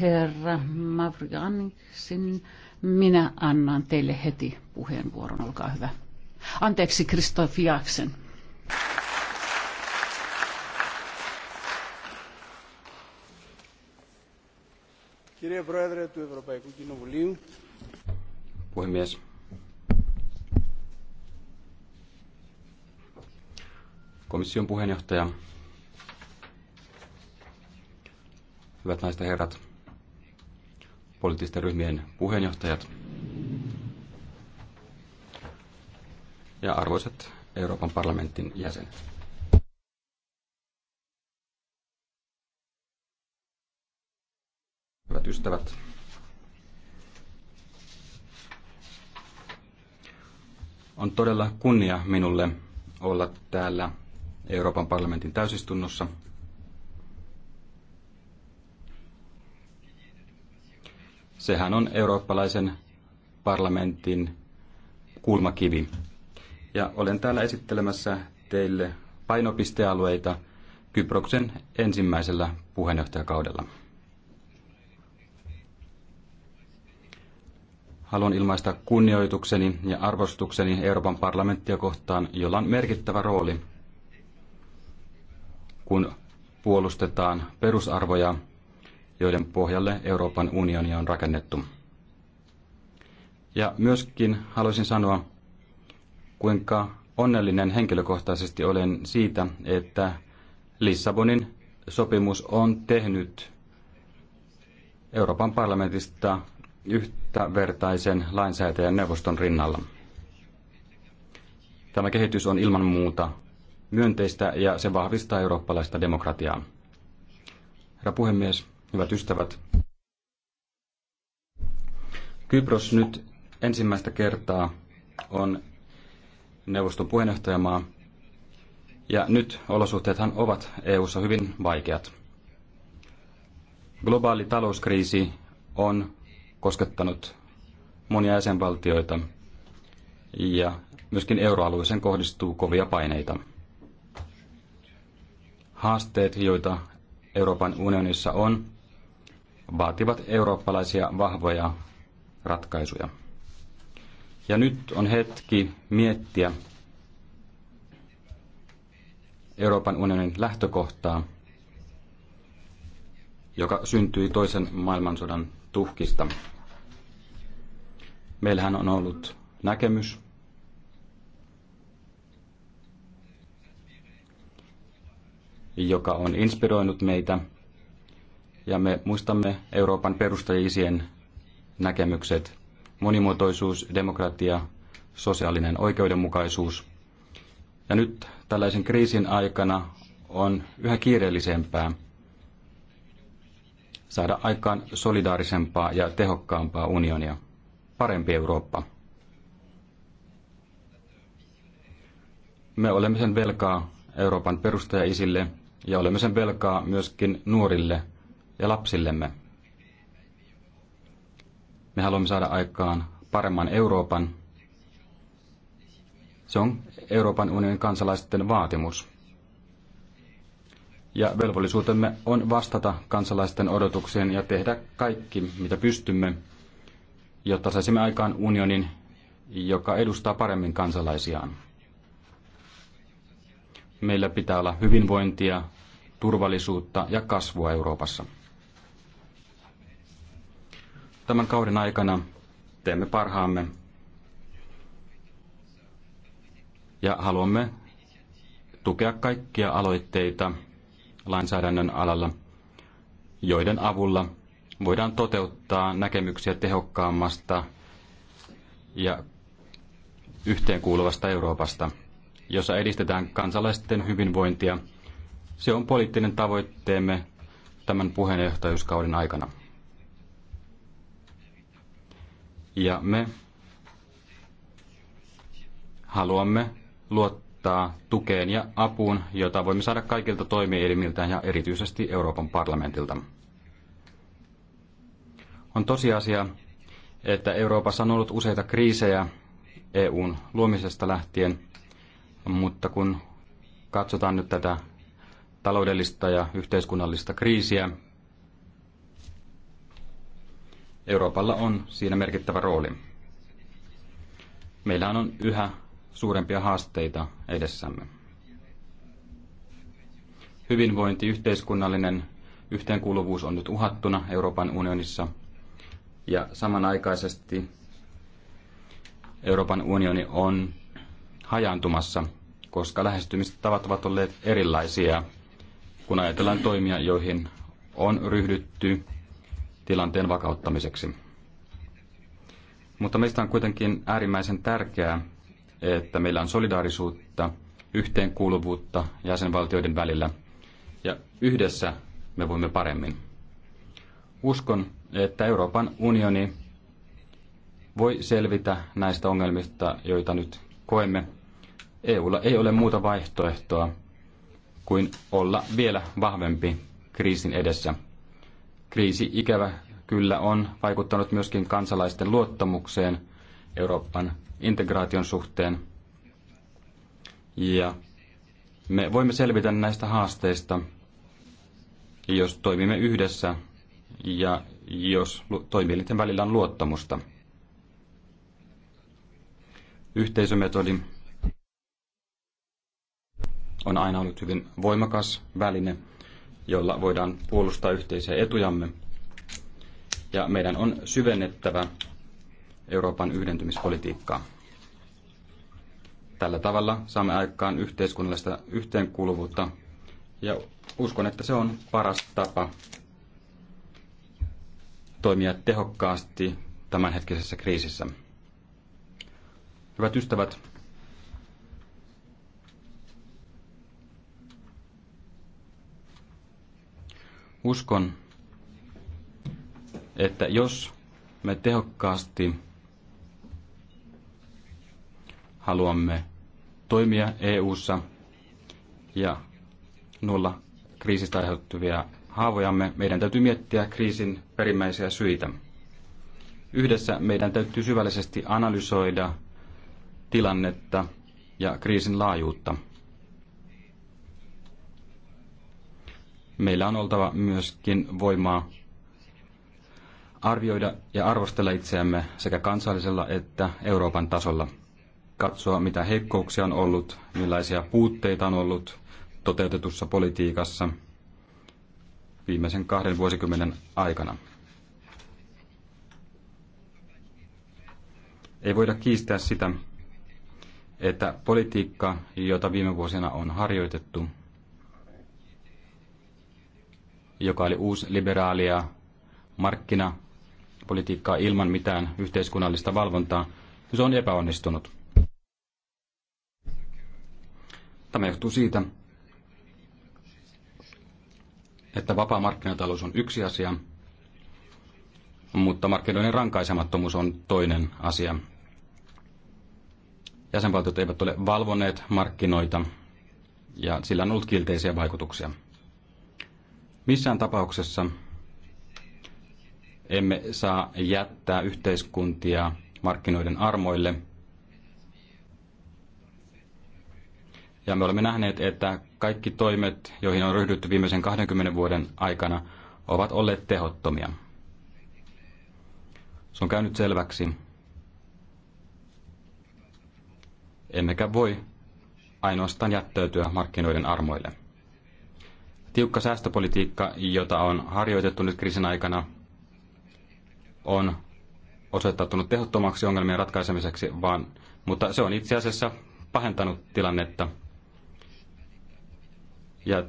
Herra Mavrianiksin, minä annan teille heti puheenvuoron, olkaa hyvä. Anteeksi, Kristof Jaaksen. Puhemies. Komission puheenjohtaja, hyvät naiset ja herrat, poliittisten ryhmien puheenjohtajat ja arvoisat Euroopan parlamentin jäsenet. Hyvät ystävät, on todella kunnia minulle olla täällä Euroopan parlamentin täysistunnossa Sehän on eurooppalaisen parlamentin kulmakivi. Ja olen täällä esittelemässä teille painopistealueita Kyproksen ensimmäisellä puheenjohtajakaudella. Haluan ilmaista kunnioitukseni ja arvostukseni Euroopan parlamenttia kohtaan, jolla on merkittävä rooli, kun puolustetaan perusarvoja joiden pohjalle Euroopan unioni on rakennettu. Ja myöskin haluaisin sanoa, kuinka onnellinen henkilökohtaisesti olen siitä, että Lissabonin sopimus on tehnyt Euroopan parlamentista yhtä vertaisen lainsäätäjän neuvoston rinnalla. Tämä kehitys on ilman muuta myönteistä ja se vahvistaa eurooppalaista demokratiaa. Herra puhemies, Hyvät ystävät, Kypros nyt ensimmäistä kertaa on neuvoston puheenjohtajamaa, ja nyt olosuhteethan ovat EU:ssa hyvin vaikeat. Globaali talouskriisi on koskettanut monia jäsenvaltioita, ja myöskin euroalueeseen kohdistuu kovia paineita. Haasteet, joita Euroopan unionissa on, vaativat eurooppalaisia vahvoja ratkaisuja. Ja nyt on hetki miettiä Euroopan unionin lähtökohtaa, joka syntyi toisen maailmansodan tuhkista. Meillähän on ollut näkemys, joka on inspiroinut meitä – ja me muistamme Euroopan perustajisien näkemykset, monimuotoisuus, demokratia, sosiaalinen oikeudenmukaisuus. Ja nyt tällaisen kriisin aikana on yhä kiireellisempää saada aikaan solidaarisempaa ja tehokkaampaa unionia, parempi Eurooppa. Me olemme sen velkaa Euroopan perustajaisille ja olemme sen velkaa myöskin nuorille – ja lapsillemme. Me haluamme saada aikaan paremman Euroopan. Se on Euroopan unionin kansalaisten vaatimus. Ja velvollisuutemme on vastata kansalaisten odotuksiin ja tehdä kaikki, mitä pystymme, jotta saisimme aikaan unionin, joka edustaa paremmin kansalaisiaan. Meillä pitää olla hyvinvointia, turvallisuutta ja kasvua Euroopassa. Tämän kauden aikana teemme parhaamme ja haluamme tukea kaikkia aloitteita lainsäädännön alalla, joiden avulla voidaan toteuttaa näkemyksiä tehokkaammasta ja yhteenkuuluvasta Euroopasta, jossa edistetään kansalaisten hyvinvointia. Se on poliittinen tavoitteemme tämän puheenjohtajuuskauden aikana. Ja me haluamme luottaa tukeen ja apuun, jota voimme saada kaikilta toimielimiltä ja erityisesti Euroopan parlamentilta. On tosiasia, että Euroopassa on ollut useita kriisejä EUn luomisesta lähtien, mutta kun katsotaan nyt tätä taloudellista ja yhteiskunnallista kriisiä, Euroopalla on siinä merkittävä rooli. Meillä on yhä suurempia haasteita edessämme. Hyvinvointi, yhteiskunnallinen yhteenkuuluvuus on nyt uhattuna Euroopan unionissa ja samanaikaisesti Euroopan unioni on hajaantumassa, koska lähestymistavat ovat olleet erilaisia, kun ajatellaan toimia, joihin on ryhdytty tilanteen vakauttamiseksi. Mutta meistä on kuitenkin äärimmäisen tärkeää, että meillä on solidaarisuutta, yhteenkuuluvuutta jäsenvaltioiden välillä ja yhdessä me voimme paremmin. Uskon, että Euroopan unioni voi selvitä näistä ongelmista, joita nyt koemme. EUlla ei ole muuta vaihtoehtoa kuin olla vielä vahvempi kriisin edessä. Kriisi ikävä kyllä on vaikuttanut myöskin kansalaisten luottamukseen Euroopan integraation suhteen. Ja me voimme selvitä näistä haasteista, jos toimimme yhdessä ja jos toimielinten välillä on luottamusta. Yhteisömetodi on aina ollut hyvin voimakas väline joilla voidaan puolustaa yhteisiä etujamme. Ja meidän on syvennettävä Euroopan yhdentymispolitiikkaa. Tällä tavalla saamme aikaan yhteiskunnallista yhteenkuuluvuutta ja uskon, että se on paras tapa toimia tehokkaasti tämänhetkisessä kriisissä. Hyvät ystävät, Uskon, että jos me tehokkaasti haluamme toimia EU:ssa ja nolla kriisistä aiheutuvia haavojamme, meidän täytyy miettiä kriisin perimmäisiä syitä. Yhdessä meidän täytyy syvällisesti analysoida tilannetta ja kriisin laajuutta. meillä on oltava myöskin voimaa arvioida ja arvostella itseämme sekä kansallisella että Euroopan tasolla. Katsoa, mitä heikkouksia on ollut, millaisia puutteita on ollut toteutetussa politiikassa viimeisen kahden vuosikymmenen aikana. Ei voida kiistää sitä, että politiikka, jota viime vuosina on harjoitettu, joka oli uusi liberaalia markkinapolitiikkaa ilman mitään yhteiskunnallista valvontaa, niin se on epäonnistunut. Tämä johtuu siitä, että vapaa markkinatalous on yksi asia, mutta markkinoiden rankaisemattomuus on toinen asia. Jäsenvaltiot eivät ole valvoneet markkinoita ja sillä on ollut kielteisiä vaikutuksia. Missään tapauksessa emme saa jättää yhteiskuntia markkinoiden armoille. Ja me olemme nähneet, että kaikki toimet, joihin on ryhdytty viimeisen 20 vuoden aikana, ovat olleet tehottomia. Se on käynyt selväksi. Emmekä voi ainoastaan jättäytyä markkinoiden armoille. Tiukka säästöpolitiikka, jota on harjoitettu nyt kriisin aikana, on osoittautunut tehottomaksi ongelmien ratkaisemiseksi, vaan, mutta se on itse asiassa pahentanut tilannetta. Ja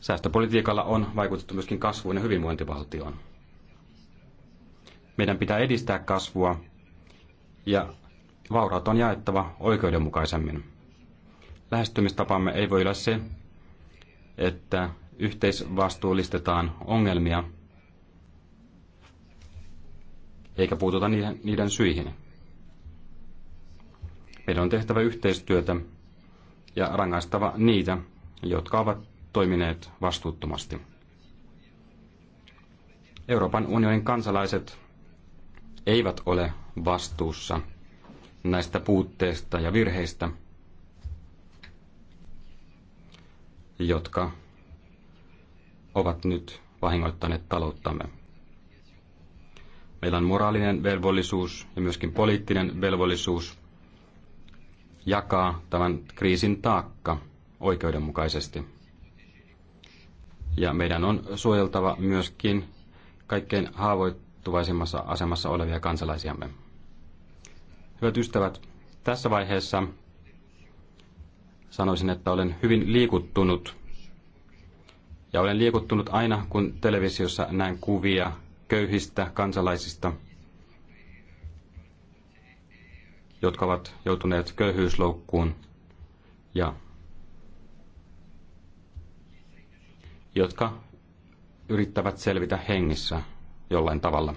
säästöpolitiikalla on vaikutettu myöskin kasvuun ja hyvinvointivaltioon. Meidän pitää edistää kasvua ja vauraat on jaettava oikeudenmukaisemmin. Lähestymistapamme ei voi olla se, että yhteisvastuullistetaan ongelmia eikä puututa niiden, niiden syihin. Meidän on tehtävä yhteistyötä ja rangaistava niitä, jotka ovat toimineet vastuuttomasti. Euroopan unionin kansalaiset eivät ole vastuussa näistä puutteista ja virheistä – jotka ovat nyt vahingoittaneet talouttamme. Meillä on moraalinen velvollisuus ja myöskin poliittinen velvollisuus jakaa tämän kriisin taakka oikeudenmukaisesti. Ja meidän on suojeltava myöskin kaikkein haavoittuvaisimmassa asemassa olevia kansalaisiamme. Hyvät ystävät, tässä vaiheessa sanoisin, että olen hyvin liikuttunut. Ja olen liikuttunut aina, kun televisiossa näen kuvia köyhistä kansalaisista, jotka ovat joutuneet köyhyysloukkuun ja jotka yrittävät selvitä hengissä jollain tavalla.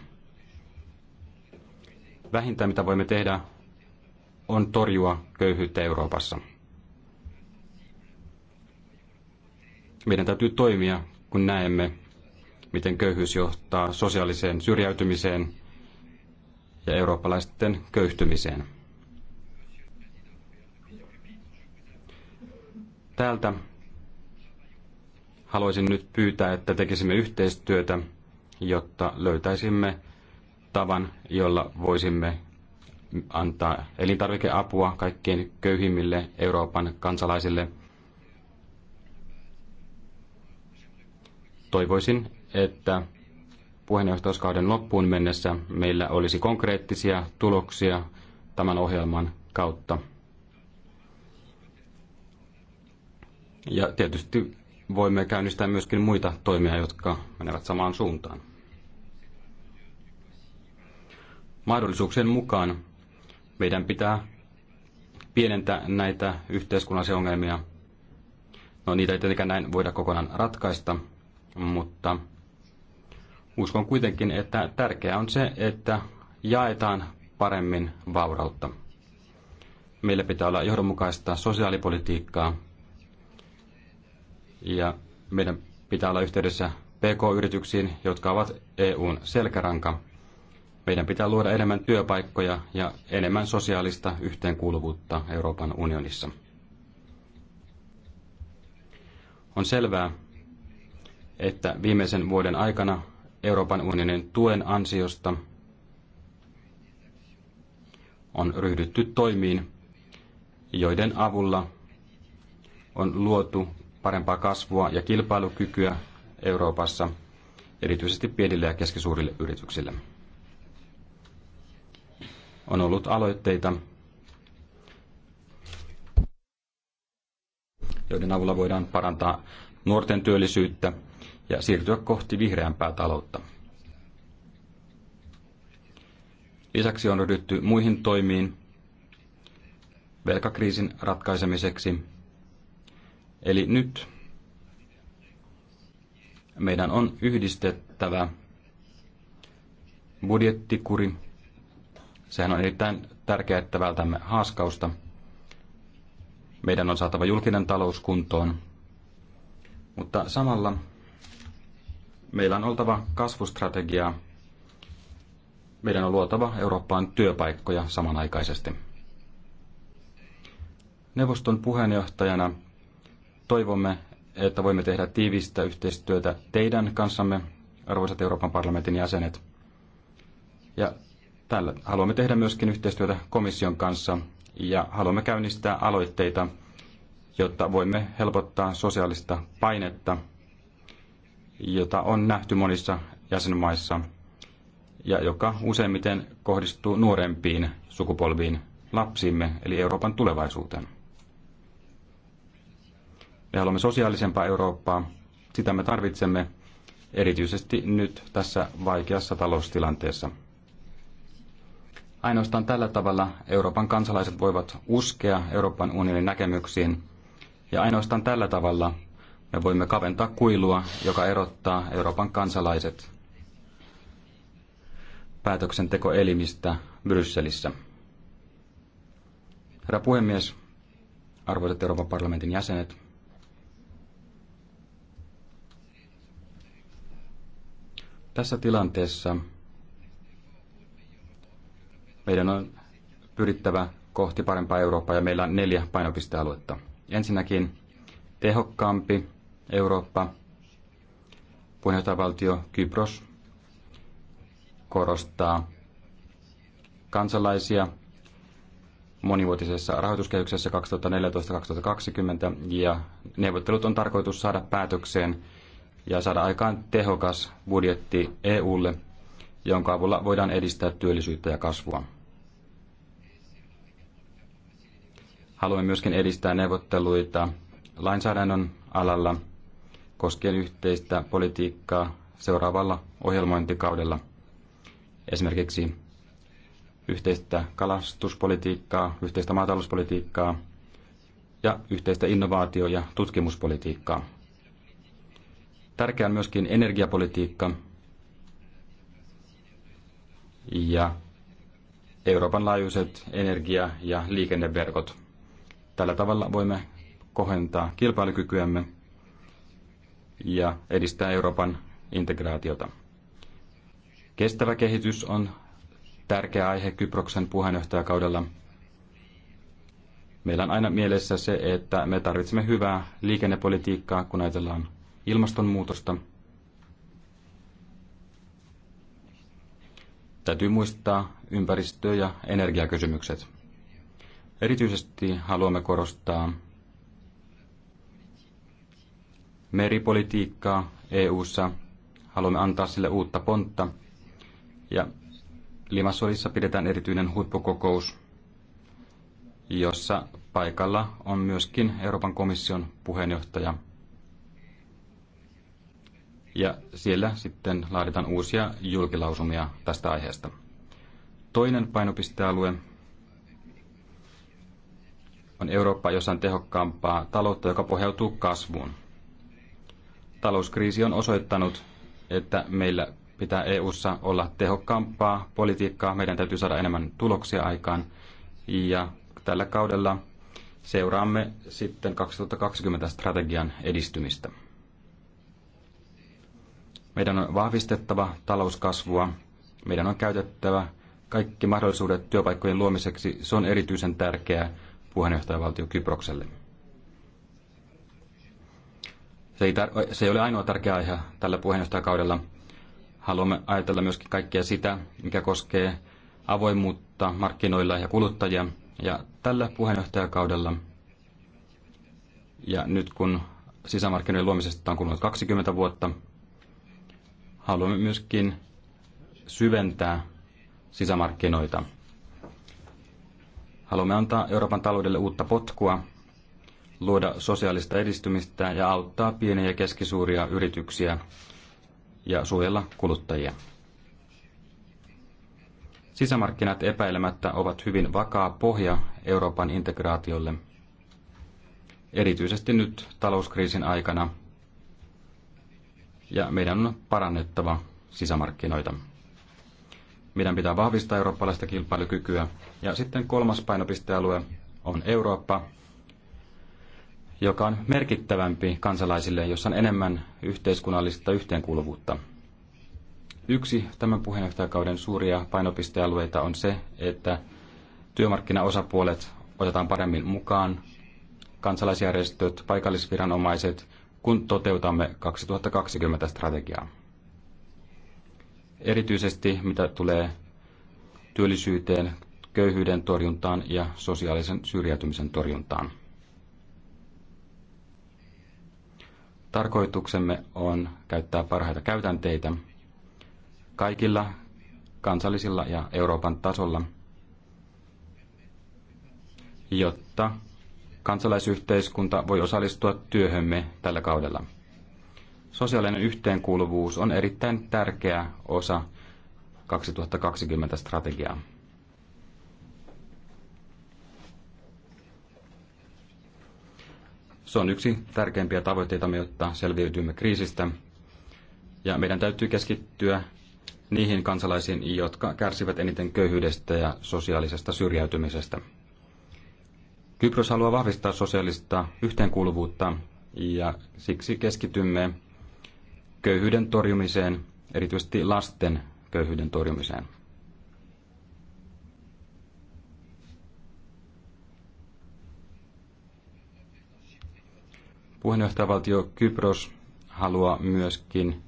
Vähintä, mitä voimme tehdä, on torjua köyhyyttä Euroopassa. Meidän täytyy toimia, kun näemme, miten köyhyys johtaa sosiaaliseen syrjäytymiseen ja eurooppalaisten köyhtymiseen. Täältä haluaisin nyt pyytää, että tekisimme yhteistyötä, jotta löytäisimme tavan, jolla voisimme antaa elintarvikeapua kaikkein köyhimmille Euroopan kansalaisille – toivoisin, että puheenjohtajuuskauden loppuun mennessä meillä olisi konkreettisia tuloksia tämän ohjelman kautta. Ja tietysti voimme käynnistää myöskin muita toimia, jotka menevät samaan suuntaan. Mahdollisuuksien mukaan meidän pitää pienentää näitä yhteiskunnallisia ongelmia. No niitä ei tietenkään näin voida kokonaan ratkaista, mutta uskon kuitenkin, että tärkeää on se, että jaetaan paremmin vaurautta. Meillä pitää olla johdonmukaista sosiaalipolitiikkaa ja meidän pitää olla yhteydessä PK-yrityksiin, jotka ovat EUn selkäranka. Meidän pitää luoda enemmän työpaikkoja ja enemmän sosiaalista yhteenkuuluvuutta Euroopan unionissa. On selvää, että viimeisen vuoden aikana Euroopan unionin tuen ansiosta on ryhdytty toimiin, joiden avulla on luotu parempaa kasvua ja kilpailukykyä Euroopassa, erityisesti pienille ja keskisuurille yrityksille. On ollut aloitteita, joiden avulla voidaan parantaa nuorten työllisyyttä ja siirtyä kohti vihreämpää taloutta. Lisäksi on ryhdytty muihin toimiin velkakriisin ratkaisemiseksi. Eli nyt meidän on yhdistettävä budjettikuri. Sehän on erittäin tärkeää, että vältämme haaskausta. Meidän on saatava julkinen talous kuntoon, mutta samalla Meillä on oltava kasvustrategia. Meidän on luotava Eurooppaan työpaikkoja samanaikaisesti. Neuvoston puheenjohtajana toivomme, että voimme tehdä tiivistä yhteistyötä teidän kanssamme, arvoisat Euroopan parlamentin jäsenet. Ja tällä haluamme tehdä myöskin yhteistyötä komission kanssa ja haluamme käynnistää aloitteita, jotta voimme helpottaa sosiaalista painetta jota on nähty monissa jäsenmaissa ja joka useimmiten kohdistuu nuorempiin sukupolviin lapsimme eli Euroopan tulevaisuuteen. Me haluamme sosiaalisempaa Eurooppaa. Sitä me tarvitsemme erityisesti nyt tässä vaikeassa taloustilanteessa. Ainoastaan tällä tavalla Euroopan kansalaiset voivat uskea Euroopan unionin näkemyksiin ja ainoastaan tällä tavalla me voimme kaventaa kuilua, joka erottaa Euroopan kansalaiset päätöksentekoelimistä Brysselissä. Herra puhemies, arvoisat Euroopan parlamentin jäsenet, tässä tilanteessa meidän on pyrittävä kohti parempaa Eurooppaa ja meillä on neljä painopistealuetta. Ensinnäkin tehokkaampi Eurooppa, puheenjohtajavaltio Kypros korostaa kansalaisia monivuotisessa rahoituskehyksessä 2014-2020 ja neuvottelut on tarkoitus saada päätökseen ja saada aikaan tehokas budjetti EUlle, jonka avulla voidaan edistää työllisyyttä ja kasvua. Haluamme myöskin edistää neuvotteluita lainsäädännön alalla – koskien yhteistä politiikkaa seuraavalla ohjelmointikaudella. Esimerkiksi yhteistä kalastuspolitiikkaa, yhteistä maatalouspolitiikkaa ja yhteistä innovaatio- ja tutkimuspolitiikkaa. Tärkeää on myöskin energiapolitiikka ja Euroopan laajuiset energia- ja liikenneverkot. Tällä tavalla voimme kohentaa kilpailukykyämme ja edistää Euroopan integraatiota. Kestävä kehitys on tärkeä aihe Kyproksen puheenjohtajakaudella. Meillä on aina mielessä se, että me tarvitsemme hyvää liikennepolitiikkaa, kun ajatellaan ilmastonmuutosta. Täytyy muistaa ympäristö- ja energiakysymykset. Erityisesti haluamme korostaa meripolitiikkaa EU:ssa. Haluamme antaa sille uutta pontta. Ja Limassolissa pidetään erityinen huippukokous, jossa paikalla on myöskin Euroopan komission puheenjohtaja. Ja siellä sitten laaditaan uusia julkilausumia tästä aiheesta. Toinen painopistealue on Eurooppa, jossa on tehokkaampaa taloutta, joka pohjautuu kasvuun. Talouskriisi on osoittanut, että meillä pitää EU:ssa olla tehokkaampaa politiikkaa, meidän täytyy saada enemmän tuloksia aikaan ja tällä kaudella seuraamme sitten 2020 strategian edistymistä. Meidän on vahvistettava talouskasvua, meidän on käytettävä kaikki mahdollisuudet työpaikkojen luomiseksi. Se on erityisen tärkeää puheenjohtajavaltio Kyprokselle. Se ei, tar- se ei ole ainoa tärkeä aihe tällä puheenjohtajakaudella. Haluamme ajatella myöskin kaikkea sitä, mikä koskee avoimuutta markkinoilla ja kuluttajia. Ja tällä puheenjohtajakaudella, ja nyt kun sisämarkkinoiden luomisesta on kulunut 20 vuotta, haluamme myöskin syventää sisämarkkinoita. Haluamme antaa Euroopan taloudelle uutta potkua luoda sosiaalista edistymistä ja auttaa pieniä ja keskisuuria yrityksiä ja suojella kuluttajia. Sisämarkkinat epäilemättä ovat hyvin vakaa pohja Euroopan integraatiolle, erityisesti nyt talouskriisin aikana, ja meidän on parannettava sisämarkkinoita. Meidän pitää vahvistaa eurooppalaista kilpailukykyä. Ja sitten kolmas painopistealue on Eurooppa, joka on merkittävämpi kansalaisille, jossa on enemmän yhteiskunnallista yhteenkuuluvuutta. Yksi tämän puheenjohtajakauden suuria painopistealueita on se, että työmarkkinaosapuolet otetaan paremmin mukaan, kansalaisjärjestöt, paikallisviranomaiset, kun toteutamme 2020 strategiaa. Erityisesti mitä tulee työllisyyteen, köyhyyden torjuntaan ja sosiaalisen syrjäytymisen torjuntaan. Tarkoituksemme on käyttää parhaita käytänteitä kaikilla kansallisilla ja Euroopan tasolla, jotta kansalaisyhteiskunta voi osallistua työhömme tällä kaudella. Sosiaalinen yhteenkuuluvuus on erittäin tärkeä osa 2020 strategiaa. Se on yksi tärkeimpiä tavoitteitamme, jotta selviytymme kriisistä. Ja meidän täytyy keskittyä niihin kansalaisiin, jotka kärsivät eniten köyhyydestä ja sosiaalisesta syrjäytymisestä. Kypros haluaa vahvistaa sosiaalista yhteenkuuluvuutta ja siksi keskitymme köyhyyden torjumiseen, erityisesti lasten köyhyyden torjumiseen. Puheenjohtajavaltio Kypros haluaa myöskin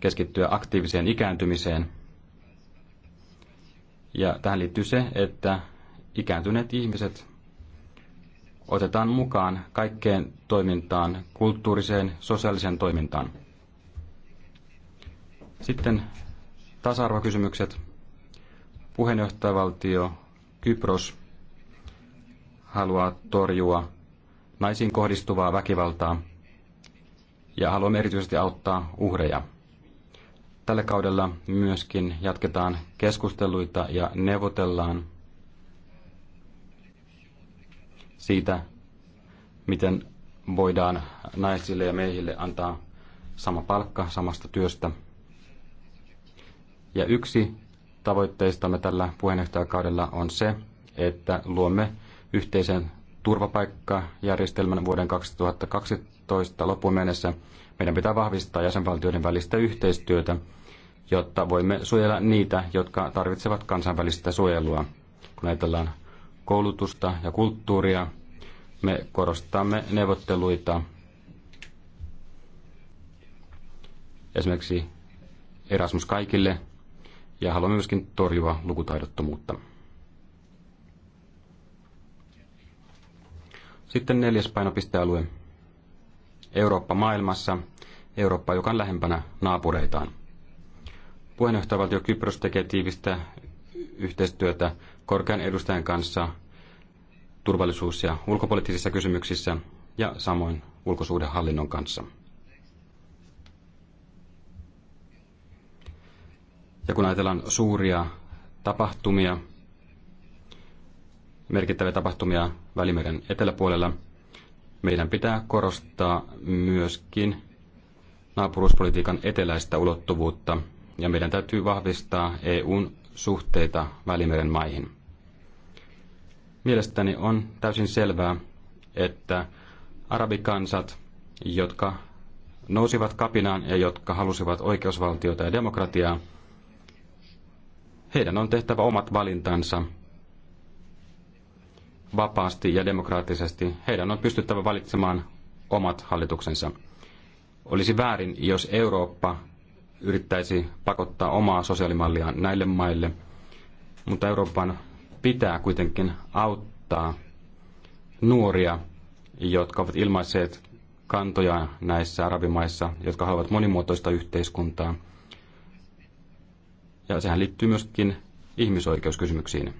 keskittyä aktiiviseen ikääntymiseen. Ja tähän liittyy se, että ikääntyneet ihmiset otetaan mukaan kaikkeen toimintaan, kulttuuriseen, sosiaaliseen toimintaan. Sitten tasa-arvokysymykset. Puheenjohtajavaltio Kypros haluaa torjua naisiin kohdistuvaa väkivaltaa ja haluamme erityisesti auttaa uhreja. Tällä kaudella myöskin jatketaan keskusteluita ja neuvotellaan siitä, miten voidaan naisille ja miehille antaa sama palkka samasta työstä. Ja yksi tavoitteistamme tällä puheenjohtajakaudella on se, että luomme yhteisen turvapaikkajärjestelmän vuoden 2012 loppuun mennessä, meidän pitää vahvistaa jäsenvaltioiden välistä yhteistyötä, jotta voimme suojella niitä, jotka tarvitsevat kansainvälistä suojelua. Kun ajatellaan koulutusta ja kulttuuria, me korostamme neuvotteluita esimerkiksi Erasmus kaikille ja haluamme myöskin torjua lukutaidottomuutta. Sitten neljäs painopistealue. Eurooppa maailmassa, Eurooppa, joka on lähempänä naapureitaan. Puheenjohtajavaltio Kypros tekee tiivistä yhteistyötä korkean edustajan kanssa turvallisuus- ja ulkopoliittisissa kysymyksissä ja samoin ulkosuhdehallinnon kanssa. Ja kun ajatellaan suuria tapahtumia, merkittäviä tapahtumia Välimeren eteläpuolella, meidän pitää korostaa myöskin naapuruuspolitiikan eteläistä ulottuvuutta ja meidän täytyy vahvistaa EUn suhteita Välimeren maihin. Mielestäni on täysin selvää, että arabikansat, jotka nousivat kapinaan ja jotka halusivat oikeusvaltiota ja demokratiaa, heidän on tehtävä omat valintansa vapaasti ja demokraattisesti, heidän on pystyttävä valitsemaan omat hallituksensa. Olisi väärin, jos Eurooppa yrittäisi pakottaa omaa sosiaalimallia näille maille, mutta Euroopan pitää kuitenkin auttaa nuoria, jotka ovat ilmaisseet kantoja näissä arabimaissa, jotka haluavat monimuotoista yhteiskuntaa. Ja sehän liittyy myöskin ihmisoikeuskysymyksiin.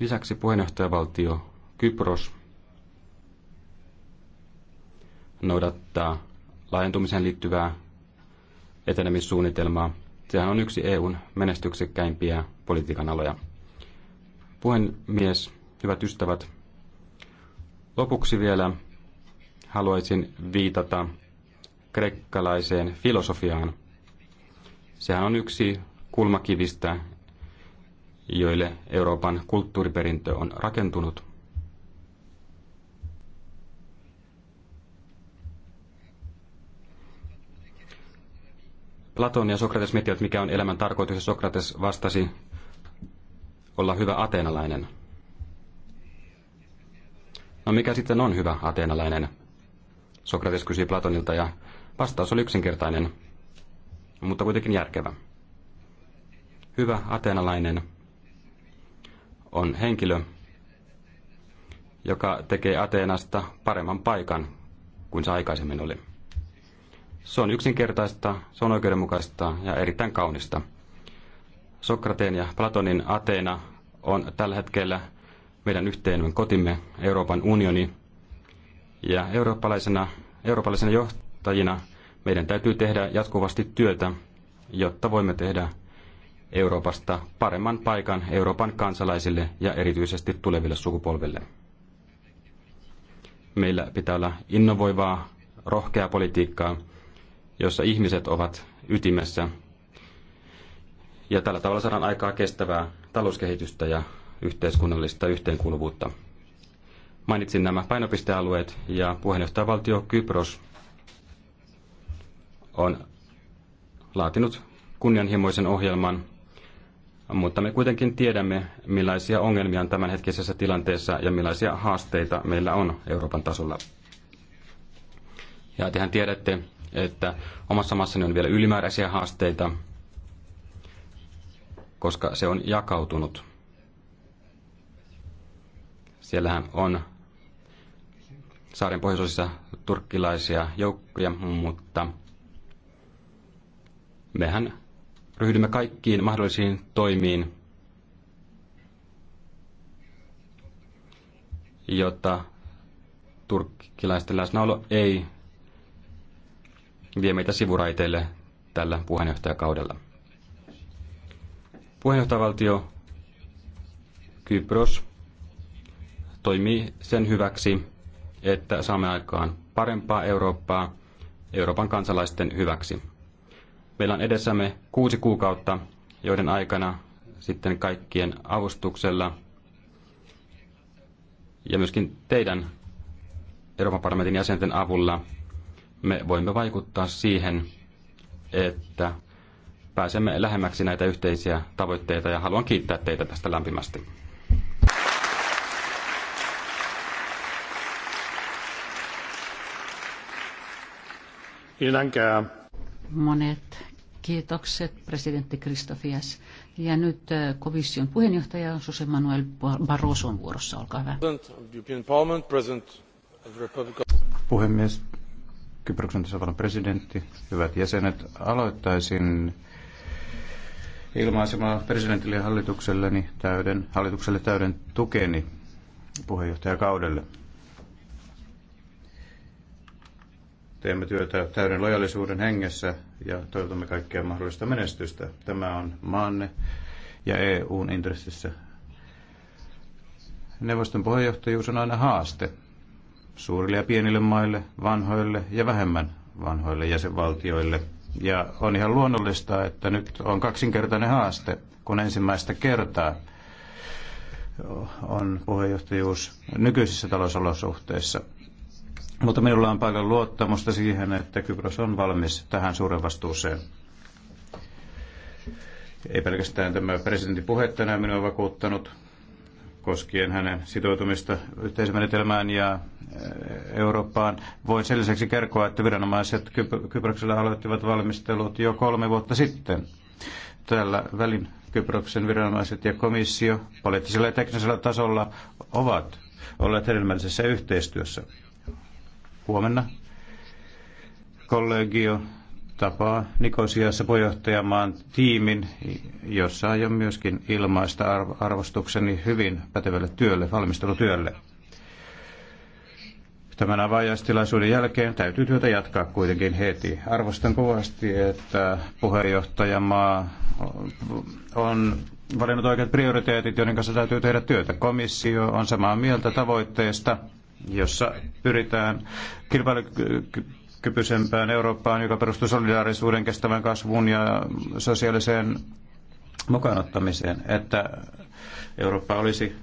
Lisäksi puheenjohtajavaltio Kypros noudattaa laajentumiseen liittyvää etenemissuunnitelmaa. Sehän on yksi EUn menestyksekkäimpiä politiikan aloja. Puhemies, hyvät ystävät, lopuksi vielä haluaisin viitata kreikkalaiseen filosofiaan. Sehän on yksi kulmakivistä joille Euroopan kulttuuriperintö on rakentunut. Platon ja Sokrates miettivät, mikä on elämän tarkoitus, ja Sokrates vastasi olla hyvä ateenalainen. No mikä sitten on hyvä ateenalainen? Sokrates kysyi Platonilta ja vastaus oli yksinkertainen, mutta kuitenkin järkevä. Hyvä ateenalainen on henkilö, joka tekee Ateenasta paremman paikan kuin se aikaisemmin oli. Se on yksinkertaista, se on oikeudenmukaista ja erittäin kaunista. Sokrateen ja Platonin Ateena on tällä hetkellä meidän yhteinen kotimme, Euroopan unioni. Ja eurooppalaisena, eurooppalaisena johtajina meidän täytyy tehdä jatkuvasti työtä, jotta voimme tehdä Euroopasta paremman paikan Euroopan kansalaisille ja erityisesti tuleville sukupolville. Meillä pitää olla innovoivaa, rohkeaa politiikkaa, jossa ihmiset ovat ytimessä. Ja tällä tavalla saadaan aikaa kestävää talouskehitystä ja yhteiskunnallista yhteenkuuluvuutta. Mainitsin nämä painopistealueet ja puheenjohtajavaltio Kypros on laatinut kunnianhimoisen ohjelman, mutta me kuitenkin tiedämme, millaisia ongelmia on tämänhetkisessä tilanteessa ja millaisia haasteita meillä on Euroopan tasolla. Ja tehän tiedätte, että omassa maassani on vielä ylimääräisiä haasteita, koska se on jakautunut. Siellähän on saaren pohjoisosissa turkkilaisia joukkoja, mutta mehän ryhdymme kaikkiin mahdollisiin toimiin, jotta turkkilaisten läsnäolo ei vie meitä sivuraiteille tällä puheenjohtajakaudella. Puheenjohtajavaltio Kypros toimii sen hyväksi, että saamme aikaan parempaa Eurooppaa Euroopan kansalaisten hyväksi. Meillä on edessämme kuusi kuukautta, joiden aikana sitten kaikkien avustuksella ja myöskin teidän Euroopan parlamentin jäsenten avulla me voimme vaikuttaa siihen, että pääsemme lähemmäksi näitä yhteisiä tavoitteita ja haluan kiittää teitä tästä lämpimästi. Vielen Monet kiitokset, presidentti Kristofias. Ja nyt äh, komission puheenjohtaja Jose Manuel Barroso on vuorossa, olkaa hyvä. Puhemies, Kyproksen tasavallan presidentti, hyvät jäsenet, aloittaisin ilmaisemaan presidentille ja hallitukselleni täyden, hallitukselle täyden tukeni puheenjohtajakaudelle. Teemme työtä täyden lojallisuuden hengessä ja toivotamme kaikkea mahdollista menestystä. Tämä on maanne ja EUn intressissä. Neuvoston puheenjohtajuus on aina haaste suurille ja pienille maille, vanhoille ja vähemmän vanhoille jäsenvaltioille. Ja on ihan luonnollista, että nyt on kaksinkertainen haaste, kun ensimmäistä kertaa on puheenjohtajuus nykyisissä talousolosuhteissa – mutta minulla on paljon luottamusta siihen, että Kypros on valmis tähän suuren vastuuseen. Ei pelkästään tämä presidentin puhe tänään minua vakuuttanut koskien hänen sitoutumista yhteismenetelmään ja eh, Eurooppaan. Voin sen lisäksi kertoa, että viranomaiset Kyproksella aloittivat valmistelut jo kolme vuotta sitten. Tällä välin Kyproksen viranomaiset ja komissio poliittisella ja teknisellä tasolla ovat olleet hedelmällisessä yhteistyössä. Huomenna kollegio tapaa Nikosiassa puheenjohtajamaan tiimin, jossa aion myöskin ilmaista arvostukseni hyvin pätevälle työlle, valmistelutyölle. Tämän avaajastilaisuuden jälkeen täytyy työtä jatkaa kuitenkin heti. Arvostan kovasti, että puheenjohtajamaa on valinnut oikeat prioriteetit, joiden kanssa täytyy tehdä työtä. Komissio on samaa mieltä tavoitteesta jossa pyritään kilpailukykyisempään Eurooppaan, joka perustuu solidaarisuuden, kestävän kasvun ja sosiaaliseen mukaanottamiseen, että Eurooppa olisi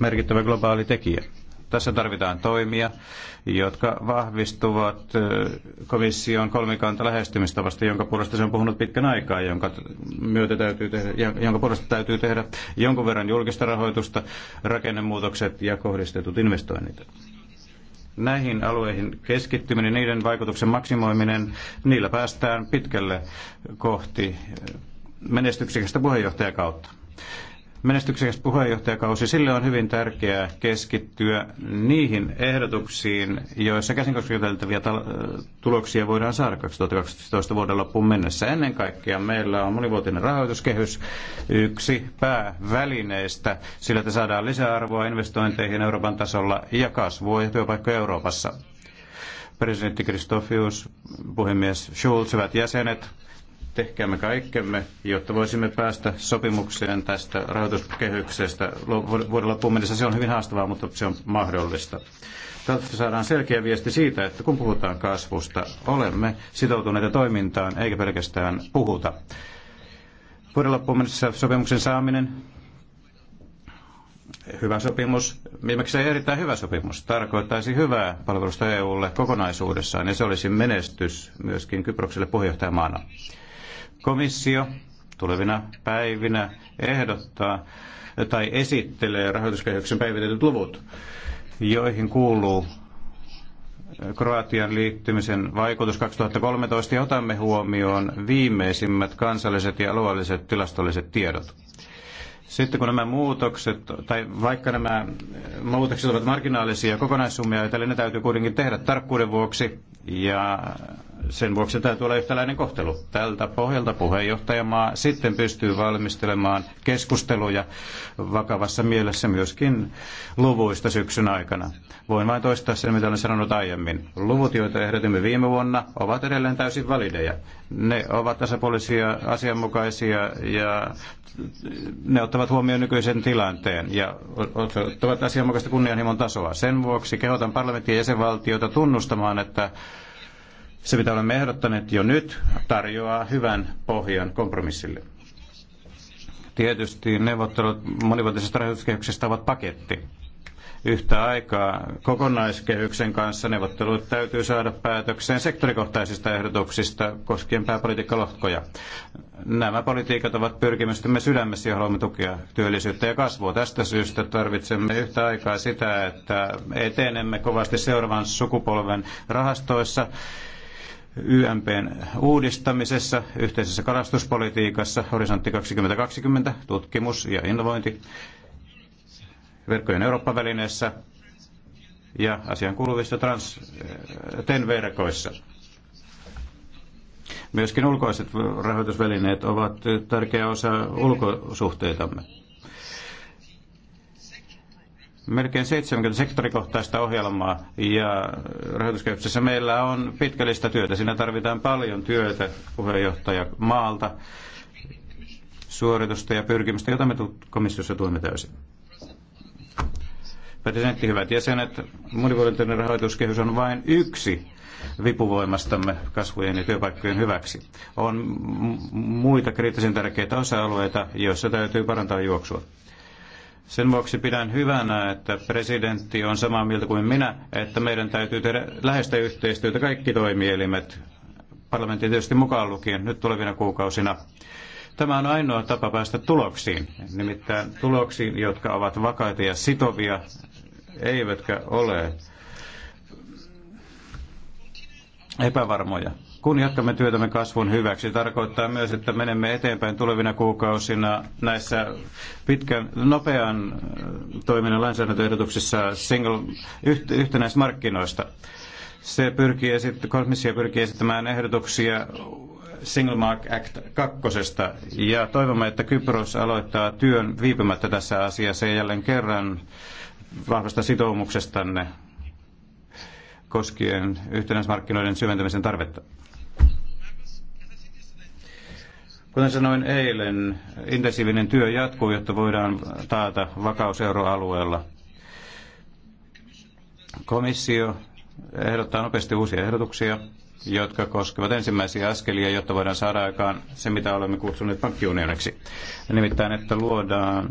merkittävä globaali tekijä. Tässä tarvitaan toimia, jotka vahvistuvat komission kolmikanta lähestymistavasta, jonka puolesta se on puhunut pitkän aikaa, jonka, myötä täytyy tehdä, jonka puolesta täytyy tehdä jonkun verran julkista rahoitusta, rakennemuutokset ja kohdistetut investoinnit näihin alueihin keskittyminen, niiden vaikutuksen maksimoiminen, niillä päästään pitkälle kohti menestyksekästä puheenjohtajakautta menestyksekäs puheenjohtajakausi, sille on hyvin tärkeää keskittyä niihin ehdotuksiin, joissa käsin kosketeltavia tuloksia voidaan saada 2012 vuoden loppuun mennessä. Ennen kaikkea meillä on monivuotinen rahoituskehys yksi päävälineistä, sillä te saadaan lisäarvoa investointeihin Euroopan tasolla ja kasvua ja työpaikkoja Euroopassa. Presidentti Kristofius, puhemies Schulz, hyvät jäsenet, tehkäämme kaikkemme, jotta voisimme päästä sopimukseen tästä rahoituskehyksestä. Vuoden loppuun mennessä se on hyvin haastavaa, mutta se on mahdollista. Tältä saadaan selkeä viesti siitä, että kun puhutaan kasvusta, olemme sitoutuneita toimintaan eikä pelkästään puhuta. Vuoden loppuun mennessä sopimuksen saaminen, hyvä sopimus, ei erittäin hyvä sopimus, tarkoittaisi hyvää palvelusta EUlle kokonaisuudessaan ja se olisi menestys myöskin Kyprokselle puheenjohtajamaana. maana. Komissio tulevina päivinä ehdottaa tai esittelee rahoituskehyksen päivitetyt luvut, joihin kuuluu Kroatian liittymisen vaikutus 2013 ja otamme huomioon viimeisimmät kansalliset ja alueelliset tilastolliset tiedot. Sitten kun nämä muutokset, tai vaikka nämä muutokset ovat marginaalisia kokonaissummia, joita ne täytyy kuitenkin tehdä tarkkuuden vuoksi, ja sen vuoksi täytyy olla yhtäläinen kohtelu. Tältä pohjalta puheenjohtajamaa sitten pystyy valmistelemaan keskusteluja vakavassa mielessä myöskin luvuista syksyn aikana. Voin vain toistaa sen, mitä olen sanonut aiemmin. Luvut, joita ehdotimme viime vuonna, ovat edelleen täysin valideja. Ne ovat tasapuolisia, asianmukaisia ja ne ottavat huomioon nykyisen tilanteen ja ottavat asianmukaista kunnianhimon tasoa. Sen vuoksi kehotan parlamentin jäsenvaltiota tunnustamaan, että se mitä olemme ehdottaneet jo nyt, tarjoaa hyvän pohjan kompromissille. Tietysti neuvottelut monivuotisesta rahoituskehyksestä ovat paketti. Yhtä aikaa kokonaiskehyksen kanssa neuvottelut täytyy saada päätökseen sektorikohtaisista ehdotuksista koskien pääpolitiikkalohkoja. Nämä politiikat ovat pyrkimystemme sydämessä, ja haluamme tukea työllisyyttä ja kasvua. Tästä syystä tarvitsemme yhtä aikaa sitä, että etenemme kovasti seuraavan sukupolven rahastoissa YMPn uudistamisessa, yhteisessä kalastuspolitiikassa, horisontti 2020, tutkimus ja innovointi, verkkojen Eurooppa-välineessä ja asian kuuluvissa trans, eh, TEN-verkoissa. Myöskin ulkoiset rahoitusvälineet ovat tärkeä osa ulkosuhteitamme melkein 70 sektorikohtaista ohjelmaa ja rahoituskehyksessä meillä on pitkällistä työtä. Siinä tarvitaan paljon työtä puheenjohtaja maalta, suoritusta ja pyrkimystä, jota me komissiossa tuemme täysin. Presidentti, hyvät jäsenet, monivuotinen rahoituskehys on vain yksi vipuvoimastamme kasvujen ja työpaikkojen hyväksi. On muita kriittisen tärkeitä osa-alueita, joissa täytyy parantaa juoksua. Sen vuoksi pidän hyvänä, että presidentti on samaa mieltä kuin minä, että meidän täytyy tehdä läheistä yhteistyötä kaikki toimielimet, parlamentti tietysti mukaan lukien, nyt tulevina kuukausina. Tämä on ainoa tapa päästä tuloksiin, nimittäin tuloksiin, jotka ovat vakaita ja sitovia, eivätkä ole epävarmoja. Kun jatkamme työtämme kasvun hyväksi, tarkoittaa myös, että menemme eteenpäin tulevina kuukausina näissä pitkän, nopean äh, toiminnan lainsäädäntöehdotuksissa single, yht, yhtenäismarkkinoista. Se pyrkii esitt- komissio pyrkii esittämään ehdotuksia Single Mark Act kakkosesta ja toivomme, että Kypros aloittaa työn viipymättä tässä asiassa ja jälleen kerran vahvasta sitoumuksestanne koskien yhtenäismarkkinoiden syventämisen tarvetta. Kuten sanoin eilen, intensiivinen työ jatkuu, jotta voidaan taata vakaus euroalueella. Komissio ehdottaa nopeasti uusia ehdotuksia, jotka koskevat ensimmäisiä askelia, jotta voidaan saada aikaan se, mitä olemme kutsuneet pankkiunioniksi. Nimittäin, että luodaan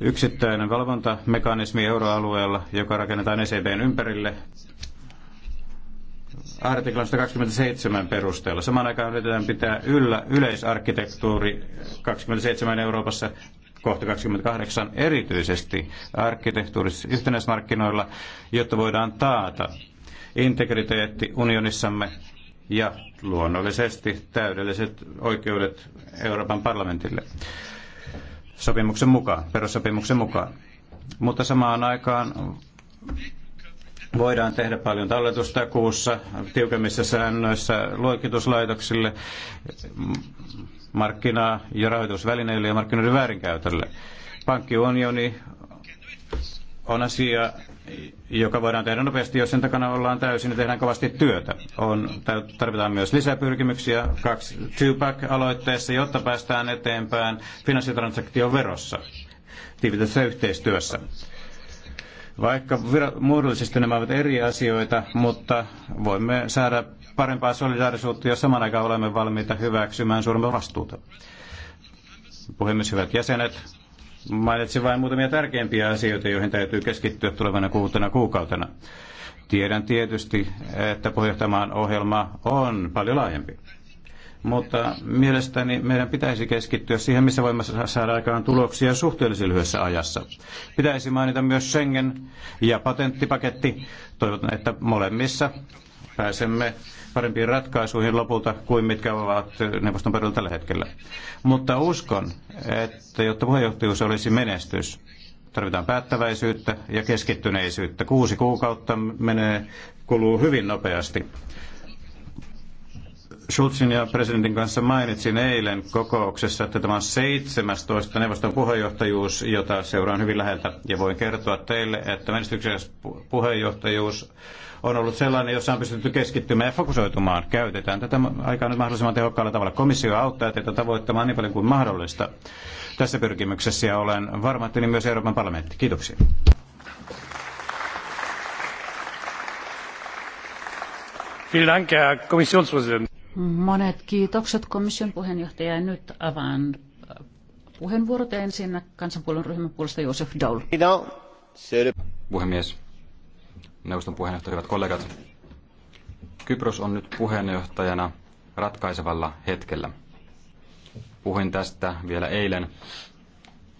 yksittäinen valvontamekanismi euroalueella, joka rakennetaan ECBn ympärille artiklan 127 perusteella. Samaan aikaan yritetään pitää yllä yleisarkkitehtuuri 27 Euroopassa kohta 28 erityisesti arkkitehtuurissa yhtenäismarkkinoilla, jotta voidaan taata integriteetti unionissamme ja luonnollisesti täydelliset oikeudet Euroopan parlamentille sopimuksen mukaan, perussopimuksen mukaan. Mutta samaan aikaan Voidaan tehdä paljon talletustakuussa, tiukemmissa säännöissä luokituslaitoksille, markkina- ja rahoitusvälineille ja markkinoiden väärinkäytölle. Pankkiunioni on asia, joka voidaan tehdä nopeasti, jos sen takana ollaan täysin ja tehdään kovasti työtä. On, tarvitaan myös lisäpyrkimyksiä kaksi Tupac-aloitteessa, jotta päästään eteenpäin finanssitransaktion verossa tiivitässä yhteistyössä. Vaikka muodollisesti nämä ovat eri asioita, mutta voimme saada parempaa solidaarisuutta, jos saman aikaan olemme valmiita hyväksymään suuremman vastuuta. Puhemies, hyvät jäsenet, mainitsin vain muutamia tärkeimpiä asioita, joihin täytyy keskittyä tulevana kuutena kuukautena. Tiedän tietysti, että puheenjohtajamaan ohjelma on paljon laajempi mutta mielestäni meidän pitäisi keskittyä siihen, missä voimme saada aikaan tuloksia suhteellisen lyhyessä ajassa. Pitäisi mainita myös Schengen ja patenttipaketti. Toivotan, että molemmissa pääsemme parempiin ratkaisuihin lopulta kuin mitkä ovat neuvoston perillä tällä hetkellä. Mutta uskon, että jotta puheenjohtajuus olisi menestys, tarvitaan päättäväisyyttä ja keskittyneisyyttä. Kuusi kuukautta menee, kuluu hyvin nopeasti Schulzin ja presidentin kanssa mainitsin eilen kokouksessa, että tämä on 17 neuvoston puheenjohtajuus, jota seuraan hyvin läheltä. Ja voin kertoa teille, että menestyksekäs puheenjohtajuus on ollut sellainen, jossa on pystytty keskittymään ja fokusoitumaan. Käytetään tätä aikaa nyt mahdollisimman tehokkaalla tavalla. Komissio auttaa teitä tavoittamaan niin paljon kuin mahdollista tässä pyrkimyksessä ja olen varma, että niin myös Euroopan parlamentti. Kiitoksia. Vielen Dank, Herr Kommissionspräsident. Monet kiitokset komission puheenjohtaja. Nyt avaan äh, puheenvuorot ensin kansanpuolen ryhmän puolesta Josef Daul. Puhemies, neuvoston puheenjohtaja, hyvät kollegat. Kypros on nyt puheenjohtajana ratkaisevalla hetkellä. Puhuin tästä vielä eilen.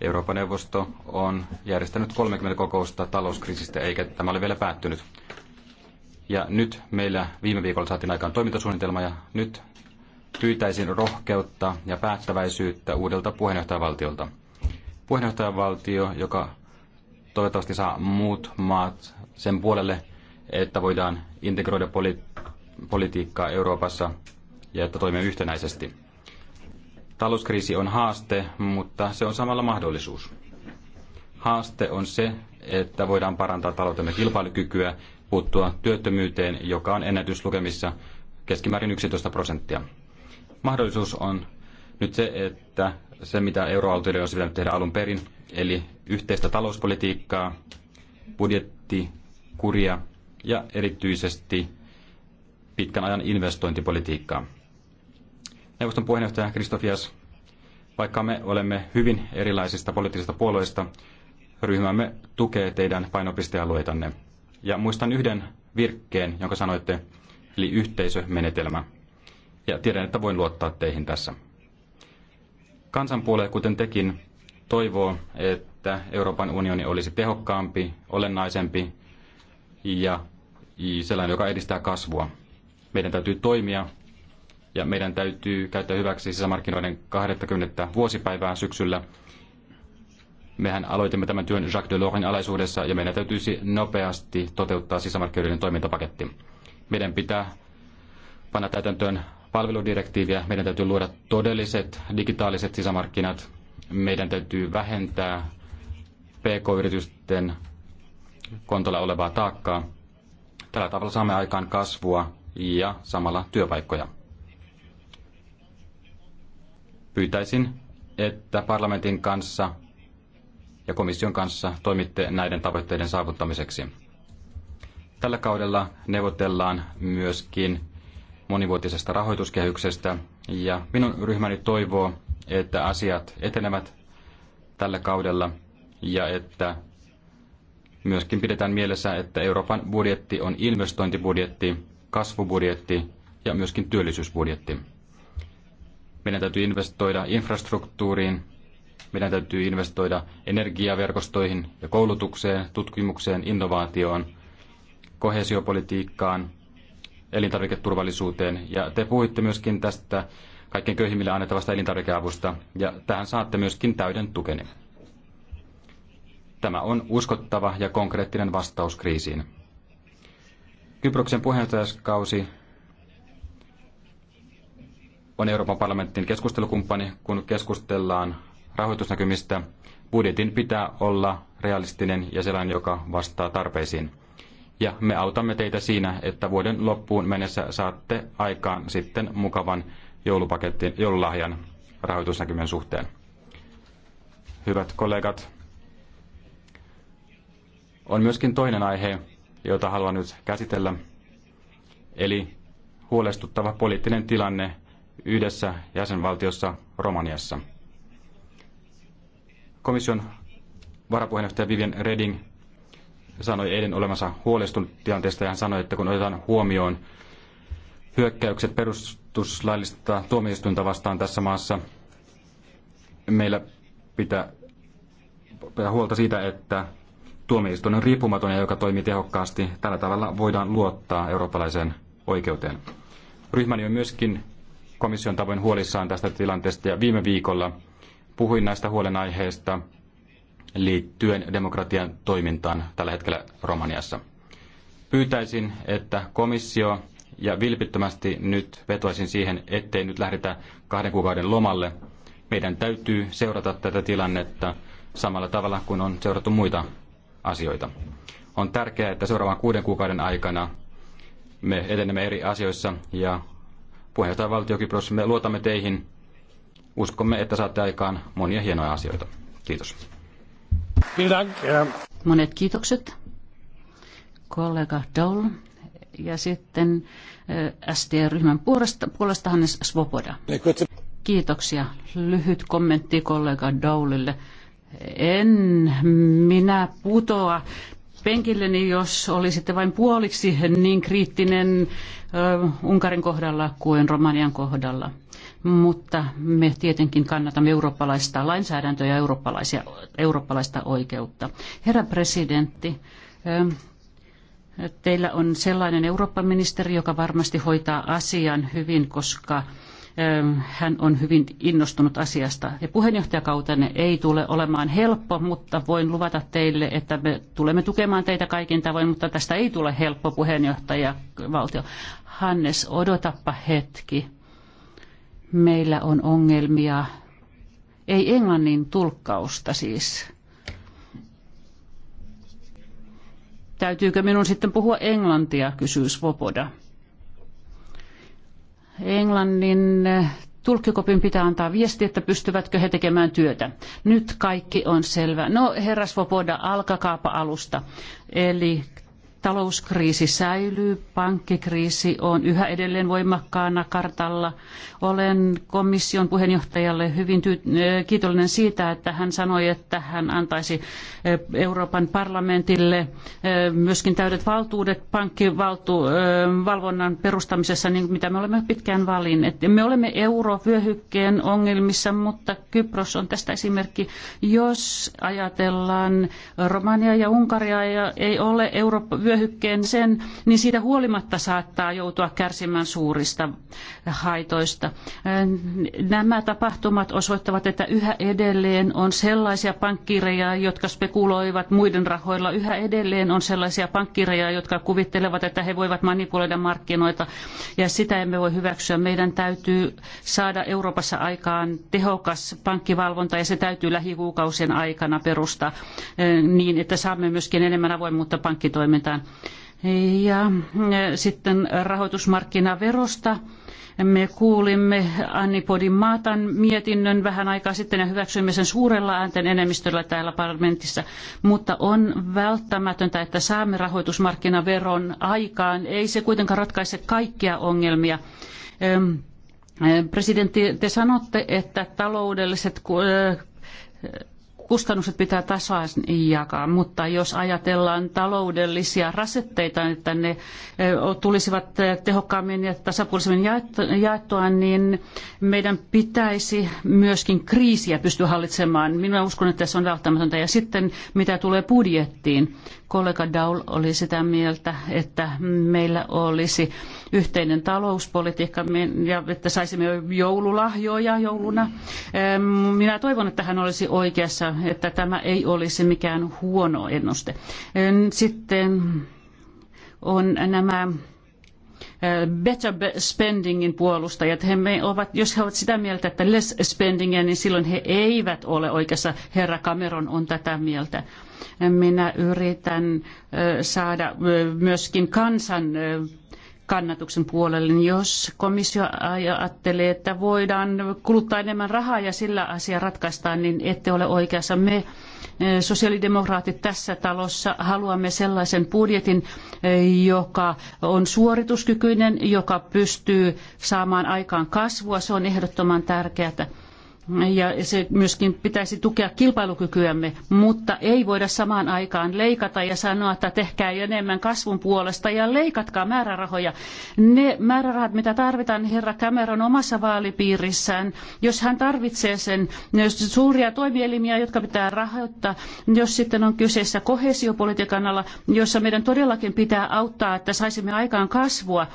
Euroopan neuvosto on järjestänyt 30 kokousta talouskriisistä, eikä tämä ole vielä päättynyt. Ja nyt meillä viime viikolla saatiin aikaan toimintasuunnitelma ja nyt pyytäisin rohkeutta ja päättäväisyyttä uudelta puheenjohtajavaltiolta. Puheenjohtajavaltio, joka toivottavasti saa muut maat sen puolelle, että voidaan integroida poli- politiikkaa Euroopassa ja että toimii yhtenäisesti. Talouskriisi on haaste, mutta se on samalla mahdollisuus. Haaste on se, että voidaan parantaa taloutemme kilpailukykyä puuttua työttömyyteen, joka on ennätyslukemissa keskimäärin 11 prosenttia. Mahdollisuus on nyt se, että se mitä euroaltioille olisi pitänyt tehdä alun perin, eli yhteistä talouspolitiikkaa, budjettikuria ja erityisesti pitkän ajan investointipolitiikkaa. Neuvoston puheenjohtaja Kristofias, vaikka me olemme hyvin erilaisista poliittisista puolueista, ryhmämme tukee teidän painopistealueitanne. Ja muistan yhden virkkeen, jonka sanoitte, eli yhteisömenetelmä. Ja tiedän, että voin luottaa teihin tässä. Kansanpuolue, kuten tekin, toivoo, että Euroopan unioni olisi tehokkaampi, olennaisempi ja sellainen, joka edistää kasvua. Meidän täytyy toimia ja meidän täytyy käyttää hyväksi sisämarkkinoiden 20. vuosipäivää syksyllä – Mehän aloitimme tämän työn Jacques Delorsin alaisuudessa ja meidän täytyisi nopeasti toteuttaa sisämarkkinoiden toimintapaketti. Meidän pitää panna täytäntöön palveludirektiiviä, meidän täytyy luoda todelliset digitaaliset sisämarkkinat, meidän täytyy vähentää pk-yritysten kontolla olevaa taakkaa. Tällä tavalla saamme aikaan kasvua ja samalla työpaikkoja. Pyytäisin, että parlamentin kanssa ja komission kanssa toimitte näiden tavoitteiden saavuttamiseksi. Tällä kaudella neuvotellaan myöskin monivuotisesta rahoituskehyksestä ja minun ryhmäni toivoo, että asiat etenevät tällä kaudella ja että myöskin pidetään mielessä, että Euroopan budjetti on investointibudjetti, kasvubudjetti ja myöskin työllisyysbudjetti. Meidän täytyy investoida infrastruktuuriin, meidän täytyy investoida energiaverkostoihin ja koulutukseen, tutkimukseen, innovaatioon, kohesiopolitiikkaan, elintarviketurvallisuuteen. Ja te puhuitte myöskin tästä kaikkein köyhimmille annettavasta elintarvikeavusta, ja tähän saatte myöskin täyden tukeni. Tämä on uskottava ja konkreettinen vastaus kriisiin. Kyproksen puheenjohtajakausi on Euroopan parlamentin keskustelukumppani, kun keskustellaan rahoitusnäkymistä, budjetin pitää olla realistinen ja sellainen, joka vastaa tarpeisiin. Ja me autamme teitä siinä, että vuoden loppuun mennessä saatte aikaan sitten mukavan joulupaketin, joululahjan rahoitusnäkymien suhteen. Hyvät kollegat, on myöskin toinen aihe, jota haluan nyt käsitellä, eli huolestuttava poliittinen tilanne yhdessä jäsenvaltiossa Romaniassa. Komission varapuheenjohtaja Vivian Reding sanoi eilen olemassa huolestunut tilanteesta ja hän sanoi, että kun otetaan huomioon hyökkäykset perustuslaillista tuomioistuinta vastaan tässä maassa, meillä pitää, pitää huolta siitä, että tuomioistuin on riippumaton ja joka toimii tehokkaasti. Tällä tavalla voidaan luottaa eurooppalaiseen oikeuteen. Ryhmäni on myöskin komission tavoin huolissaan tästä tilanteesta ja viime viikolla puhuin näistä huolenaiheista liittyen demokratian toimintaan tällä hetkellä Romaniassa. Pyytäisin, että komissio ja vilpittömästi nyt vetoaisin siihen, ettei nyt lähdetä kahden kuukauden lomalle. Meidän täytyy seurata tätä tilannetta samalla tavalla kuin on seurattu muita asioita. On tärkeää, että seuraavan kuuden kuukauden aikana me etenemme eri asioissa ja puheenjohtajavaltio Valtiokypros, me luotamme teihin uskomme, että saatte aikaan monia hienoja asioita. Kiitos. Monet kiitokset, kollega Doll Ja sitten eh, SD-ryhmän puolesta, puolesta Hannes Svoboda. Kiitoksia. Lyhyt kommentti kollega Dowlille. En minä putoa penkilleni, jos olisitte vain puoliksi niin kriittinen eh, Unkarin kohdalla kuin Romanian kohdalla mutta me tietenkin kannatamme eurooppalaista lainsäädäntöä ja eurooppalaisia, eurooppalaista oikeutta. Herra presidentti, ähm, teillä on sellainen Eurooppa-ministeri, joka varmasti hoitaa asian hyvin, koska ähm, hän on hyvin innostunut asiasta. Ja puheenjohtajakautenne ei tule olemaan helppo, mutta voin luvata teille, että me tulemme tukemaan teitä kaikin tavoin, mutta tästä ei tule helppo puheenjohtajavaltio. Hannes, odotappa hetki meillä on ongelmia, ei englannin tulkkausta siis. Täytyykö minun sitten puhua englantia, kysyy Svoboda. Englannin eh, tulkkikopin pitää antaa viesti, että pystyvätkö he tekemään työtä. Nyt kaikki on selvä. No herra Svoboda, alkakaapa alusta. Eli Talouskriisi säilyy, pankkikriisi on yhä edelleen voimakkaana kartalla. Olen komission puheenjohtajalle hyvin äh, kiitollinen siitä, että hän sanoi, että hän antaisi äh, Euroopan parlamentille äh, myöskin täydet valtuudet pankkivalvonnan perustamisessa, niin mitä me olemme pitkään valinneet. Me olemme eurovyöhykkeen ongelmissa, mutta Kypros on tästä esimerkki. Jos ajatellaan Romania ja Unkaria, ja ei ole Euroopan vyöhykkeen sen, niin siitä huolimatta saattaa joutua kärsimään suurista haitoista. Nämä tapahtumat osoittavat, että yhä edelleen on sellaisia pankkireja, jotka spekuloivat muiden rahoilla. Yhä edelleen on sellaisia pankkireja, jotka kuvittelevat, että he voivat manipuloida markkinoita ja sitä emme voi hyväksyä. Meidän täytyy saada Euroopassa aikaan tehokas pankkivalvonta ja se täytyy lähikuukausien aikana perustaa niin, että saamme myöskin enemmän avoimuutta pankkitoimintaan. Ja e, sitten rahoitusmarkkinaverosta. Me kuulimme Anni Podimaatan mietinnön vähän aikaa sitten ja hyväksyimme sen suurella äänten enemmistöllä täällä parlamentissa. Mutta on välttämätöntä, että saamme rahoitusmarkkinaveron aikaan. Ei se kuitenkaan ratkaise kaikkia ongelmia. E, presidentti, te sanotte, että taloudelliset e, kustannukset pitää tasaisin jakaa, mutta jos ajatellaan taloudellisia rasitteita, että ne tulisivat tehokkaammin ja tasapuolisemmin jaettua, niin meidän pitäisi myöskin kriisiä pystyä hallitsemaan. Minä uskon, että se on välttämätöntä. Ja sitten mitä tulee budjettiin, Kollega Daul oli sitä mieltä, että meillä olisi yhteinen talouspolitiikka ja että saisimme joululahjoja jouluna. Minä toivon, että hän olisi oikeassa, että tämä ei olisi mikään huono ennuste. Sitten on nämä better spendingin puolustajat, he ovat, jos he ovat sitä mieltä, että less spendingia, niin silloin he eivät ole oikeassa. Herra Cameron on tätä mieltä. Minä yritän saada myöskin kansan kannatuksen puolelle, jos komissio ajattelee, että voidaan kuluttaa enemmän rahaa ja sillä asia ratkaistaan, niin ette ole oikeassa. Me sosiaalidemokraatit tässä talossa haluamme sellaisen budjetin, joka on suorituskykyinen, joka pystyy saamaan aikaan kasvua. Se on ehdottoman tärkeää ja se myöskin pitäisi tukea kilpailukykyämme, mutta ei voida samaan aikaan leikata ja sanoa, että tehkää enemmän kasvun puolesta ja leikatkaa määrärahoja. Ne määrärahat, mitä tarvitaan niin herra Cameron omassa vaalipiirissään, jos hän tarvitsee sen, jos suuria toimielimiä, jotka pitää rahoittaa, jos sitten on kyseessä kohesiopolitiikan alla, jossa meidän todellakin pitää auttaa, että saisimme aikaan kasvua,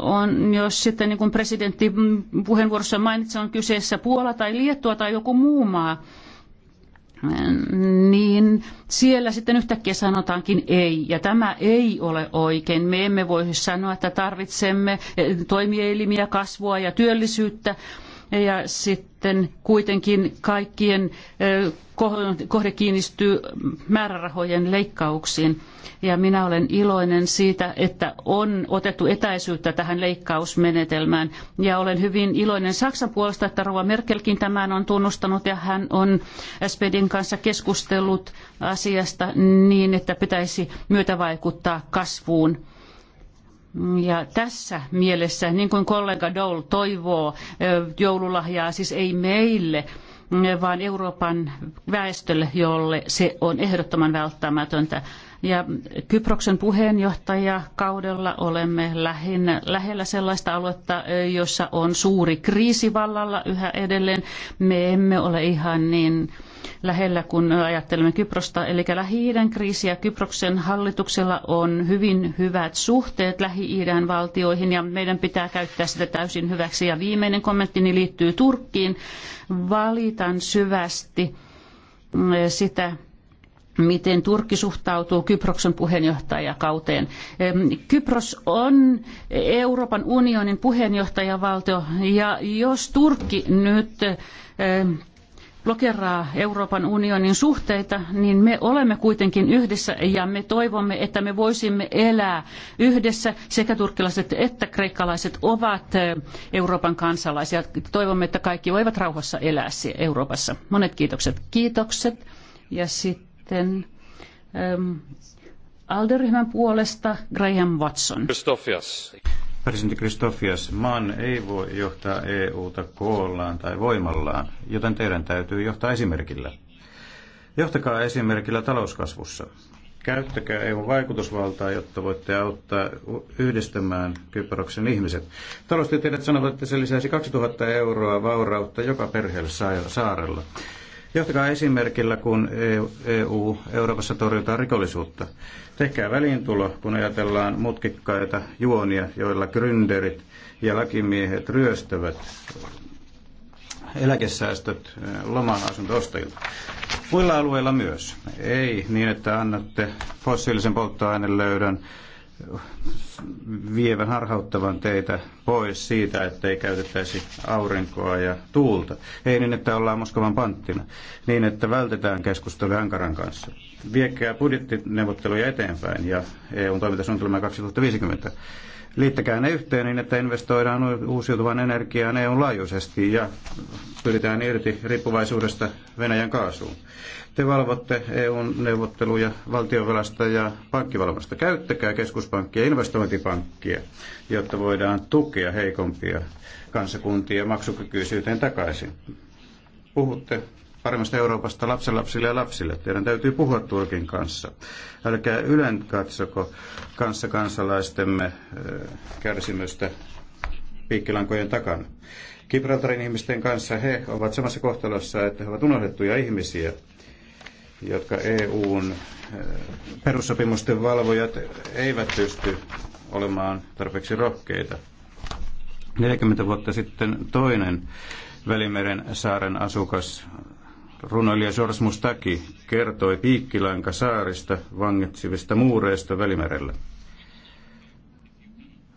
on, jos sitten niin kuin presidentti puheenvuorossa mainitsi, on kyseessä Puola tai Liettua tai joku muu maa, niin siellä sitten yhtäkkiä sanotaankin ei, ja tämä ei ole oikein. Me emme voi sanoa, että tarvitsemme toimielimiä, kasvua ja työllisyyttä, ja sitten kuitenkin kaikkien kohde kiinnistyy määrärahojen leikkauksiin. Ja minä olen iloinen siitä, että on otettu etäisyyttä tähän leikkausmenetelmään. Ja olen hyvin iloinen Saksan puolesta, että Rova Merkelkin tämän on tunnustanut ja hän on SPDin kanssa keskustellut asiasta niin, että pitäisi myötävaikuttaa kasvuun. Ja tässä mielessä, niin kuin kollega Dole toivoo joululahjaa, siis ei meille, vaan Euroopan väestölle, jolle se on ehdottoman välttämätöntä. Ja Kyproksen puheenjohtajakaudella olemme lähinnä, lähellä sellaista aluetta, jossa on suuri kriisi vallalla yhä edelleen. Me emme ole ihan niin lähellä, kun ajattelemme Kyprosta, eli Lähi-idän kriisiä. Kyproksen hallituksella on hyvin hyvät suhteet Lähi-idän valtioihin ja meidän pitää käyttää sitä täysin hyväksi. Ja viimeinen kommenttini liittyy Turkkiin. Valitan syvästi mm, sitä, miten Turkki suhtautuu Kyproksen puheenjohtajakauteen. Kypros on Euroopan unionin puheenjohtajavaltio ja jos Turkki nyt blokeraa Euroopan unionin suhteita, niin me olemme kuitenkin yhdessä ja me toivomme, että me voisimme elää yhdessä. Sekä turkkilaiset että kreikkalaiset ovat eh, Euroopan kansalaisia. Toivomme, että kaikki voivat rauhassa elää Euroopassa. Monet kiitokset. Kiitokset. Ja sitten ähm, Alderyhmän puolesta Graham Watson. Presidentti Kristofias, maan ei voi johtaa EUta koollaan tai voimallaan, joten teidän täytyy johtaa esimerkillä. Johtakaa esimerkillä talouskasvussa. Käyttäkää EUn vaikutusvaltaa, jotta voitte auttaa yhdistämään Kyproksen ihmiset. Taloustieteilijät sanovat, että se lisäisi 2000 euroa vaurautta joka perheelle saarella. Johtakaa esimerkillä, kun EU, e Euroopassa torjutaan rikollisuutta. Tehkää väliintulo, kun ajatellaan mutkikkaita juonia, joilla gründerit ja lakimiehet ryöstävät eläkesäästöt eh, loma-asunto-ostajilta. Muilla alueilla myös. Ei niin, että annatte fossiilisen polttoaineen löydön vievän harhauttavan teitä pois siitä, että ei käytettäisi aurinkoa ja tuulta. Ei niin, että ollaan Moskovan panttina, niin että vältetään keskustelua Ankaran kanssa. Viekää budjettineuvotteluja eteenpäin ja EUn toimintasuunnitelma 2050 liittäkää ne yhteen niin, että investoidaan uusiutuvan energiaan eu laajuisesti ja pyritään irti riippuvaisuudesta Venäjän kaasuun. Te valvotte eu neuvotteluja valtiovelasta ja pankkivalvonnasta. Käyttäkää keskuspankkia ja investointipankkia, jotta voidaan tukea heikompia kansakuntia maksukykyisyyteen takaisin. Puhutte paremmasta Euroopasta lapsenlapsille ja lapsille. Teidän täytyy puhua Turkin kanssa. Älkää ylen katsoko kanssa kansalaistemme äh, kärsimystä piikkilankojen takana. Gibraltarin ihmisten kanssa he ovat samassa kohtalossa, että he ovat unohdettuja ihmisiä, jotka EUn äh, perussopimusten valvojat eivät pysty olemaan tarpeeksi rohkeita. 40 vuotta sitten toinen Välimeren saaren asukas runoilija George Mustaki kertoi Piikkilanka saarista vangitsivista muureista Välimerellä.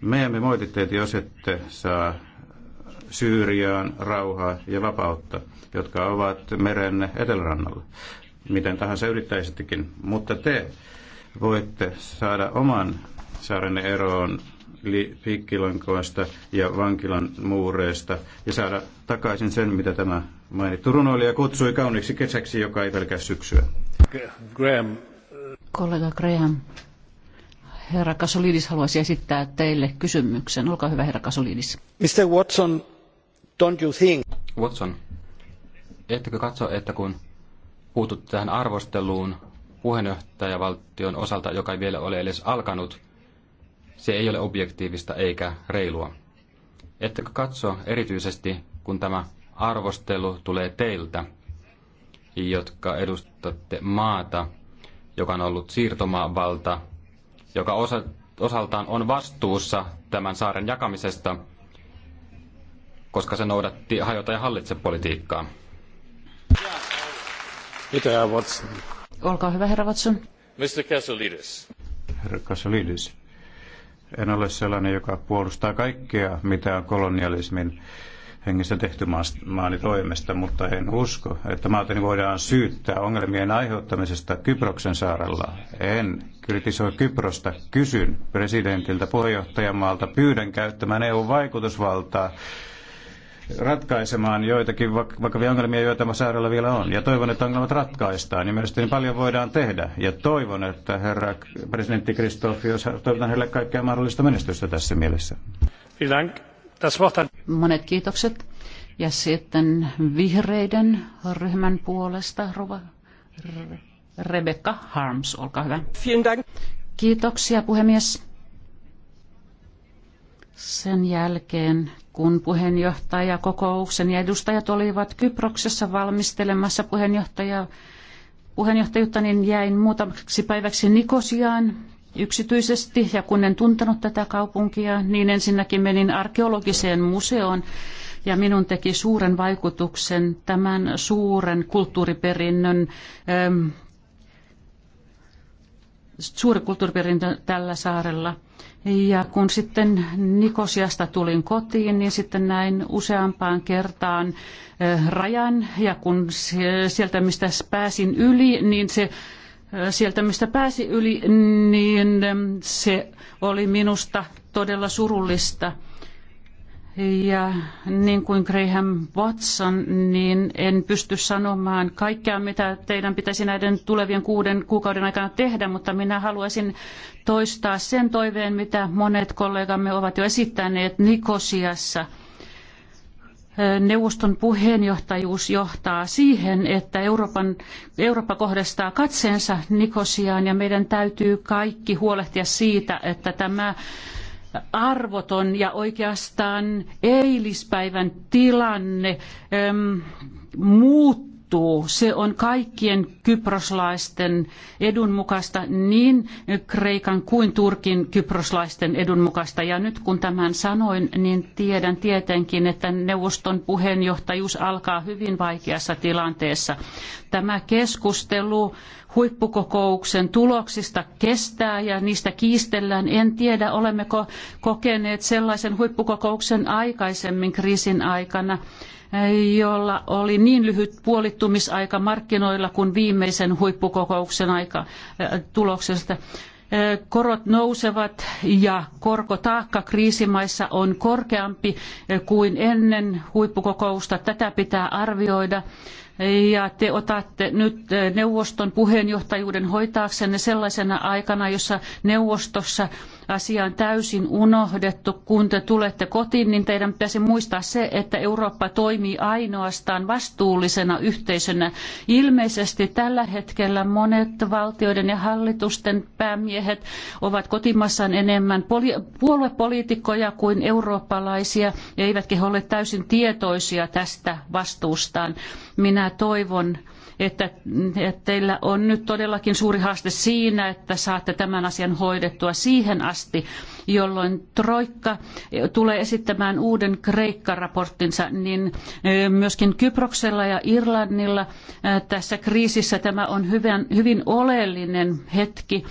Me emme moiti teitä, jos ette saa Syyriaan rauhaa ja vapautta, jotka ovat meren etelärannalla, miten tahansa yrittäisittekin. Mutta te voitte saada oman saarenne eroon piikkilankoista ja vankilan muureista ja saada takaisin sen, mitä tämä Mainittu runoilija kutsui kauniiksi kesäksi, joka ei pelkää syksyä. Graham. Kollega Graham. Herra Kasolidis haluaisi esittää teille kysymyksen. Olkaa hyvä, herra Kasolidis. Mr. Watson, don't you think... Watson, ettekö katso, että kun puutut tähän arvosteluun puheenjohtajavaltion osalta, joka ei vielä ole edes alkanut, se ei ole objektiivista eikä reilua. Ettekö katso erityisesti, kun tämä arvostelu tulee teiltä, jotka edustatte maata, joka on ollut siirtomaavalta, joka osa, osaltaan on vastuussa tämän saaren jakamisesta, koska se noudatti hajota ja hallitse politiikkaa. Mitä, herra Watson? Olkaa hyvä, herra Watson. Mr. Kassolidis. Herra Kassolidis, en ole sellainen, joka puolustaa kaikkea, mitä on kolonialismin hengissä tehty maani toimesta, mutta en usko, että maatani voidaan syyttää ongelmien aiheuttamisesta Kyproksen saarella. En kritisoi Kyprosta. Kysyn presidentiltä puheenjohtajamaalta. Pyydän käyttämään EU-vaikutusvaltaa ratkaisemaan joitakin vakavia ongelmia, joita saarella vielä on. Ja toivon, että ongelmat ratkaistaan. Ja niin mielestäni paljon voidaan tehdä. Ja toivon, että herra presidentti Kristofios, toivotan heille kaikkea mahdollista menestystä tässä mielessä. Kiitos. Monet kiitokset. Ja sitten vihreiden ryhmän puolesta Rova, Rebecca Harms, olkaa hyvä. Kiitoksia puhemies. Sen jälkeen, kun kokouksen ja edustajat olivat Kyproksessa valmistelemassa puheenjohtaja, puheenjohtajuutta, niin jäin muutamaksi päiväksi Nikosiaan yksityisesti ja kun en tuntenut tätä kaupunkia, niin ensinnäkin menin arkeologiseen museoon ja minun teki suuren vaikutuksen tämän suuren kulttuuriperinnön ähm, suuri kulttuuriperintö tällä saarella. Ja kun sitten Nikosiasta tulin kotiin, niin sitten näin useampaan kertaan äh, rajan. Ja kun sieltä, mistä pääsin yli, niin se sieltä, mistä pääsi yli, niin se oli minusta todella surullista. Ja niin kuin Graham Watson, niin en pysty sanomaan kaikkea, mitä teidän pitäisi näiden tulevien kuuden kuukauden aikana tehdä, mutta minä haluaisin toistaa sen toiveen, mitä monet kollegamme ovat jo esittäneet Nikosiassa – neuvoston puheenjohtajuus johtaa siihen, että Euroopan, Eurooppa kohdistaa katseensa Nikosiaan ja meidän täytyy kaikki huolehtia siitä, että tämä arvoton ja oikeastaan eilispäivän tilanne muuttuu muuttuu. Se on kaikkien kyproslaisten edun mukaista, niin Kreikan kuin Turkin kyproslaisten edun mukaista. Ja nyt kun tämän sanoin, niin tiedän tietenkin, että neuvoston puheenjohtajuus alkaa hyvin vaikeassa tilanteessa. Tämä keskustelu huippukokouksen tuloksista kestää ja niistä kiistellään. En tiedä, olemmeko kokeneet sellaisen huippukokouksen aikaisemmin kriisin aikana jolla oli niin lyhyt puolittumisaika markkinoilla kuin viimeisen huippukokouksen aika äh, tuloksesta. Äh, korot nousevat ja korkotaakka kriisimaissa on korkeampi äh, kuin ennen huippukokousta. Tätä pitää arvioida ja te otatte nyt eh, neuvoston puheenjohtajuuden hoitaaksenne sellaisena aikana, jossa neuvostossa asia on täysin unohdettu. Kun te tulette kotiin, niin teidän pitäisi muistaa se, että Eurooppa toimii ainoastaan vastuullisena yhteisönä. Ilmeisesti tällä hetkellä monet valtioiden ja hallitusten päämiehet ovat kotimassaan enemmän puoluepoliitikkoja kuin eurooppalaisia, eivätkä he ole täysin tietoisia tästä vastuustaan. Minä toivon, että, että teillä on nyt todellakin suuri haaste siinä, että saatte tämän asian hoidettua siihen asti, jolloin Troikka tulee esittämään uuden Kreikka-raporttinsa, niin myöskin Kyproksella ja Irlannilla tässä kriisissä tämä on hyvin, hyvin oleellinen hetki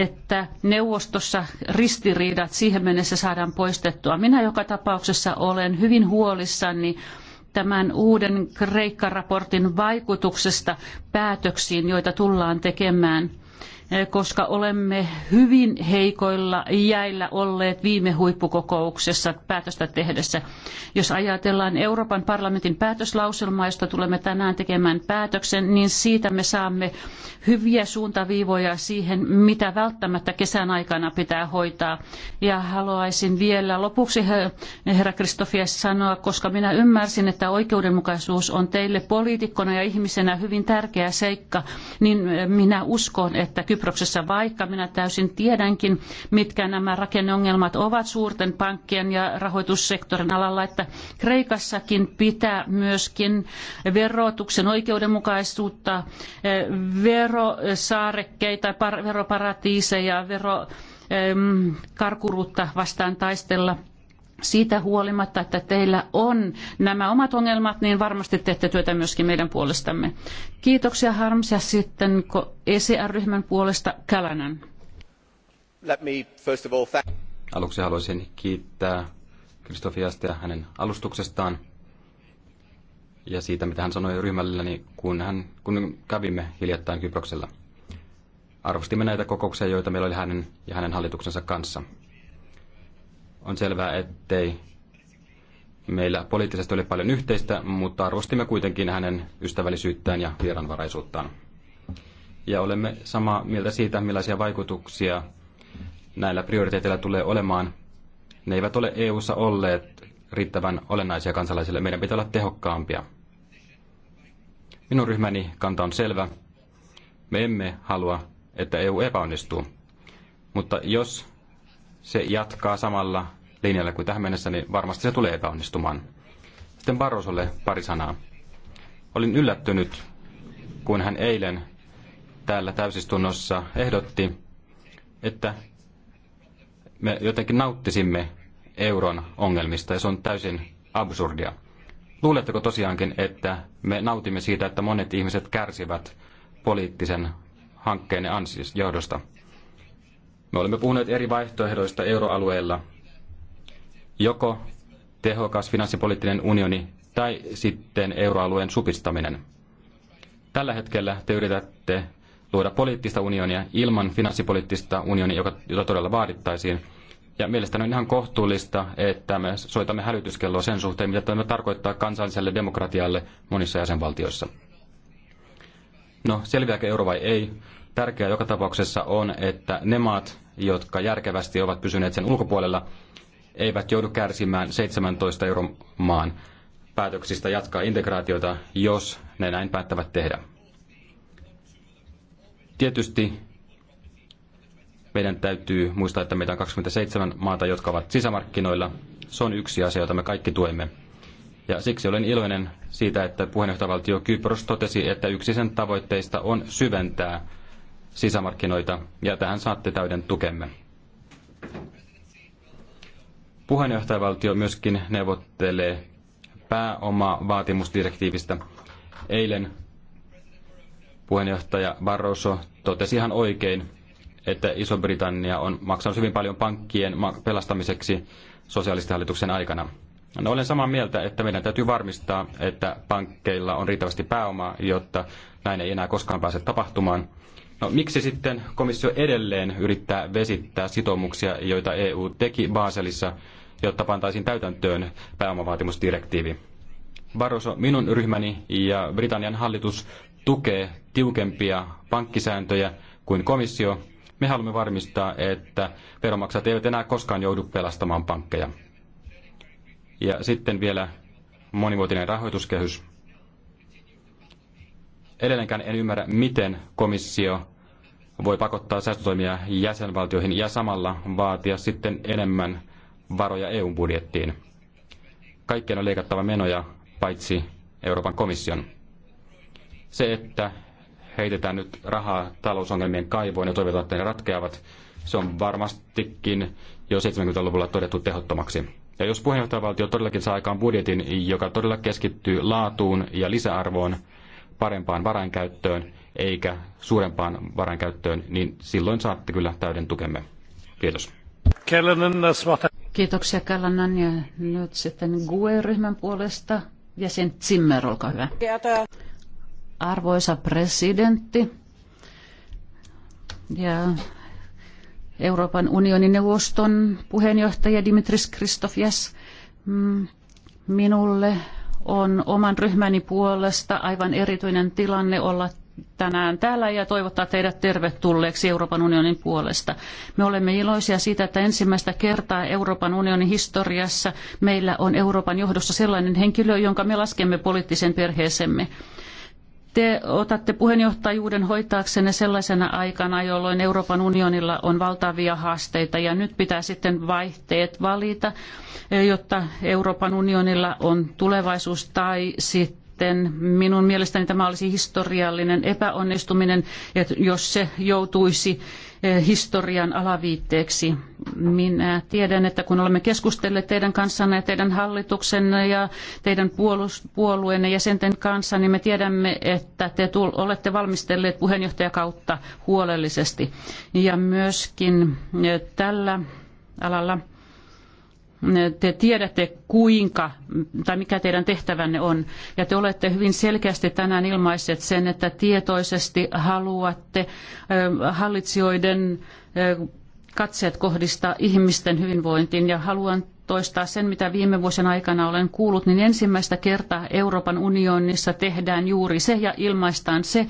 että neuvostossa ristiriidat siihen mennessä saadaan poistettua. Minä joka tapauksessa olen hyvin huolissani tämän uuden Kreikka-raportin vaikutuksesta päätöksiin, joita tullaan tekemään – koska olemme hyvin heikoilla jäillä olleet viime huippukokouksessa päätöstä tehdessä. Jos ajatellaan Euroopan parlamentin päätöslauselmaa, josta tulemme tänään tekemään päätöksen, niin siitä me saamme hyviä suuntaviivoja siihen, mitä välttämättä kesän aikana pitää hoitaa. Ja haluaisin vielä lopuksi, herra Kristofias, sanoa, koska minä ymmärsin, että oikeudenmukaisuus on teille poliitikkona ja ihmisenä hyvin tärkeä seikka, niin minä uskon, että Kypros Kyproksessa, vaikka minä täysin tiedänkin, mitkä nämä rakenneongelmat ovat suurten pankkien ja rahoitussektorin alalla, että Kreikassakin pitää myöskin verotuksen oikeudenmukaisuutta, eh, verosaarekkeita, veroparatiiseja, verokarkuruutta vastaan taistella – siitä huolimatta, että teillä on nämä omat ongelmat, niin varmasti teette työtä myöskin meidän puolestamme. Kiitoksia Harms ja sitten ECR-ryhmän puolesta Kälänen. Aluksi haluaisin kiittää Kristofiasta ja hänen alustuksestaan ja siitä, mitä hän sanoi ryhmälläni, kun, hän, kun kävimme hiljattain Kyproksella. Arvostimme näitä kokouksia, joita meillä oli hänen ja hänen hallituksensa kanssa. On selvää, ettei meillä poliittisesti ole paljon yhteistä, mutta arvostimme kuitenkin hänen ystävällisyyttään ja vieranvaraisuuttaan. Ja olemme samaa mieltä siitä, millaisia vaikutuksia näillä prioriteeteilla tulee olemaan. Ne eivät ole EU-ssa olleet riittävän olennaisia kansalaisille. Meidän pitää olla tehokkaampia. Minun ryhmäni kanta on selvä. Me emme halua, että EU epäonnistuu. Mutta jos se jatkaa samalla linjalla kuin tähän mennessä, niin varmasti se tulee epäonnistumaan. Sitten Barrosolle pari sanaa. Olin yllättynyt, kun hän eilen täällä täysistunnossa ehdotti, että me jotenkin nauttisimme euron ongelmista, ja se on täysin absurdia. Luuletteko tosiaankin, että me nautimme siitä, että monet ihmiset kärsivät poliittisen hankkeen ansiosta? johdosta? Me olemme puhuneet eri vaihtoehdoista euroalueella. Joko tehokas finanssipoliittinen unioni tai sitten euroalueen supistaminen. Tällä hetkellä te yritätte luoda poliittista unionia ilman finanssipoliittista unionia, joka, jota todella vaadittaisiin. Ja mielestäni on ihan kohtuullista, että me soitamme hälytyskelloa sen suhteen, mitä tämä tarkoittaa kansalliselle demokratialle monissa jäsenvaltioissa. No, selviääkö euro vai ei? Tärkeää joka tapauksessa on, että ne maat, jotka järkevästi ovat pysyneet sen ulkopuolella, eivät joudu kärsimään 17 euron maan päätöksistä jatkaa integraatiota, jos ne näin päättävät tehdä. Tietysti meidän täytyy muistaa, että meitä on 27 maata, jotka ovat sisämarkkinoilla. Se on yksi asia, jota me kaikki tuemme. Ja siksi olen iloinen siitä, että puheenjohtajavaltio Kypros totesi, että yksi sen tavoitteista on syventää sisämarkkinoita, ja tähän saatte täyden tukemme. Puheenjohtajavaltio myöskin neuvottelee vaatimusdirektiivistä. Eilen puheenjohtaja Barroso totesi ihan oikein, että Iso-Britannia on maksanut hyvin paljon pankkien pelastamiseksi hallituksen aikana. No, olen samaa mieltä, että meidän täytyy varmistaa, että pankkeilla on riittävästi pääomaa, jotta näin ei enää koskaan pääse tapahtumaan. No, miksi sitten komissio edelleen yrittää vesittää sitoumuksia, joita EU teki Baselissa, jotta pantaisiin täytäntöön pääomavaatimusdirektiivi? Barroso, minun ryhmäni ja Britannian hallitus tukee tiukempia pankkisääntöjä kuin komissio. Me haluamme varmistaa, että veronmaksajat eivät enää koskaan joudu pelastamaan pankkeja. Ja sitten vielä monivuotinen rahoituskehys edelleenkään en ymmärrä, miten komissio voi pakottaa säästötoimia jäsenvaltioihin ja samalla vaatia sitten enemmän varoja EU-budjettiin. Kaikkien on leikattava menoja, paitsi Euroopan komission. Se, että heitetään nyt rahaa talousongelmien kaivoon ja toivotaan, että ne ratkeavat, se on varmastikin jo 70-luvulla todettu tehottomaksi. Ja jos puheenjohtajavaltio todellakin saa aikaan budjetin, joka todella keskittyy laatuun ja lisäarvoon, parempaan varainkäyttöön, eikä suurempaan käyttöön, niin silloin saatte kyllä täyden tukemme. Kiitos. Kiitoksia Kallanan ja nyt sitten GUE-ryhmän puolesta jäsen Zimmer, olkaa hyvä. Arvoisa presidentti ja Euroopan unionin neuvoston puheenjohtaja Dimitris Kristofias, mm, minulle on oman ryhmäni puolesta aivan erityinen tilanne olla tänään täällä ja toivottaa teidät tervetulleeksi Euroopan unionin puolesta. Me olemme iloisia siitä, että ensimmäistä kertaa Euroopan unionin historiassa meillä on Euroopan johdossa sellainen henkilö, jonka me laskemme poliittisen perheeseemme. Te otatte puheenjohtajuuden hoitaaksenne sellaisena aikana, jolloin Euroopan unionilla on valtavia haasteita ja nyt pitää sitten vaihteet valita, jotta Euroopan unionilla on tulevaisuus tai sitten sitten minun mielestäni tämä olisi historiallinen epäonnistuminen, jos se joutuisi eh, historian alaviitteeksi. Minä tiedän, että kun olemme keskustelleet teidän kanssanne ja teidän hallituksenne ja teidän puolueenne jäsenten kanssa, niin me tiedämme, että te olette valmistelleet puheenjohtajakautta huolellisesti. Ja myöskin eh, tällä alalla te tiedätte kuinka tai mikä teidän tehtävänne on. Ja te olette hyvin selkeästi tänään ilmaisseet sen, että tietoisesti haluatte hallitsijoiden katseet kohdistaa ihmisten hyvinvointiin ja haluan toistaa sen, mitä viime vuosien aikana olen kuullut, niin ensimmäistä kertaa Euroopan unionissa tehdään juuri se ja ilmaistaan se,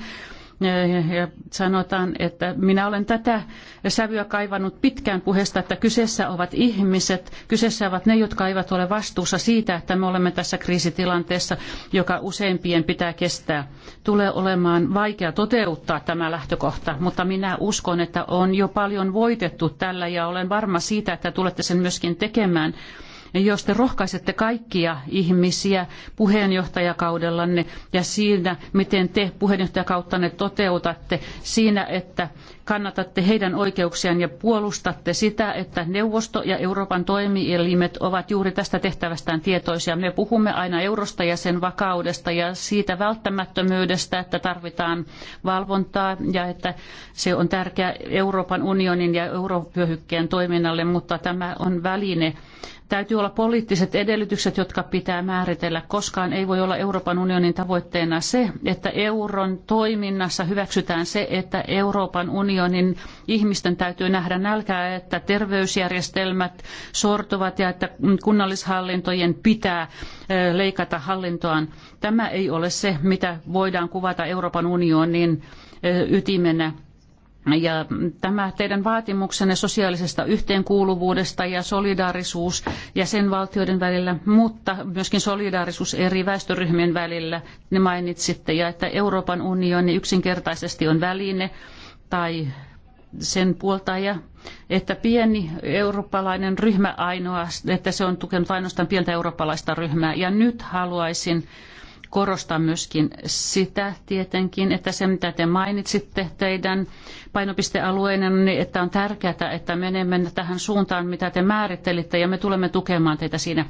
ja sanotaan, että minä olen tätä sävyä kaivannut pitkään puheesta, että kyseessä ovat ihmiset, kyseessä ovat ne, jotka eivät ole vastuussa siitä, että me olemme tässä kriisitilanteessa, joka useimpien pitää kestää. Tulee olemaan vaikea toteuttaa tämä lähtökohta, mutta minä uskon, että on jo paljon voitettu tällä ja olen varma siitä, että tulette sen myöskin tekemään jos te rohkaisette kaikkia ihmisiä puheenjohtajakaudellanne ja siinä, miten te puheenjohtajakauttanne toteutatte, siinä, että kannatatte heidän oikeuksiaan ja puolustatte sitä, että neuvosto ja Euroopan toimielimet ovat juuri tästä tehtävästään tietoisia. Me puhumme aina eurosta ja sen vakaudesta ja siitä välttämättömyydestä, että tarvitaan valvontaa ja että se on tärkeä Euroopan unionin ja eurovyöhykkeen toiminnalle, mutta tämä on väline, Täytyy olla poliittiset edellytykset, jotka pitää määritellä. Koskaan ei voi olla Euroopan unionin tavoitteena se, että euron toiminnassa hyväksytään se, että Euroopan unionin ihmisten täytyy nähdä nälkää, että terveysjärjestelmät sortuvat ja että kunnallishallintojen pitää leikata hallintoaan. Tämä ei ole se, mitä voidaan kuvata Euroopan unionin ytimenä ja tämä teidän vaatimuksenne sosiaalisesta yhteenkuuluvuudesta ja solidaarisuus jäsenvaltioiden välillä, mutta myöskin solidaarisuus eri väestöryhmien välillä, ne mainitsitte, ja että Euroopan unioni yksinkertaisesti on väline tai sen puoltaja, että pieni eurooppalainen ryhmä ainoa, että se on tukenut ainoastaan pientä eurooppalaista ryhmää. Ja nyt haluaisin korostan myöskin sitä tietenkin, että se mitä te mainitsitte teidän painopistealueinen, niin että on tärkeää, että menemme tähän suuntaan, mitä te määrittelitte, ja me tulemme tukemaan teitä siinä.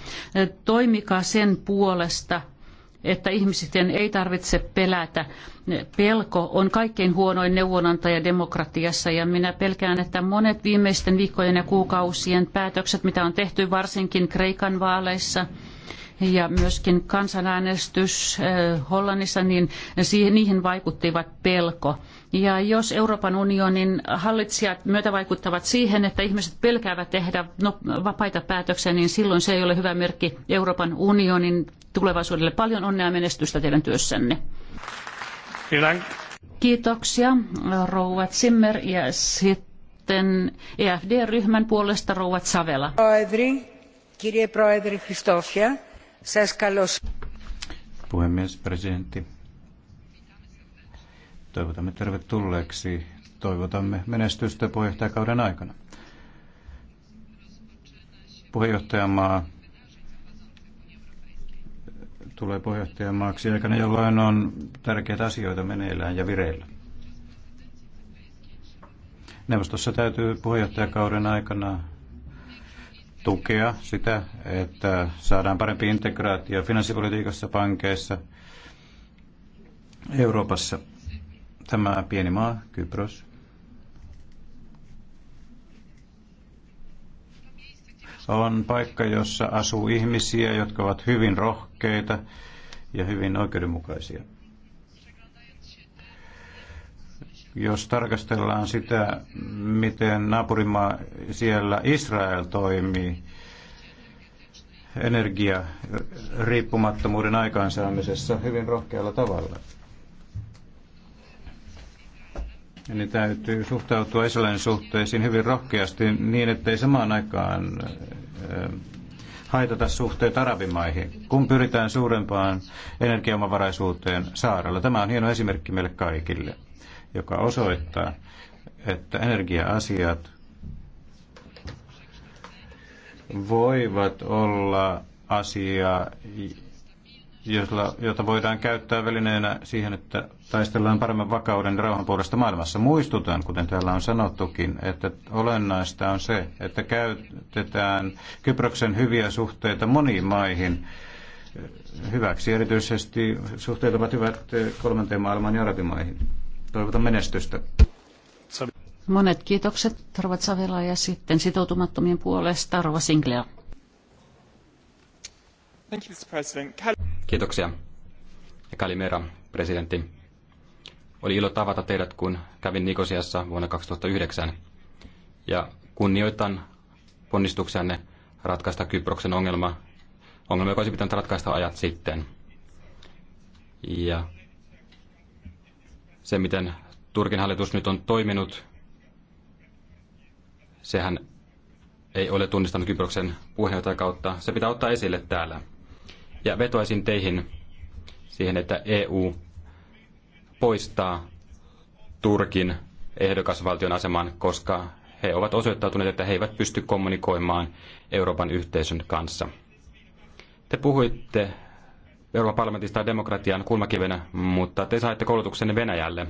Toimikaa sen puolesta, että ihmisten ei tarvitse pelätä. Pelko on kaikkein huonoin neuvonantaja demokratiassa ja minä pelkään, että monet viimeisten viikkojen ja kuukausien päätökset, mitä on tehty varsinkin Kreikan vaaleissa, ja myöskin kansanäänestys Hollannissa, niin niihin vaikuttivat pelko. Ja jos Euroopan unionin hallitsijat myötävaikuttavat siihen, että ihmiset pelkäävät tehdä no, vapaita päätöksiä, niin silloin se ei ole hyvä merkki Euroopan unionin tulevaisuudelle. Paljon onnea ja menestystä teidän työssänne. Kiitoksia, rouva Zimmer. Ja sitten EFD-ryhmän puolesta rouva Savela. Proedri, kirje Proedri Christofia. Puhemies, presidentti. Toivotamme tervetulleeksi. Toivotamme menestystä puheenjohtajakauden aikana. Puheenjohtajamaa tulee puheenjohtajamaaksi aikana, jolloin on tärkeitä asioita meneillään ja vireillä. Neuvostossa täytyy puheenjohtajakauden aikana tukea sitä, että saadaan parempi integraatio finanssipolitiikassa, pankeissa, Euroopassa. Tämä pieni maa, Kypros, on paikka, jossa asuu ihmisiä, jotka ovat hyvin rohkeita ja hyvin oikeudenmukaisia. Jos tarkastellaan sitä, miten naapurimaa siellä Israel toimii energia riippumattomuuden aikaansaamisessa hyvin rohkealla tavalla. Niin täytyy suhtautua Israelin suhteisiin hyvin rohkeasti niin, ettei samaan aikaan eh, haitata suhteet arabimaihin, kun pyritään suurempaan energiamavaraisuuteen saarella. Tämä on hieno esimerkki meille kaikille joka osoittaa, että energia-asiat voivat olla asia, jota voidaan käyttää välineenä siihen, että taistellaan paremman vakauden ja rauhan puolesta maailmassa. Muistutan, kuten täällä on sanottukin, että olennaista on se, että käytetään Kyproksen hyviä suhteita moniin maihin hyväksi. Erityisesti suhteet ovat hyvät kolmanteen maailman ja arabimaihin. Toivotan menestystä. Monet kiitokset, Tarva Savela, ja sitten sitoutumattomien puolesta Rova Singlea. Kiitoksia. Ja Kalimera, presidentti. Oli ilo tavata teidät, kun kävin Nikosiassa vuonna 2009. Ja kunnioitan ponnistuksenne ratkaista Kyproksen ongelma, ongelma, joka olisi pitänyt ratkaista ajat sitten. Ja se, miten Turkin hallitus nyt on toiminut, sehän ei ole tunnistanut Kyproksen puheenjohtajakautta. Se pitää ottaa esille täällä. Ja vetoaisin teihin siihen, että EU poistaa Turkin ehdokasvaltion aseman, koska he ovat osoittautuneet, että he eivät pysty kommunikoimaan Euroopan yhteisön kanssa. Te puhuitte Euroopan parlamentista demokratian kulmakivenä, mutta te saitte koulutuksenne Venäjälle.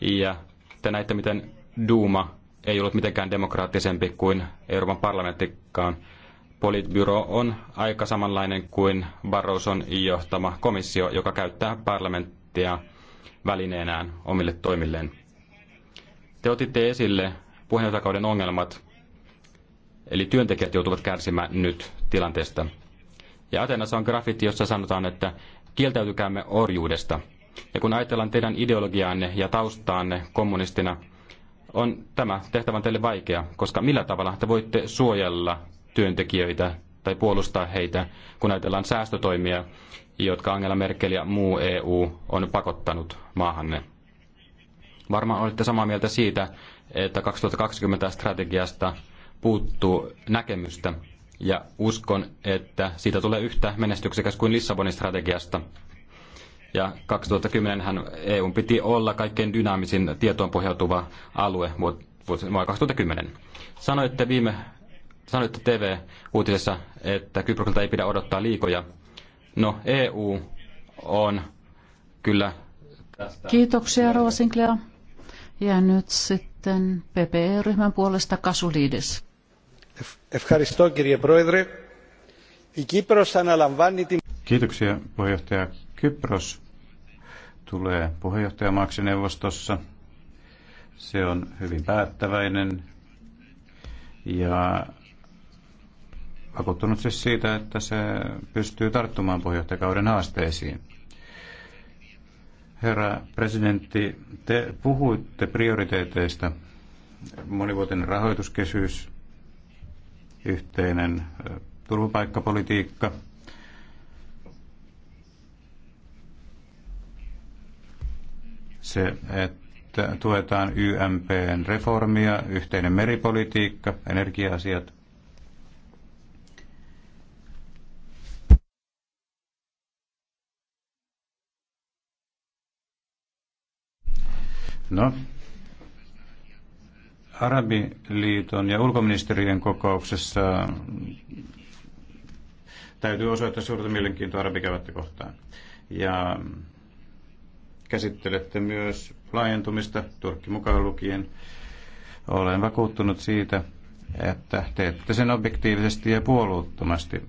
Ja te näitte, miten Duuma ei ollut mitenkään demokraattisempi kuin Euroopan parlamenttikaan. Politbyro on aika samanlainen kuin Barroson johtama komissio, joka käyttää parlamenttia välineenään omille toimilleen. Te otitte esille puheenjohtajakauden ongelmat, eli työntekijät joutuvat kärsimään nyt tilanteesta. Ja Atenassa on graffiti, jossa sanotaan, että kieltäytykäämme orjuudesta. Ja kun ajatellaan teidän ideologiaanne ja taustaanne kommunistina, on tämä tehtävä teille vaikea, koska millä tavalla te voitte suojella työntekijöitä tai puolustaa heitä, kun ajatellaan säästötoimia, jotka Angela Merkel ja muu EU on pakottanut maahanne. Varmaan olette samaa mieltä siitä, että 2020 strategiasta puuttuu näkemystä ja uskon, että siitä tulee yhtä menestyksekäs kuin Lissabonin strategiasta. Ja 2010 hän EUn piti olla kaikkein dynaamisin tietoon pohjautuva alue vuonna 2010. Sanoitte viime sanoitte TV-uutisessa, että Kyprokselta ei pidä odottaa liikoja. No EU on kyllä tästä. Kiitoksia Rova Ja nyt sitten PPE-ryhmän puolesta Kasulidis. Kiitoksia puheenjohtaja. Kypros tulee puheenjohtajamaaksi neuvostossa. Se on hyvin päättäväinen ja vakuuttunut siis siitä, että se pystyy tarttumaan puheenjohtajakauden haasteisiin. Herra presidentti, te puhuitte prioriteeteista. Monivuotinen rahoituskehys, yhteinen turvapaikkapolitiikka. Se, että tuetaan YMPn reformia, yhteinen meripolitiikka, energia-asiat. No, Arabiliiton ja ulkoministerien kokouksessa täytyy osoittaa suurta mielenkiintoa arabikevättä kohtaan. Ja käsittelette myös laajentumista, Turkki mukaan lukien. Olen vakuuttunut siitä, että teette sen objektiivisesti ja puoluuttomasti.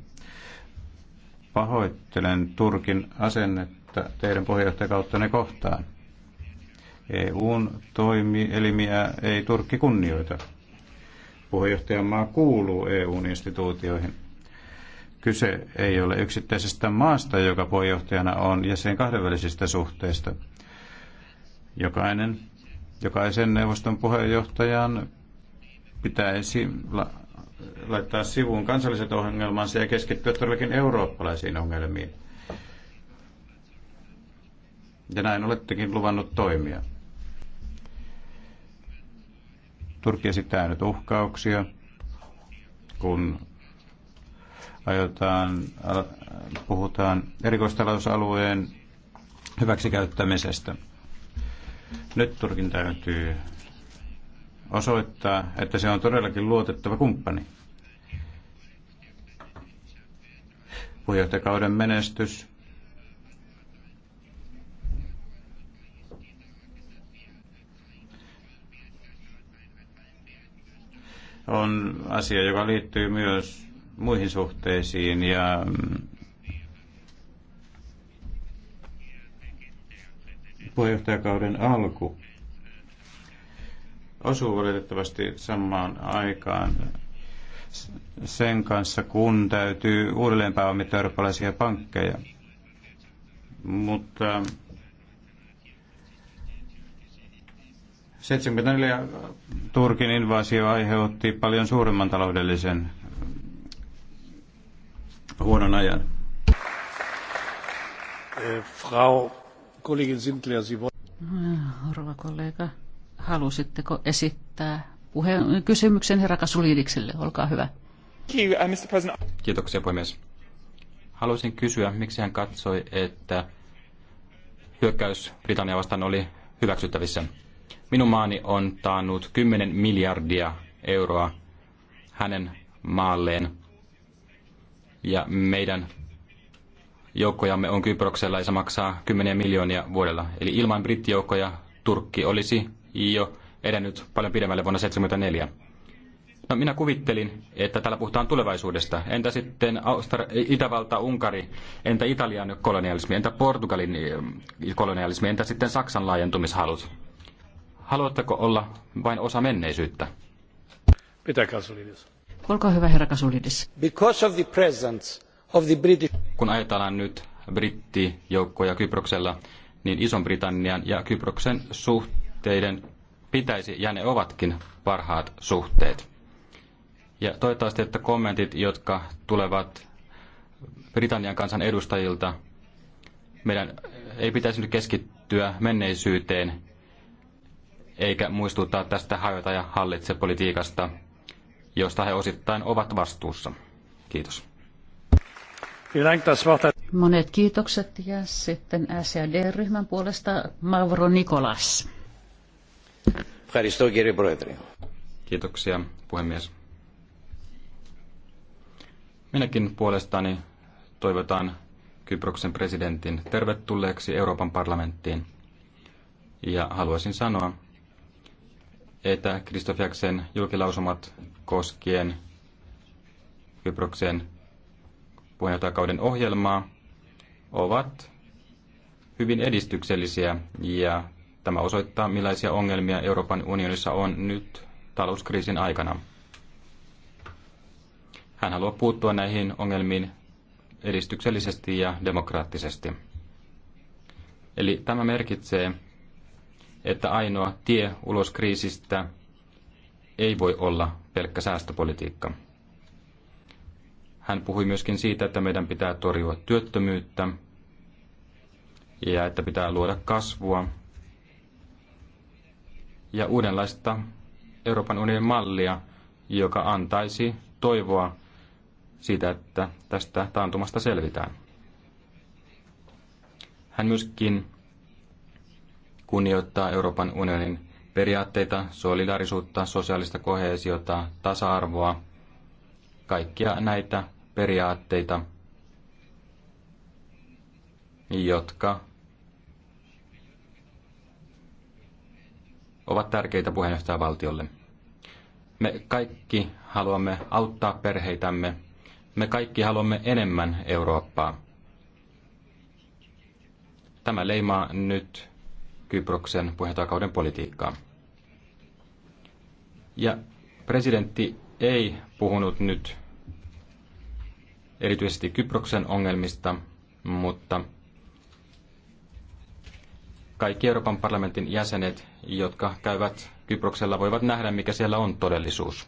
Pahoittelen Turkin asennetta teidän puheenjohtajakauttanne kohtaan. EUn toimielimiä ei Turkki kunnioita. Puheenjohtajamaa kuuluu EUn instituutioihin. Kyse ei ole yksittäisestä maasta, joka puheenjohtajana on, ja sen kahdenvälisistä suhteista. Jokainen, jokaisen neuvoston puheenjohtajan pitäisi la- laittaa sivuun kansalliset ongelmansa ja keskittyä todellakin eurooppalaisiin ongelmiin. Ja näin olettekin luvannut toimia. Turkki esittää nyt uhkauksia, kun aiotaan, puhutaan erikoistalousalueen hyväksikäyttämisestä. Nyt Turkin täytyy osoittaa, että se on todellakin luotettava kumppani. Puheenjohtajakauden menestys on asia, joka liittyy myös muihin suhteisiin ja mm, puheenjohtajakauden alku osuu valitettavasti samaan aikaan sen kanssa, kun täytyy uudelleen pääomittaa eurooppalaisia pankkeja. Mutta 74 äh, Turkin invasio aiheutti paljon suuremman taloudellisen äh, huonon ajan. Äh, Frau Kollegin Sintler, Sie Rouva kollega, halusitteko esittää puheen, kysymyksen herra Kasuliidikselle? Olkaa hyvä. Uh, Kiitoksia puhemies. Haluaisin kysyä, miksi hän katsoi, että hyökkäys Britannia vastaan oli hyväksyttävissä. Minun maani on taannut 10 miljardia euroa hänen maalleen. Ja meidän joukkojamme on Kyproksella ja se maksaa 10 miljoonia vuodella. Eli ilman brittijoukkoja Turkki olisi jo edennyt paljon pidemmälle vuonna 1974. No minä kuvittelin, että täällä puhutaan tulevaisuudesta. Entä sitten Itävalta, Unkari, entä Italian kolonialismi, entä Portugalin eh, kolonialismi, entä sitten Saksan laajentumishalut? Haluatteko olla vain osa menneisyyttä? Kasulidis. Olkaa hyvä, herra Kasulidis. Because of the presence of the British... Kun ajatellaan nyt brittijoukkoja Kyproksella, niin Ison-Britannian ja Kyproksen suhteiden pitäisi, ja ne ovatkin, parhaat suhteet. Ja toivottavasti, että kommentit, jotka tulevat Britannian kansan edustajilta, meidän ei pitäisi nyt keskittyä menneisyyteen eikä muistuttaa tästä hajota ja hallitse politiikasta, josta he osittain ovat vastuussa. Kiitos. Monet kiitokset ja sitten SAD-ryhmän puolesta Mavro Nikolas. Kiitoksia puhemies. Minäkin puolestani toivotan Kyproksen presidentin tervetulleeksi Euroopan parlamenttiin. Ja haluaisin sanoa, että Kristofiaksen julkilausumat koskien Kyproksen puheenjohtajakauden ohjelmaa ovat hyvin edistyksellisiä ja tämä osoittaa, millaisia ongelmia Euroopan unionissa on nyt talouskriisin aikana. Hän haluaa puuttua näihin ongelmiin edistyksellisesti ja demokraattisesti. Eli tämä merkitsee, että ainoa tie ulos kriisistä ei voi olla pelkkä säästöpolitiikka. Hän puhui myöskin siitä, että meidän pitää torjua työttömyyttä ja että pitää luoda kasvua ja uudenlaista Euroopan unionin mallia, joka antaisi toivoa siitä, että tästä taantumasta selvitään. Hän myöskin kunnioittaa Euroopan unionin periaatteita, solidaarisuutta, sosiaalista kohesiota, tasa-arvoa, kaikkia näitä periaatteita, jotka ovat tärkeitä puheenjohtajavaltiolle. Me kaikki haluamme auttaa perheitämme. Me kaikki haluamme enemmän Eurooppaa. Tämä leimaa nyt Kyproksen puheenjohtajakauden politiikkaa. Ja presidentti ei puhunut nyt erityisesti Kyproksen ongelmista, mutta kaikki Euroopan parlamentin jäsenet, jotka käyvät Kyproksella, voivat nähdä, mikä siellä on todellisuus.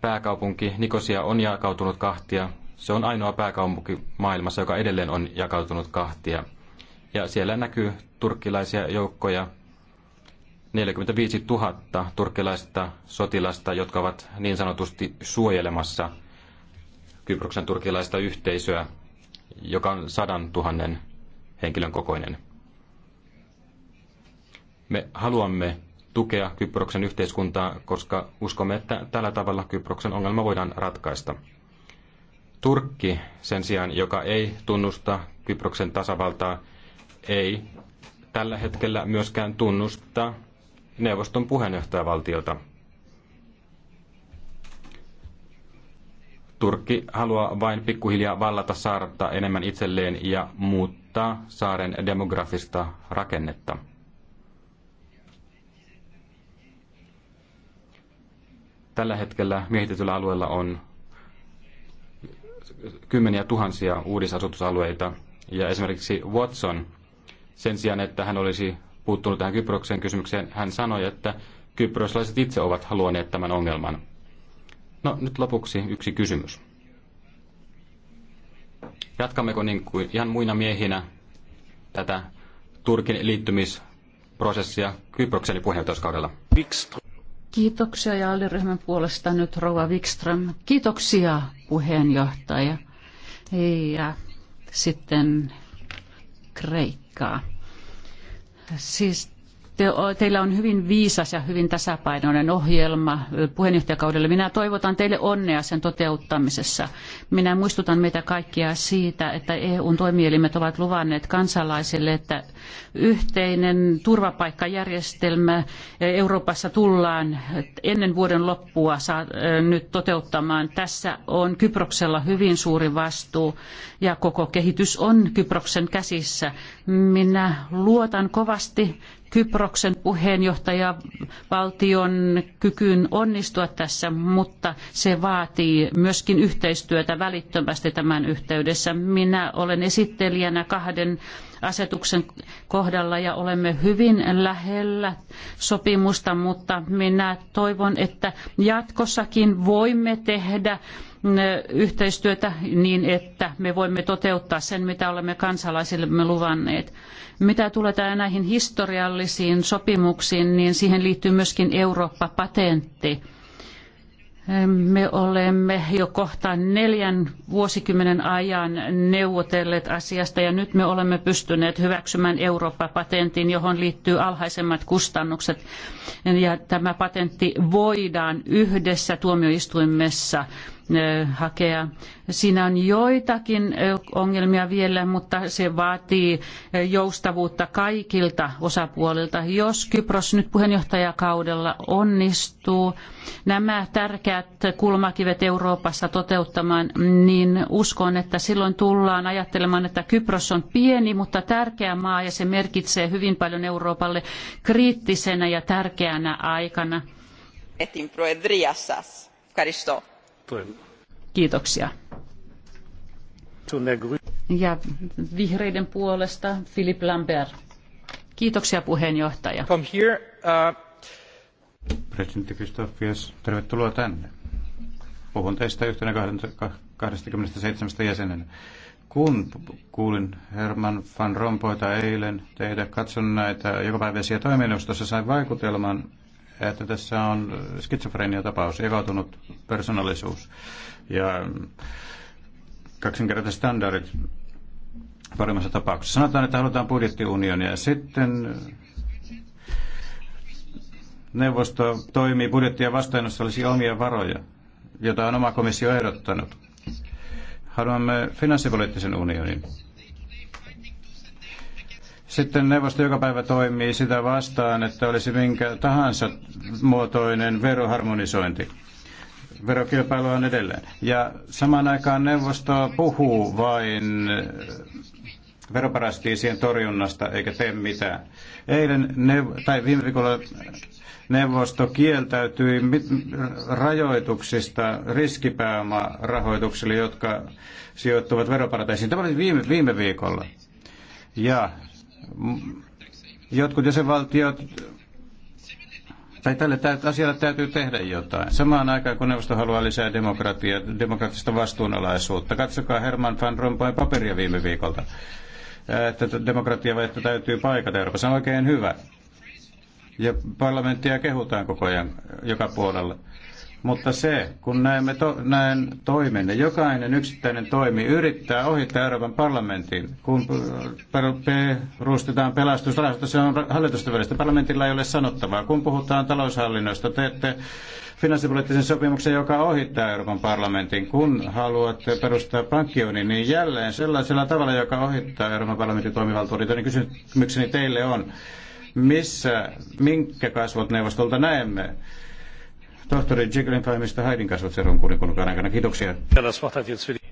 Pääkaupunki Nikosia on jakautunut kahtia. Se on ainoa pääkaupunki maailmassa, joka edelleen on jakautunut kahtia ja siellä näkyy turkkilaisia joukkoja, 45 000 turkkilaista sotilasta, jotka ovat niin sanotusti suojelemassa Kyproksen turkilaista yhteisöä, joka on sadan tuhannen henkilön kokoinen. Me haluamme tukea Kyproksen yhteiskuntaa, koska uskomme, että tällä tavalla Kyproksen ongelma voidaan ratkaista. Turkki sen sijaan, joka ei tunnusta Kyproksen tasavaltaa, ei tällä hetkellä myöskään tunnusta neuvoston puheenjohtajavaltiota. Turkki haluaa vain pikkuhiljaa vallata saarta enemmän itselleen ja muuttaa saaren demografista rakennetta. Tällä hetkellä miehitetyllä alueella on kymmeniä tuhansia uudisasutusalueita ja esimerkiksi Watson sen sijaan, että hän olisi puuttunut tähän Kyproksen kysymykseen, hän sanoi, että kyproslaiset itse ovat luoneet tämän ongelman. No nyt lopuksi yksi kysymys. Jatkammeko niin kuin ihan muina miehinä tätä Turkin liittymisprosessia Kyproksen puheenjohtajuuskaudella? Kiitoksia ja alliryhmän puolesta nyt Rova Wikström. Kiitoksia puheenjohtaja. Ja sitten Kreikkaa. Siis te, teillä on hyvin viisas ja hyvin tasapainoinen ohjelma puheenjohtajakaudelle. Minä toivotan teille onnea sen toteuttamisessa. Minä muistutan meitä kaikkia siitä, että EUn toimielimet ovat luvanneet kansalaisille, että yhteinen turvapaikkajärjestelmä Euroopassa tullaan ennen vuoden loppua nyt toteuttamaan. Tässä on Kyproksella hyvin suuri vastuu ja koko kehitys on Kyproksen käsissä. Minä luotan kovasti Kyproksen puheenjohtaja valtion kykyyn onnistua tässä, mutta se vaatii myöskin yhteistyötä välittömästi tämän yhteydessä. Minä olen esittelijänä kahden asetuksen kohdalla ja olemme hyvin lähellä sopimusta, mutta minä toivon, että jatkossakin voimme tehdä Eh, yhteistyötä niin, että me voimme toteuttaa sen, mitä olemme kansalaisillemme luvanneet. Mitä tulee näihin historiallisiin sopimuksiin, niin siihen liittyy myöskin Eurooppa-patentti. Eh, me olemme jo kohta neljän vuosikymmenen ajan neuvotelleet asiasta ja nyt me olemme pystyneet hyväksymään Eurooppa-patentin, johon liittyy alhaisemmat kustannukset. Ja tämä patentti voidaan yhdessä tuomioistuimessa hakea. Siinä on joitakin ongelmia vielä, mutta se vaatii joustavuutta kaikilta osapuolilta. Jos Kypros nyt puheenjohtajakaudella onnistuu nämä tärkeät kulmakivet Euroopassa toteuttamaan, niin uskon, että silloin tullaan ajattelemaan, että Kypros on pieni, mutta tärkeä maa ja se merkitsee hyvin paljon Euroopalle kriittisenä ja tärkeänä aikana. Etin proedriassas. Ευχαριστώ. Kiitoksia. Ja vihreiden puolesta Philip Lambert. Kiitoksia puheenjohtaja. From here, uh... Presidentti Kristofias, tervetuloa tänne. Puhun teistä yhtenä 27 jäsenenä. Kun kuulin Herman van Rompoita eilen teidän katson näitä jokapäiväisiä toiminnostossa, sain vaikutelman, että tässä on skitsofrenia tapaus, evautunut persoonallisuus ja kaksinkertaiset standardit paremmassa tapauksessa. Sanotaan, että halutaan budjettiunionia. Ja sitten neuvosto toimii budjettia vastaan, jossa olisi omia varoja, jota on oma komissio ehdottanut. Haluamme finanssipoliittisen unionin. Sitten neuvosto joka päivä toimii sitä vastaan, että olisi minkä tahansa muotoinen veroharmonisointi. Verokilpailu on edelleen. Ja samaan aikaan neuvosto puhuu vain veroparastiisien torjunnasta eikä tee mitään. Eilen neuv- tai viime viikolla neuvosto kieltäytyi rajoituksista riskipääomarahoituksille, jotka sijoittuvat veroparatiisiin. Tämä oli viime, viime viikolla. Ja Jotkut jäsenvaltiot, tai tälle asialle täytyy tehdä jotain. Samaan aikaan kun neuvosto haluaa lisää demokratiaa, demokratista vastuunalaisuutta. Katsokaa Herman van Rompuyn paperia viime viikolta äh, että että täytyy paikata Euroopassa. on oikein hyvä. Ja parlamenttia kehutaan koko ajan joka puolella. Mutta se, kun näemme to, näen toimen, jokainen yksittäinen toimi yrittää ohittaa Euroopan parlamentin, kun perustetaan pelastusrahasto, se on hallitusten välistä. Parlamentilla ei ole sanottavaa. Kun puhutaan taloushallinnosta, teette finanssipoliittisen sopimuksen, joka ohittaa Euroopan parlamentin. Kun haluatte perustaa pankkiunin, niin jälleen sellaisella tavalla, joka ohittaa Euroopan parlamentin toimivaltuudet, niin kysymykseni teille on, missä, minkä kasvot neuvostolta näemme? tohtori Jiglin päämistä häidin kasvatseron kurikunnukkaan aikana. Kiitoksia.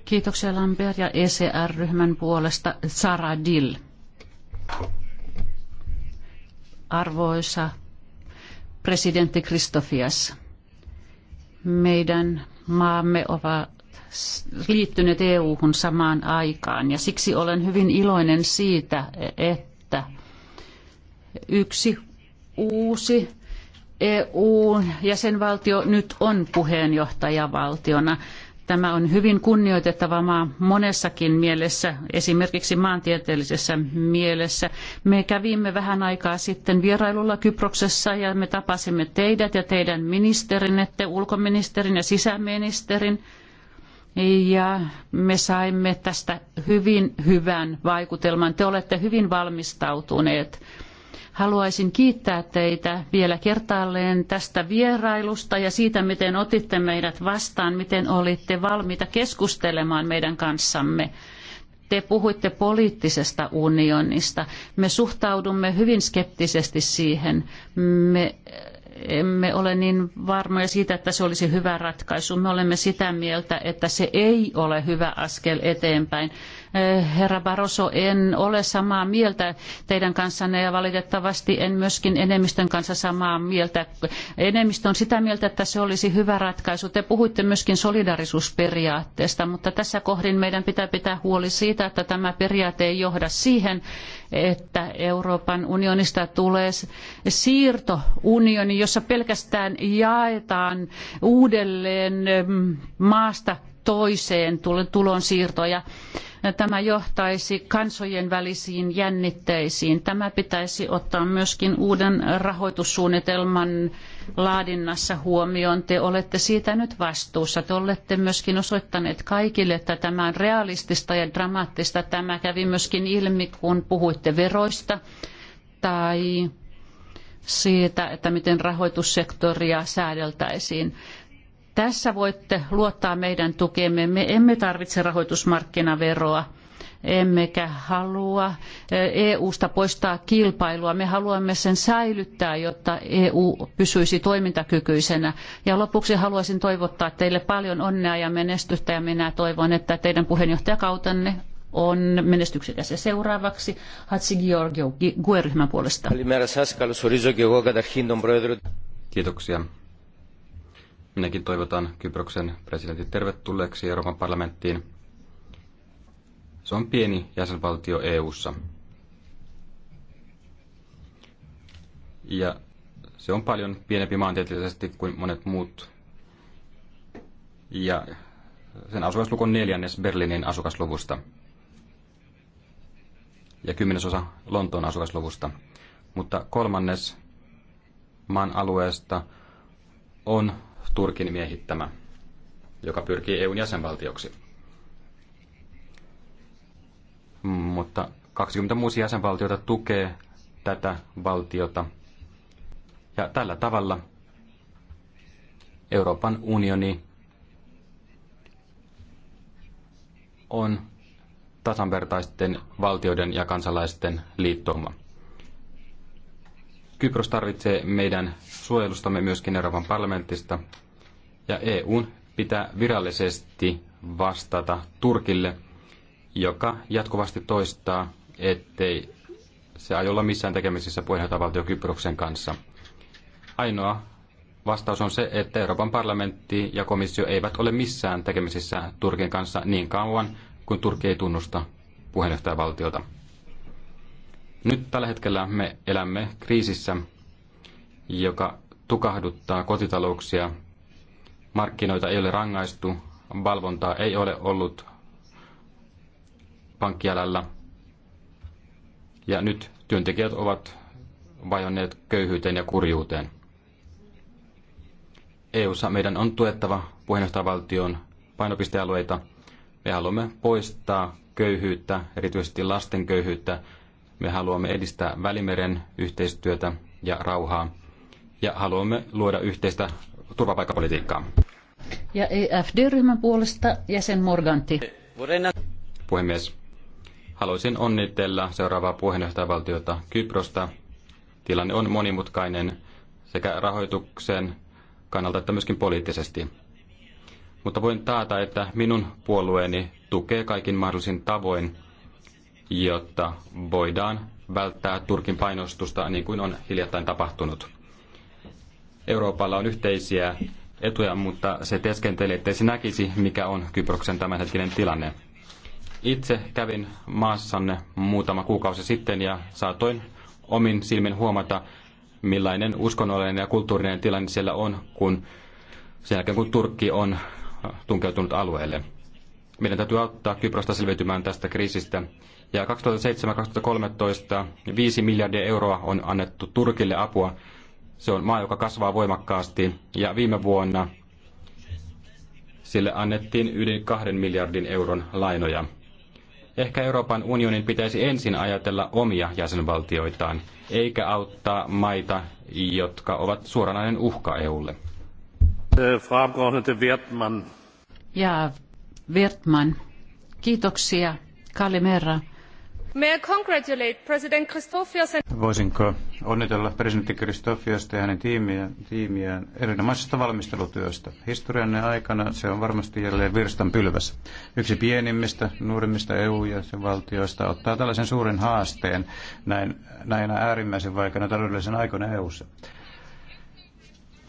Kiitoksia Lambert ja ECR-ryhmän puolesta Sara Dill. Arvoisa presidentti Kristofias, meidän maamme ovat liittyneet EU-hun samaan aikaan ja siksi olen hyvin iloinen siitä, että yksi uusi EU-jäsenvaltio nyt on puheenjohtajavaltiona. Tämä on hyvin kunnioitettava maa monessakin mielessä, esimerkiksi maantieteellisessä mielessä. Me kävimme vähän aikaa sitten vierailulla Kyproksessa ja me tapasimme teidät ja teidän ministerinne, te ulkoministerin ja sisäministerin. Ja me saimme tästä hyvin hyvän vaikutelman. Te olette hyvin valmistautuneet Haluaisin kiittää teitä vielä kertaalleen tästä vierailusta ja siitä, miten otitte meidät vastaan, miten olitte valmiita keskustelemaan meidän kanssamme. Te puhuitte poliittisesta unionista. Me suhtaudumme hyvin skeptisesti siihen. Me emme ole niin varmoja siitä, että se olisi hyvä ratkaisu. Me olemme sitä mieltä, että se ei ole hyvä askel eteenpäin. Eh, herra Barroso, en ole samaa mieltä teidän kanssanne ja valitettavasti en myöskin enemmistön kanssa samaa mieltä. Enemmistö on sitä mieltä, että se olisi hyvä ratkaisu. Te puhuitte myöskin solidarisuusperiaatteesta, mutta tässä kohdin meidän pitää pitää huoli siitä, että tämä periaate ei johda siihen, että Euroopan unionista tulee siirtounioni, jossa pelkästään jaetaan uudelleen mm, maasta toiseen ja Tämä johtaisi kansojen välisiin jännitteisiin. Tämä pitäisi ottaa myöskin uuden rahoitussuunnitelman laadinnassa huomioon. Te olette siitä nyt vastuussa. Te olette myöskin osoittaneet kaikille, että tämä on realistista ja dramaattista. Tämä kävi myöskin ilmi, kun puhuitte veroista tai siitä, että miten rahoitussektoria säädeltäisiin. Tässä voitte luottaa meidän tukemme. Me emme tarvitse rahoitusmarkkinaveroa emmekä halua EU-sta poistaa kilpailua. Me haluamme sen säilyttää, jotta EU pysyisi toimintakykyisenä. Ja lopuksi haluaisin toivottaa teille paljon onnea ja menestystä ja minä toivon, että teidän puheenjohtajakautenne on menestyksekäs. Ja seuraavaksi Hatsi Georgiou GUE-ryhmän puolesta. Kiitoksia. Minäkin toivotan Kyproksen presidentin tervetulleeksi Euroopan parlamenttiin. Se on pieni jäsenvaltio EU:ssa. Ja se on paljon pienempi maantieteellisesti kuin monet muut. Ja sen asukasluku on neljännes Berliinin asukasluvusta ja kymmenesosa Lontoon asukasluvusta. Mutta kolmannes maan alueesta on Turkin miehittämä, joka pyrkii EUn jäsenvaltioksi. Mutta 26 jäsenvaltiota tukee tätä valtiota. Ja tällä tavalla Euroopan unioni on tasanvertaisten valtioiden ja kansalaisten liittouma. Kypros tarvitsee meidän suojelustamme myöskin Euroopan parlamentista ja EUn pitää virallisesti vastata Turkille, joka jatkuvasti toistaa, ettei se aio olla missään tekemisissä puheenjohtajavaltio Kyproksen kanssa. Ainoa vastaus on se, että Euroopan parlamentti ja komissio eivät ole missään tekemisissä Turkin kanssa niin kauan, kun Turkki ei tunnusta puheenjohtajavaltiota. Nyt tällä hetkellä me elämme kriisissä, joka tukahduttaa kotitalouksia markkinoita ei ole rangaistu, valvontaa ei ole ollut pankkialalla. Ja nyt työntekijät ovat vajonneet köyhyyteen ja kurjuuteen. EU EU-ssa meidän on tuettava puheenjohtajavaltion painopistealueita. Me haluamme poistaa köyhyyttä, erityisesti lasten köyhyyttä. Me haluamme edistää Välimeren yhteistyötä ja rauhaa. Ja haluamme luoda yhteistä turvapaikkapolitiikkaa. Ja EFD-ryhmän puolesta jäsen Morganti. Puhemies, haluaisin onnitella seuraavaa puheenjohtajavaltiota Kyprosta. Tilanne on monimutkainen sekä rahoituksen kannalta että myöskin poliittisesti. Mutta voin taata, että minun puolueeni tukee kaikin mahdollisin tavoin, jotta voidaan välttää Turkin painostusta niin kuin on hiljattain tapahtunut. Euroopalla on yhteisiä etuja, mutta se teskenteli, ettei se näkisi, mikä on Kyproksen tämänhetkinen tilanne. Itse kävin maassanne muutama kuukausi sitten ja saatoin omin silmin huomata, millainen uskonnollinen ja kulttuurinen tilanne siellä on, kun sen jälkeen kun Turkki on tunkeutunut alueelle. Meidän täytyy auttaa Kyprosta selviytymään tästä kriisistä. Ja 2007-2013 5 miljardia euroa on annettu Turkille apua, se on maa, joka kasvaa voimakkaasti ja viime vuonna sille annettiin yli kahden miljardin euron lainoja. Ehkä Euroopan unionin pitäisi ensin ajatella omia jäsenvaltioitaan, eikä auttaa maita, jotka ovat suoranainen uhka EUlle. Ja Wertman, kiitoksia. Kalimera Voisinko onnitella presidentti Kristofiasta ja hänen tiimiään, tiimiään erinomaisesta valmistelutyöstä. Historianne aikana se on varmasti jälleen virstan pylväs. Yksi pienimmistä, nuorimmista EU- ja sen valtioista ottaa tällaisen suuren haasteen näin, näinä äärimmäisen vaikeina taloudellisen aikoina EU-ssa.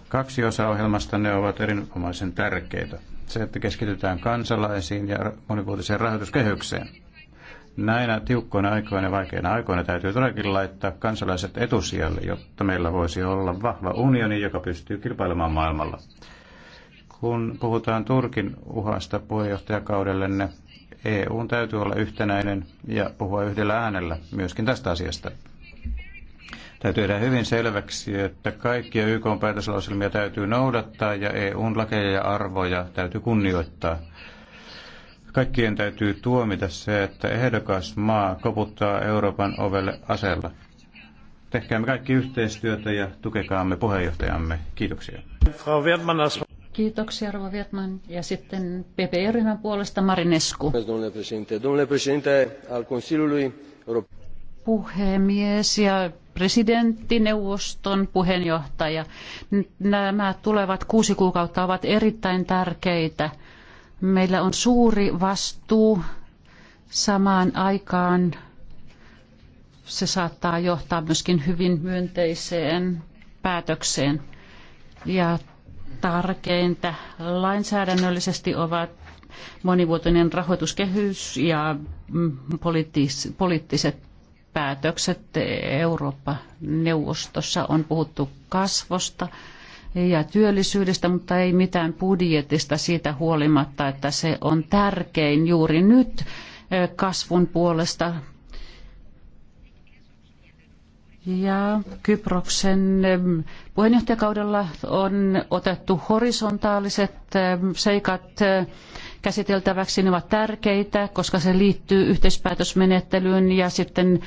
Kaksi osaa ohjelmasta ne ovat erinomaisen tärkeitä. Se, että keskitytään kansalaisiin ja monivuotiseen rahoituskehykseen Näinä tiukkoina aikoina ja vaikeina aikoina täytyy todellakin laittaa kansalaiset etusijalle, jotta meillä voisi olla vahva unioni, joka pystyy kilpailemaan maailmalla. Kun puhutaan Turkin uhasta puheenjohtajakaudellenne, EUn täytyy olla yhtenäinen ja puhua yhdellä äänellä myöskin tästä asiasta. Täytyy tehdä hyvin selväksi, että kaikkia YK päätöslauselmia täytyy noudattaa ja EUn lakeja ja arvoja täytyy kunnioittaa. Kaikkien täytyy tuomita se, että ehdokas maa koputtaa Euroopan ovelle asella. Tehkäämme kaikki yhteistyötä ja tukekaamme puheenjohtajamme. Kiitoksia. Frau Kiitoksia, Rova Vietman. Ja sitten PPR-ryhmän puolesta Marinescu. Puhemies ja presidenttineuvoston puheenjohtaja. Nämä tulevat kuusi kuukautta ovat erittäin tärkeitä – Meillä on suuri vastuu samaan aikaan. Se saattaa johtaa myöskin hyvin myönteiseen päätökseen. Ja tärkeintä lainsäädännöllisesti ovat monivuotinen rahoituskehys ja poliittiset päätökset Eurooppa-neuvostossa on puhuttu kasvosta ja työllisyydestä, mutta ei mitään budjetista siitä huolimatta, että se on tärkein juuri nyt kasvun puolesta. Ja Kyproksen puheenjohtajakaudella on otettu horisontaaliset seikat käsiteltäväksi. Ne ovat tärkeitä, koska se liittyy yhteispäätösmenettelyyn ja sitten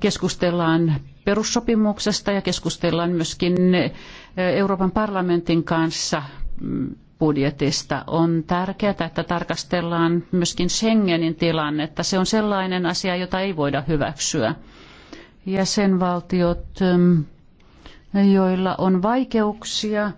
keskustellaan perussopimuksesta ja keskustellaan myöskin eh, Euroopan parlamentin kanssa mm, budjetista. On tärkeää, että tarkastellaan myöskin Schengenin tilannetta. Se on sellainen asia, jota ei voida hyväksyä. Jäsenvaltiot, mm, joilla on vaikeuksia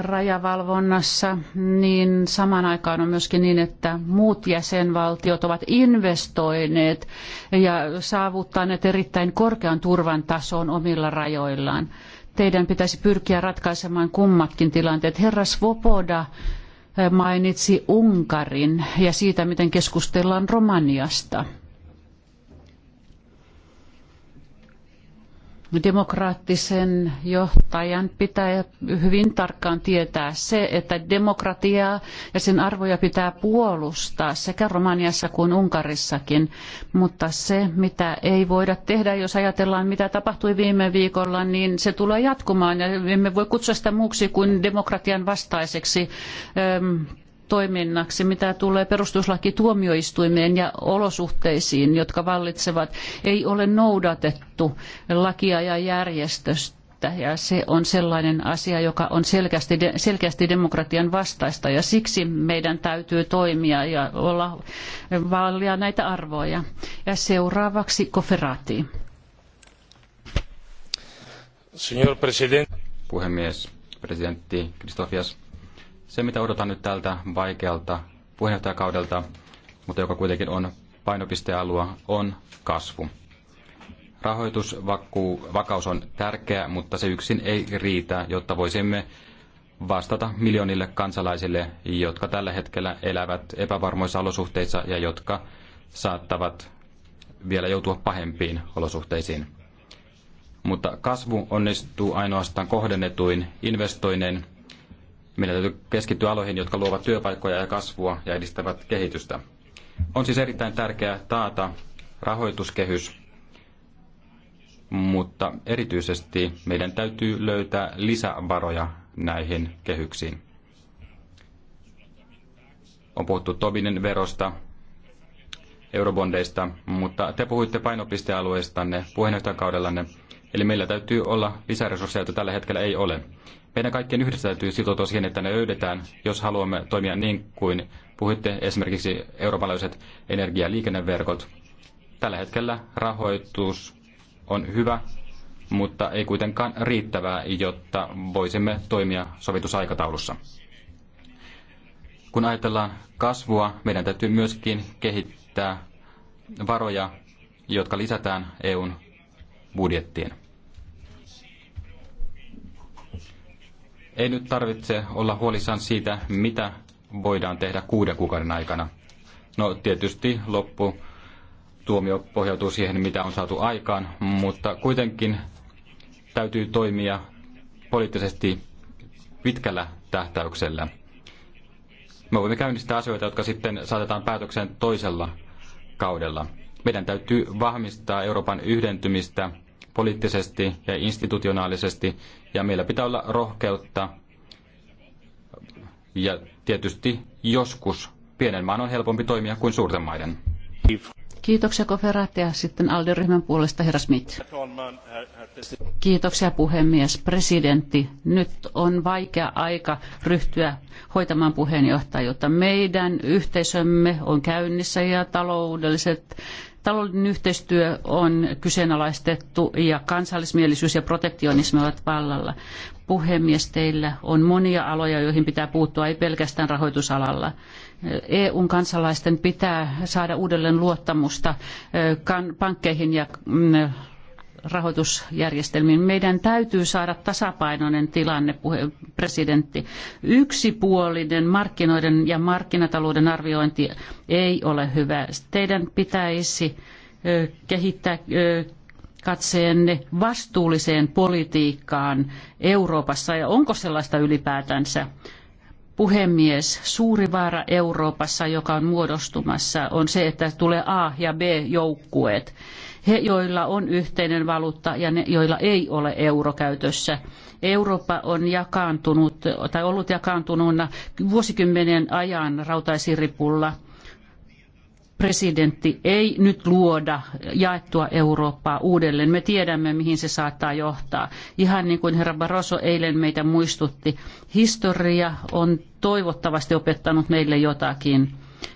rajavalvonnassa, niin samaan aikaan on myöskin niin, että muut jäsenvaltiot ovat investoineet ja saavuttaneet erittäin korkean turvan tason omilla rajoillaan. Teidän pitäisi pyrkiä ratkaisemaan kummatkin tilanteet. Herra Svoboda eh, mainitsi Unkarin ja siitä, miten keskustellaan Romaniasta – demokraattisen johtajan pitää hyvin tarkkaan tietää se, että demokratiaa ja sen arvoja pitää puolustaa sekä Romaniassa kuin Unkarissakin. Mutta se, mitä ei voida tehdä, jos ajatellaan, mitä tapahtui viime viikolla, niin se tulee jatkumaan ja emme voi kutsua sitä muuksi kuin demokratian vastaiseksi toiminnaksi, mitä tulee perustuslakituomioistuimeen ja olosuhteisiin, jotka vallitsevat, ei ole noudatettu lakia ja järjestöstä ja se on sellainen asia, joka on selkeästi, selkeästi demokratian vastaista ja siksi meidän täytyy toimia ja olla vaalia näitä arvoja. Ja seuraavaksi Koferati. Signor Presidente. Puhemies, presidentti Kristofias. Se, mitä odotan nyt tältä vaikealta puheenjohtajakaudelta, mutta joka kuitenkin on painopistealua, on kasvu. Rahoitusvakaus on tärkeä, mutta se yksin ei riitä, jotta voisimme vastata miljoonille kansalaisille, jotka tällä hetkellä elävät epävarmoissa olosuhteissa ja jotka saattavat vielä joutua pahempiin olosuhteisiin. Mutta kasvu onnistuu ainoastaan kohdennetuin investoinnein meidän täytyy keskittyä aloihin, jotka luovat työpaikkoja ja kasvua ja edistävät kehitystä. On siis erittäin tärkeää taata rahoituskehys, mutta erityisesti meidän täytyy löytää lisävaroja näihin kehyksiin. On puhuttu Tobinen verosta, eurobondeista, mutta te puhuitte painopistealueistanne puheenjohtajakaudellanne, eli meillä täytyy olla lisäresursseja, joita tällä hetkellä ei ole. Meidän kaikkien yhdessä täytyy sitoutua siihen, että ne löydetään, jos haluamme toimia niin kuin puhuitte, esimerkiksi eurooppalaiset energia- ja liikenneverkot. Tällä hetkellä rahoitus on hyvä, mutta ei kuitenkaan riittävää, jotta voisimme toimia sovitusaikataulussa. Kun ajatellaan kasvua, meidän täytyy myöskin kehittää varoja, jotka lisätään EUn budjettiin. Ei nyt tarvitse olla huolissaan siitä, mitä voidaan tehdä kuuden kuukauden aikana. No tietysti loppu tuomio pohjautuu siihen, mitä on saatu aikaan, mutta kuitenkin täytyy toimia poliittisesti pitkällä tähtäyksellä. Me voimme käynnistää asioita, jotka sitten saatetaan päätökseen toisella kaudella. Meidän täytyy vahvistaa Euroopan yhdentymistä poliittisesti ja institutionaalisesti, ja meillä pitää olla rohkeutta. Ja tietysti joskus pienen maan on helpompi toimia kuin suurten maiden. Kiitoksia Koferaatti ja sitten Alderyhmän puolesta herra Smith. Kiitoksia puhemies. Presidentti, nyt on vaikea aika ryhtyä hoitamaan puheenjohtajuutta. Meidän yhteisömme on käynnissä ja taloudelliset Taloudellinen yhteistyö on kyseenalaistettu ja kansallismielisyys ja protektionismi ovat vallalla. Puhemies, teillä on monia aloja, joihin pitää puuttua, ei pelkästään rahoitusalalla. EUn kansalaisten pitää saada uudelleen luottamusta pankkeihin ja mm, rahoitusjärjestelmiin. Meidän täytyy saada tasapainoinen tilanne, presidentti. Yksipuolinen markkinoiden ja markkinatalouden arviointi ei ole hyvä. Teidän pitäisi kehittää katseenne vastuulliseen politiikkaan Euroopassa ja onko sellaista ylipäätänsä? puhemies, suuri vaara Euroopassa, joka on muodostumassa, on se, että tulee A- ja B-joukkueet he, joilla on yhteinen valuutta ja ne, joilla ei ole euro käytössä. Eurooppa on jakaantunut tai ollut jakaantununa vuosikymmenen ajan rautaisiripulla – presidentti ei nyt luoda jaettua Eurooppaa uudelleen. Me tiedämme, mihin se saattaa johtaa. Ihan niin kuin herra Barroso eilen meitä muistutti, historia on toivottavasti opettanut meille jotakin.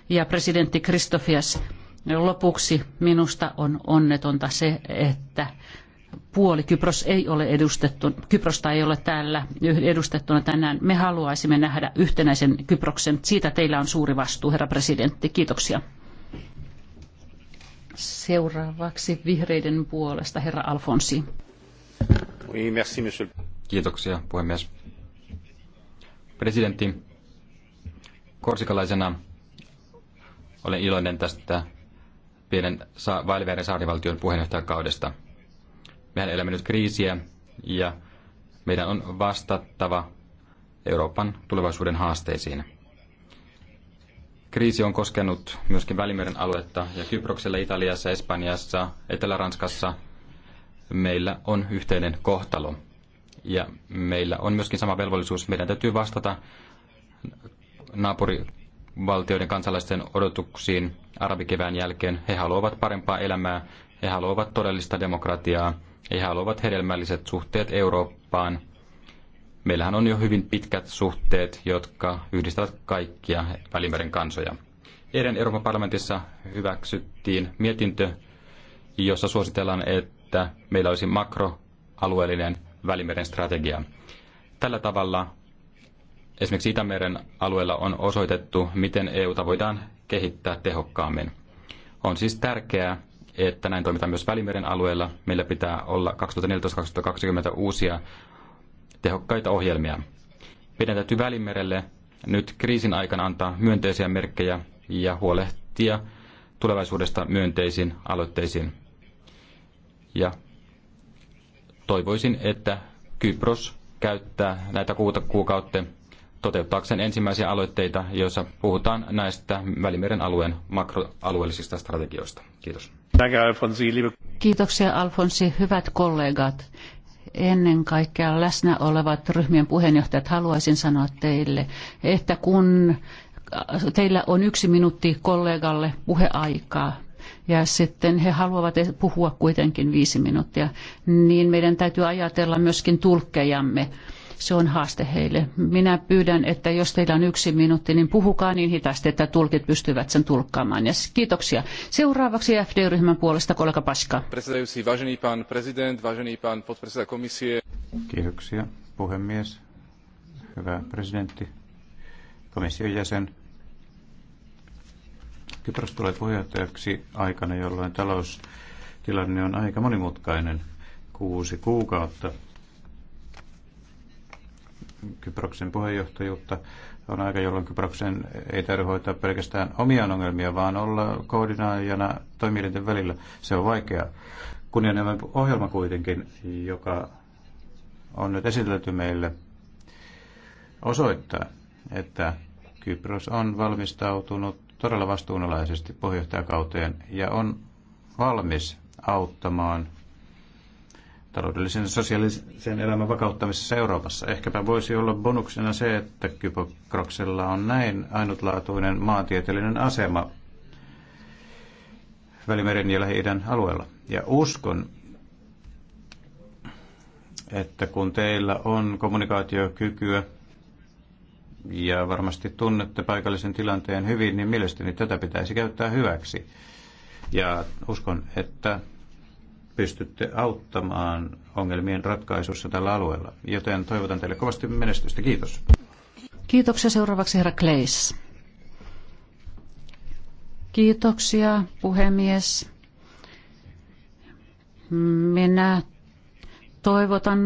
Ja presidentti Kristofias Lopuksi minusta on onnetonta se, että puoli Kypros ei ole edustettu, Kyprosta ei ole täällä edustettuna tänään. Me haluaisimme nähdä yhtenäisen Kyproksen. Siitä teillä on suuri vastuu, herra presidentti. Kiitoksia. Seuraavaksi vihreiden puolesta herra Alfonsi. Kiitoksia, puhemies. Presidentti, korsikalaisena olen iloinen tästä pienen Valverin saarivaltion puheenjohtajakaudesta. Mehän elämme nyt kriisiä ja meidän on vastattava Euroopan tulevaisuuden haasteisiin. Kriisi on koskenut myöskin Välimeren aluetta ja Kyproksella, Italiassa, Espanjassa, Etelä-Ranskassa meillä on yhteinen kohtalo. Ja meillä on myöskin sama velvollisuus. Meidän täytyy vastata naapuri valtioiden kansalaisten odotuksiin arabikevään jälkeen. He haluavat parempaa elämää, he haluavat todellista demokratiaa, he haluavat hedelmälliset suhteet Eurooppaan. Meillähän on jo hyvin pitkät suhteet, jotka yhdistävät kaikkia Välimeren kansoja. Eilen Euroopan parlamentissa hyväksyttiin mietintö, jossa suositellaan, että meillä olisi makroalueellinen Välimeren strategia. Tällä tavalla esimerkiksi Itämeren alueella on osoitettu, miten EUta voidaan kehittää tehokkaammin. On siis tärkeää, että näin toimitaan myös Välimeren alueella. Meillä pitää olla 2014-2020 uusia tehokkaita ohjelmia. Meidän täytyy Välimerelle nyt kriisin aikana antaa myönteisiä merkkejä ja huolehtia tulevaisuudesta myönteisiin aloitteisiin. Ja toivoisin, että Kypros käyttää näitä kuuta kuukautta toteuttaakseen ensimmäisiä aloitteita, joissa puhutaan näistä Välimeren alueen makroalueellisista strategioista. Kiitos. Kiitoksia Alfonsi, hyvät kollegat. Ennen kaikkea läsnä olevat ryhmien puheenjohtajat haluaisin sanoa teille, että kun teillä on yksi minuutti kollegalle puheaikaa, ja sitten he haluavat puhua kuitenkin viisi minuuttia, niin meidän täytyy ajatella myöskin tulkkejamme. Se on haaste heille. Minä pyydän, että jos teillä on yksi minuutti, niin puhukaa niin hitaasti, että tulkit pystyvät sen tulkkaamaan. Ja kiitoksia. Seuraavaksi FD-ryhmän puolesta kollega Paska. Kiitoksia, puhemies. Hyvä presidentti, komission jäsen. Kypros tulee puheenjohtajaksi aikana, jolloin taloustilanne on aika monimutkainen. Kuusi kuukautta Kyproksen puheenjohtajuutta. On aika, jolloin Kyproksen ei täydy hoitaa pelkästään omia ongelmia, vaan olla koordinaajana toimielinten välillä. Se on vaikeaa. Kunnianhimoinen ohjelma kuitenkin, joka on nyt esitelty meille, osoittaa, että Kypros on valmistautunut todella vastuunalaisesti puheenjohtajakauteen ja on valmis auttamaan taloudellisen ja sosiaalisen elämän vakauttamisessa Euroopassa. Ehkäpä voisi olla bonuksena se, että Kyproksella on näin ainutlaatuinen maantieteellinen asema Välimeren ja lähi alueella. Ja uskon, että kun teillä on kommunikaatiokykyä ja varmasti tunnette paikallisen tilanteen hyvin, niin mielestäni tätä pitäisi käyttää hyväksi. Ja uskon, että pystytte auttamaan ongelmien ratkaisussa tällä alueella. Joten toivotan teille kovasti menestystä. Kiitos. Kiitoksia seuraavaksi herra Kleis. Kiitoksia puhemies. Minä toivotan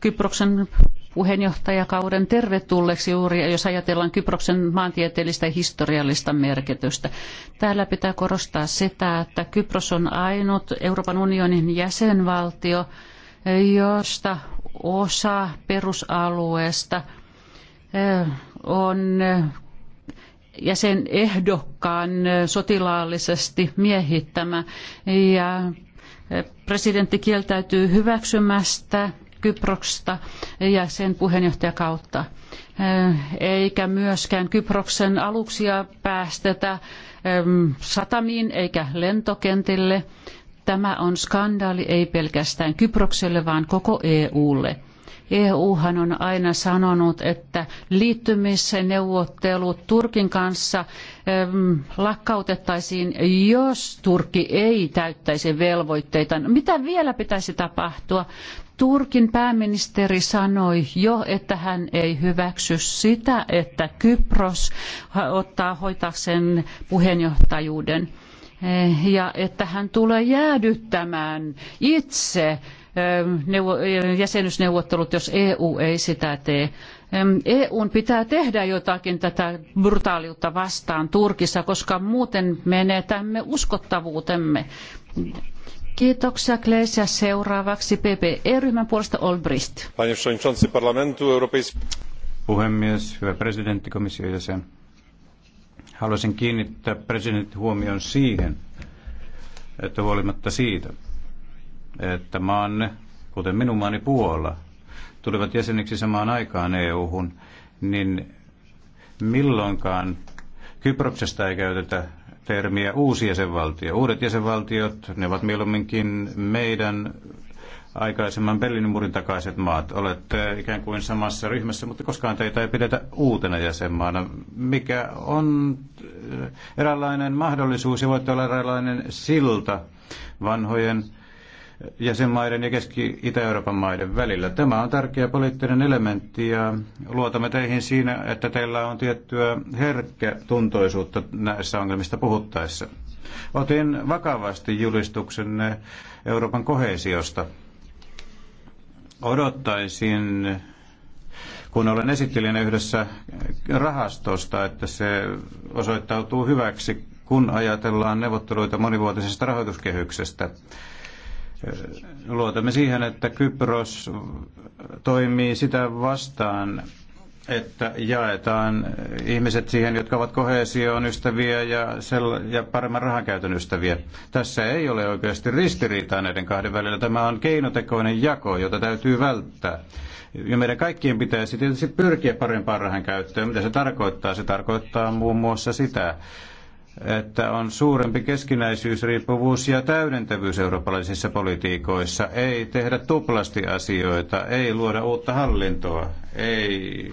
Kyproksen puheenjohtajakauden tervetulleeksi juuri, jos ajatellaan Kyproksen maantieteellistä ja historiallista merkitystä. Täällä pitää korostaa sitä, että Kypros on ainut Euroopan unionin jäsenvaltio, josta osa perusalueesta eh, on eh, jäsenehdokkaan eh, sotilaallisesti miehittämä ja presidentti kieltäytyy hyväksymästä Kyprosta ja sen puheenjohtajakautta. Eikä myöskään Kyproksen aluksia päästetä satamiin eikä lentokentille. Tämä on skandaali ei pelkästään Kyprokselle, vaan koko EUlle. EUhan on aina sanonut, että liittymisneuvottelut Turkin kanssa lakkautettaisiin, jos Turkki ei täyttäisi velvoitteita. Mitä vielä pitäisi tapahtua? Turkin pääministeri sanoi jo, että hän ei hyväksy sitä, että Kypros ottaa sen puheenjohtajuuden eh, ja että hän tulee jäädyttämään itse eh, eh, jäsenyysneuvottelut, jos EU ei sitä tee. EUn e pitää tehdä jotakin tätä brutaaliutta vastaan Turkissa, koska muuten menetämme uskottavuutemme. Kiitoksia Klees ja seuraavaksi PPE-ryhmän puolesta Olbrist. Panie przewodniczący parlamentu europejskiego. Puhemies, hyvä presidentti, komission jäsen. Haluaisin kiinnittää presidentti huomion siihen, että huolimatta siitä, että maanne, kuten minun maani Puola, tulivat jäseniksi samaan aikaan EU-hun, niin milloinkaan Kyproksesta ei käytetä termiä uusi jäsenvaltio. Uudet jäsenvaltiot, ne ovat mieluumminkin meidän aikaisemman Berliinin murin takaiset maat. Olette ikään kuin samassa ryhmässä, mutta koskaan teitä ei pidetä uutena jäsenmaana, mikä on äh, eräänlainen mahdollisuus ja voitte olla eräänlainen silta vanhojen jäsenmaiden ja Keski-Itä-Euroopan maiden välillä. Tämä on tärkeä poliittinen elementti ja luotamme teihin siinä, että teillä on tiettyä herkkätuntoisuutta näissä ongelmista puhuttaessa. Otin vakavasti julistuksenne Euroopan kohesiosta. Odottaisin kun olen esittelijänä yhdessä rahastosta, että se osoittautuu hyväksi, kun ajatellaan neuvotteluita monivuotisesta rahoituskehyksestä. Luotamme siihen, että Kypros toimii sitä vastaan, että jaetaan ihmiset siihen, jotka ovat kohesioon ystäviä ja, sell- ja paremman rahankäytön ystäviä. Tässä ei ole oikeasti ristiriitaa näiden kahden välillä. Tämä on keinotekoinen jako, jota täytyy välttää. Ja meidän kaikkien pitäisi tietysti pyrkiä parempaan rahankäyttöön. Mitä se tarkoittaa? Se tarkoittaa muun muassa sitä, että on suurempi keskinäisyysriippuvuus ja täydentävyys eurooppalaisissa politiikoissa. Ei tehdä tuplasti asioita, ei luoda uutta hallintoa, ei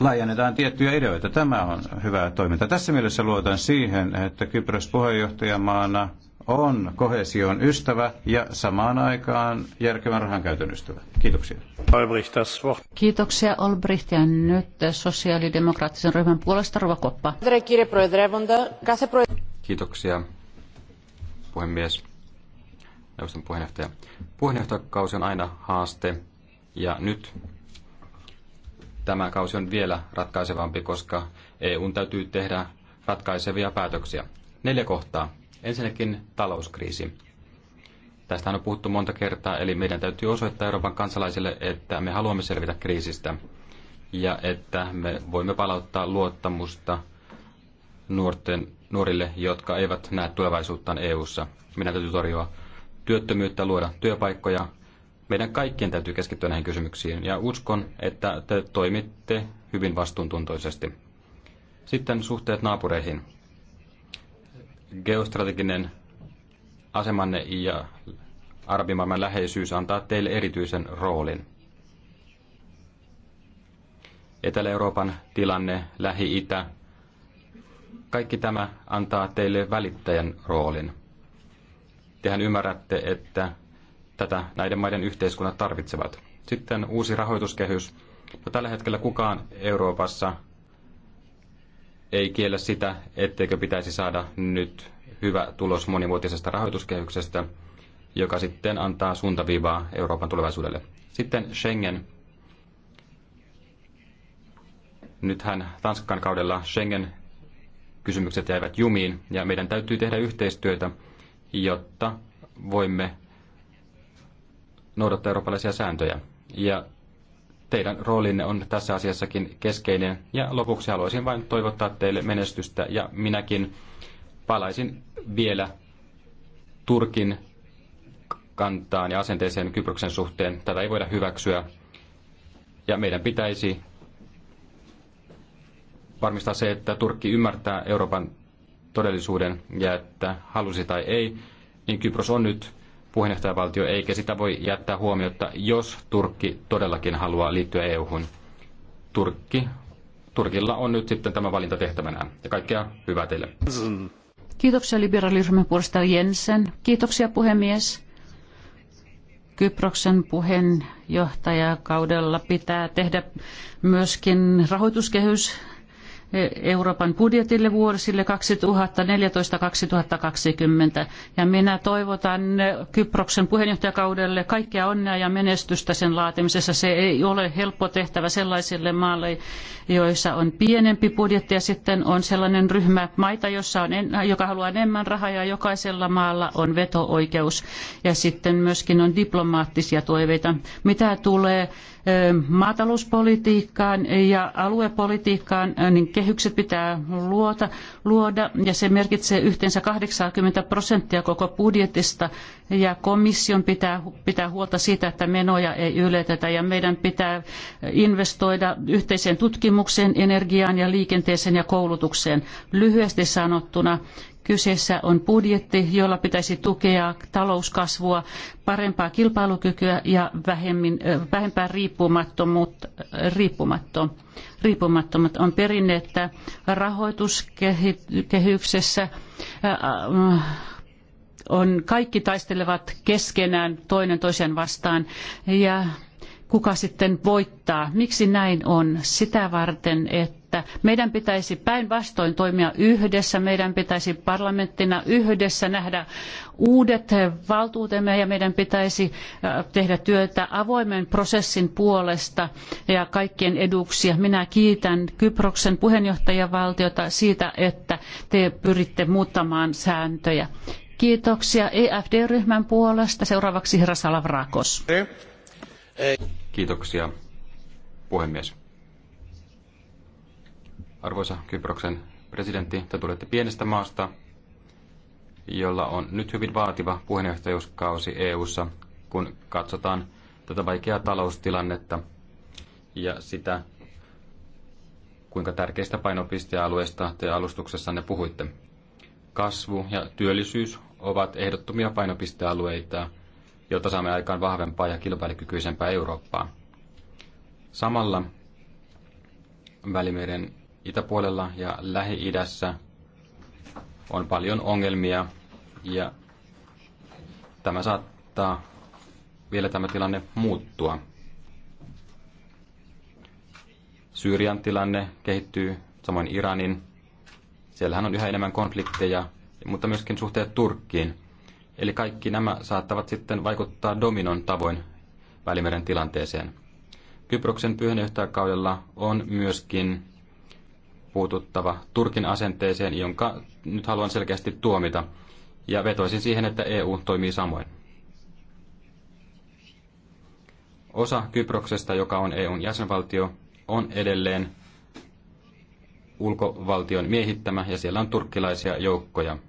laajennetaan tiettyjä ideoita. Tämä on hyvää toiminta. Tässä mielessä luotan siihen, että Kypros puheenjohtajamaana on kohesion ystävä ja samaan aikaan järkevän rahankäytön ystävä. Kiitoksia. Kiitoksia Olbricht ja nyt sosiaalidemokraattisen ryhmän puolesta Rova Koppa. Kiitoksia puhemies, neuvoston puheenjohtaja. Puheenjohtajakausi on aina haaste ja nyt tämä kausi on vielä ratkaisevampi, koska EUn täytyy tehdä ratkaisevia päätöksiä. Neljä kohtaa Ensinnäkin talouskriisi. Tästä on puhuttu monta kertaa, eli meidän täytyy osoittaa Euroopan kansalaisille, että me haluamme selvitä kriisistä ja että me voimme palauttaa luottamusta nuorten, nuorille, jotka eivät näe tulevaisuuttaan EU:ssa. Meidän täytyy torjua työttömyyttä, luoda työpaikkoja. Meidän kaikkien täytyy keskittyä näihin kysymyksiin ja uskon, että te toimitte hyvin vastuuntuntoisesti. Sitten suhteet naapureihin. Geostrateginen asemanne ja arabimaailman läheisyys antaa teille erityisen roolin. Etelä-Euroopan tilanne, Lähi-Itä, kaikki tämä antaa teille välittäjän roolin. Tehän ymmärrätte, että tätä näiden maiden yhteiskunnat tarvitsevat. Sitten uusi rahoituskehys. No, tällä hetkellä kukaan Euroopassa ei kiellä sitä, etteikö pitäisi saada nyt hyvä tulos monivuotisesta rahoituskehyksestä, joka sitten antaa suuntaviivaa Euroopan tulevaisuudelle. Sitten Schengen. Nythän Tanskan kaudella Schengen kysymykset jäivät jumiin ja meidän täytyy tehdä yhteistyötä, jotta voimme noudattaa eurooppalaisia sääntöjä. Ja Teidän roolinne on tässä asiassakin keskeinen. Ja lopuksi haluaisin vain toivottaa teille menestystä ja minäkin palaisin vielä Turkin kantaan ja asenteeseen Kyproksen suhteen. Tätä ei voida hyväksyä. Ja meidän pitäisi varmistaa se, että Turkki ymmärtää Euroopan todellisuuden ja että halusi tai ei, niin Kypros on nyt puheenjohtajavaltio, eikä sitä voi jättää huomiota, jos Turkki todellakin haluaa liittyä EU-hun. Turkki, Turkilla on nyt sitten tämä valinta tehtävänään. Ja kaikkea hyvää teille. Kiitoksia liberaaliryhmän puolesta Jensen. Kiitoksia puhemies. Kyproksen puheenjohtajakaudella pitää tehdä myöskin rahoituskehys Euroopan budjetille vuosille 2014-2020. Ja minä toivotan Kyproksen puheenjohtajakaudelle kaikkea onnea ja menestystä sen laatimisessa. Se ei ole helppo tehtävä sellaisille maalle, joissa on pienempi budjetti ja sitten on sellainen ryhmä maita, jossa on en, joka haluaa enemmän rahaa ja jokaisella maalla on veto-oikeus. Ja sitten myöskin on diplomaattisia toiveita. Mitä tulee maatalouspolitiikkaan ja aluepolitiikkaan, niin kehykset pitää luota, luoda ja se merkitsee yhteensä 80 prosenttia koko budjetista ja komission pitää pitää huolta siitä, että menoja ei yletetä ja meidän pitää investoida yhteiseen tutkimukseen, energiaan ja liikenteeseen ja koulutukseen. Lyhyesti sanottuna Kyseessä on budjetti, jolla pitäisi tukea talouskasvua, parempaa kilpailukykyä ja vähemmin, vähempää riippumattomuutta. Riippumattom. Riippumattomat on perinne, että rahoituskehyksessä on kaikki taistelevat keskenään toinen toisen vastaan ja kuka sitten voittaa. Miksi näin on? Sitä varten, että meidän pitäisi päinvastoin toimia yhdessä, meidän pitäisi parlamenttina yhdessä nähdä uudet valtuutemme ja meidän pitäisi tehdä työtä avoimen prosessin puolesta ja kaikkien eduksia. Minä kiitän Kyproksen puheenjohtajavaltiota siitä, että te pyritte muuttamaan sääntöjä. Kiitoksia EFD-ryhmän puolesta. Seuraavaksi herra Salavrakos. Kiitoksia, puhemies. Arvoisa Kyproksen presidentti, te tulette pienestä maasta, jolla on nyt hyvin vaativa puheenjohtajuuskausi EU:ssa, kun katsotaan tätä vaikeaa taloustilannetta ja sitä, kuinka tärkeistä painopistealueista te alustuksessanne puhuitte. Kasvu ja työllisyys ovat ehdottomia painopistealueita jotta saamme aikaan vahvempaa ja kilpailukykyisempää Eurooppaa. Samalla Välimeren itäpuolella ja Lähi-idässä on paljon ongelmia ja tämä saattaa vielä tämä tilanne muuttua. Syyrian tilanne kehittyy, samoin Iranin. Siellähän on yhä enemmän konflikteja, mutta myöskin suhteet Turkkiin. Eli kaikki nämä saattavat sitten vaikuttaa dominon tavoin Välimeren tilanteeseen. Kyproksen puheenjohtajakaudella on myöskin puututtava Turkin asenteeseen, jonka nyt haluan selkeästi tuomita, ja vetoisin siihen, että EU toimii samoin. Osa Kyproksesta, joka on EUn jäsenvaltio, on edelleen ulkovaltion miehittämä ja siellä on turkkilaisia joukkoja –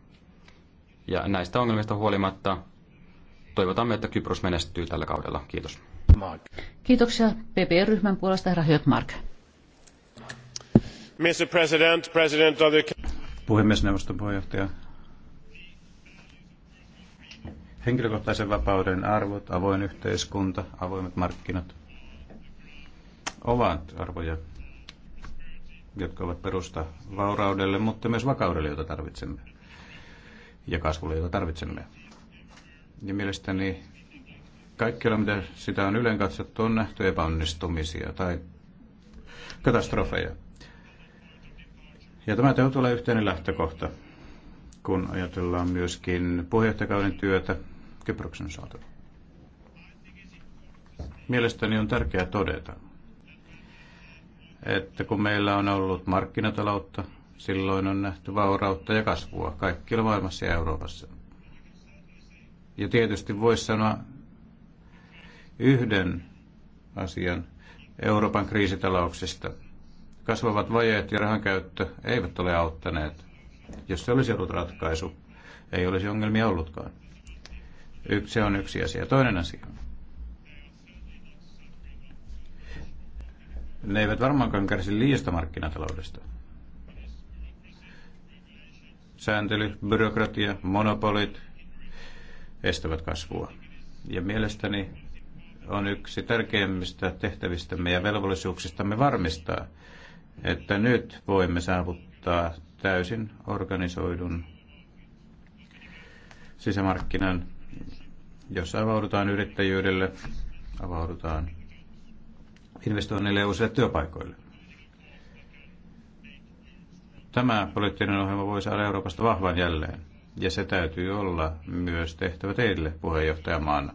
ja näistä ongelmista huolimatta toivotamme, että Kypros menestyy tällä kaudella. Kiitos. Mark. Kiitoksia PP-ryhmän puolesta herra Mark. Mr. President, President of the... Puhemiesneuvoston puheenjohtaja. Henkilökohtaisen vapauden arvot, avoin yhteiskunta, avoimet markkinat ovat arvoja, jotka ovat perusta vauraudelle, mutta myös vakaudelle, jota tarvitsemme ja kasvulle, jota tarvitsemme. Ja mielestäni kaikkialla, mitä sitä on yleen katsottu, on nähty epäonnistumisia tai katastrofeja. Ja tämä täytyy olla yhteinen lähtökohta, kun ajatellaan myöskin puheenjohtajakauden työtä Kyproksen saatava. Mielestäni on tärkeää todeta, että kun meillä on ollut markkinataloutta, Silloin on nähty vaurautta ja kasvua kaikkialla maailmassa ja Euroopassa. Ja tietysti voisi sanoa yhden asian Euroopan kriisitalouksista. Kasvavat vajeet ja rahankäyttö eivät ole auttaneet. Jos se olisi ollut ratkaisu, ei olisi ongelmia ollutkaan. Yksi, se on yksi asia. Toinen asia. Ne eivät varmaankaan kärsi liiasta markkinataloudesta. Sääntely, byrokratia, monopolit estävät kasvua. Ja mielestäni on yksi tärkeimmistä tehtävistämme ja velvollisuuksistamme varmistaa, että nyt voimme saavuttaa täysin organisoidun sisämarkkinan, jossa avaudutaan yrittäjyydelle, avaudutaan investoinnille ja uusille työpaikoille. Tämä poliittinen ohjelma voi saada Euroopasta vahvan jälleen. Ja se täytyy olla myös tehtävä teille puheenjohtajamaana.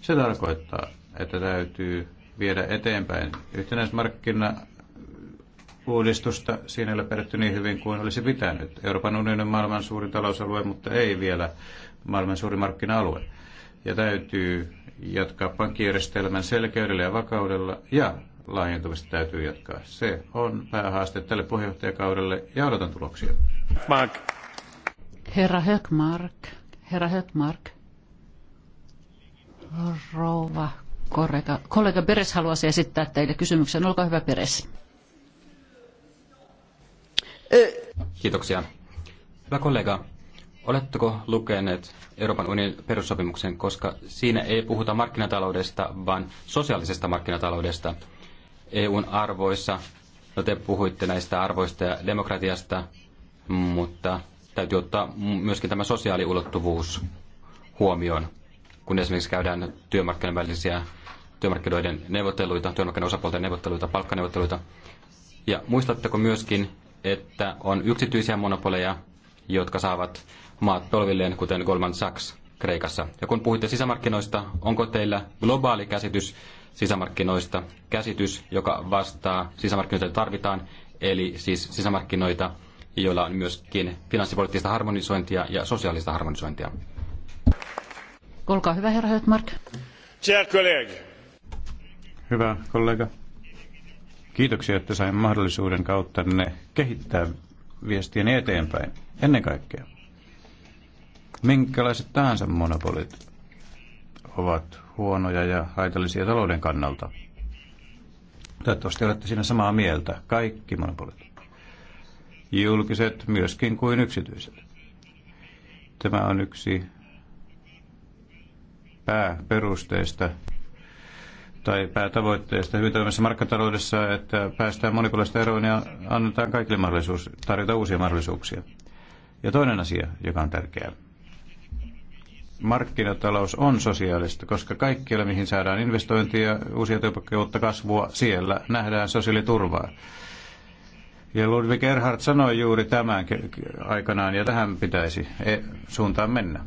Se tarkoittaa, että täytyy viedä eteenpäin yhtenäismarkkina uudistusta. Siinä ei ole perätty niin hyvin kuin olisi pitänyt. Euroopan unionin maailman suuri talousalue, mutta ei vielä maailman suuri markkina-alue. Ja täytyy jatkaa pankkijärjestelmän selkeydellä ja vakaudella ja laajentumista täytyy jatkaa. Se on päähaaste tälle puheenjohtajakaudelle ja odotan tuloksia. Mark. Herra Högmark, herra Högmark, rouva kollega, kollega Beres haluaisi esittää teille kysymyksen. Olkaa hyvä Peres. Kiitoksia. Hyvä kollega, oletteko lukeneet Euroopan unionin perussopimuksen, koska siinä ei puhuta markkinataloudesta, vaan sosiaalisesta markkinataloudesta – EUn arvoissa. No te puhuitte näistä arvoista ja demokratiasta, mutta täytyy ottaa myöskin tämä sosiaaliulottuvuus huomioon, kun esimerkiksi käydään työmarkkinoiden välisiä työmarkkinoiden neuvotteluita, työmarkkinoiden osapuolten neuvotteluita, palkkaneuvotteluita. Ja muistatteko myöskin, että on yksityisiä monopoleja, jotka saavat maat polvilleen, kuten Goldman Sachs Kreikassa. Ja kun puhuitte sisämarkkinoista, onko teillä globaali käsitys sisämarkkinoista käsitys, joka vastaa sisämarkkinoita tarvitaan, eli siis sisämarkkinoita, joilla on myöskin finanssipoliittista harmonisointia ja sosiaalista harmonisointia. Olkaa hyvä, herra Hötmark. Hyvä kollega. Kiitoksia, että sain mahdollisuuden kautta ne kehittää viestien eteenpäin. Ennen kaikkea, minkälaiset tahansa monopolit ovat huonoja ja haitallisia talouden kannalta. Toivottavasti olette siinä samaa mieltä, kaikki monopolit. Julkiset myöskin kuin yksityiset. Tämä on yksi pääperusteista tai päätavoitteista hyvin toimivassa markkataloudessa, että päästään monipuolista eroon ja annetaan kaikille mahdollisuus tarjota uusia mahdollisuuksia. Ja toinen asia, joka on tärkeää, markkinatalous on sosiaalista, koska kaikkialla mihin saadaan investointia, uusia työpaikkoja, uutta kasvua, siellä nähdään sosiaaliturvaa. Ja Ludwig Erhard sanoi juuri tämän aikanaan, ja tähän pitäisi e- suuntaan mennä.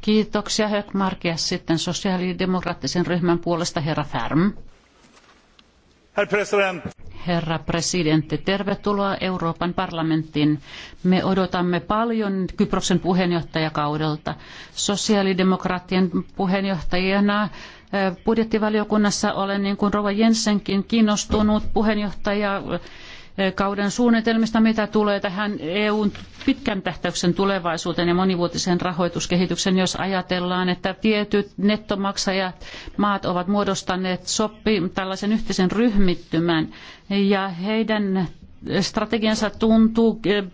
Kiitoksia Höckmark ja sitten sosiaalidemokraattisen ryhmän puolesta herra Färm. Herr president, herra presidentti. Tervetuloa Euroopan parlamenttiin. Me odotamme paljon Kyproksen puheenjohtajakaudelta. Sosiaalidemokraattien puheenjohtajana eh, budjettivaliokunnassa olen, niin kuin Rova Jensenkin, kiinnostunut puheenjohtaja kauden suunnitelmista, mitä tulee tähän EUn pitkän tähtäyksen tulevaisuuteen ja monivuotiseen rahoituskehityksen jos ajatellaan, että tietyt nettomaksajat maat ovat muodostaneet soppi, tällaisen yhteisen ryhmittymän ja heidän strategiansa tuntuu eh,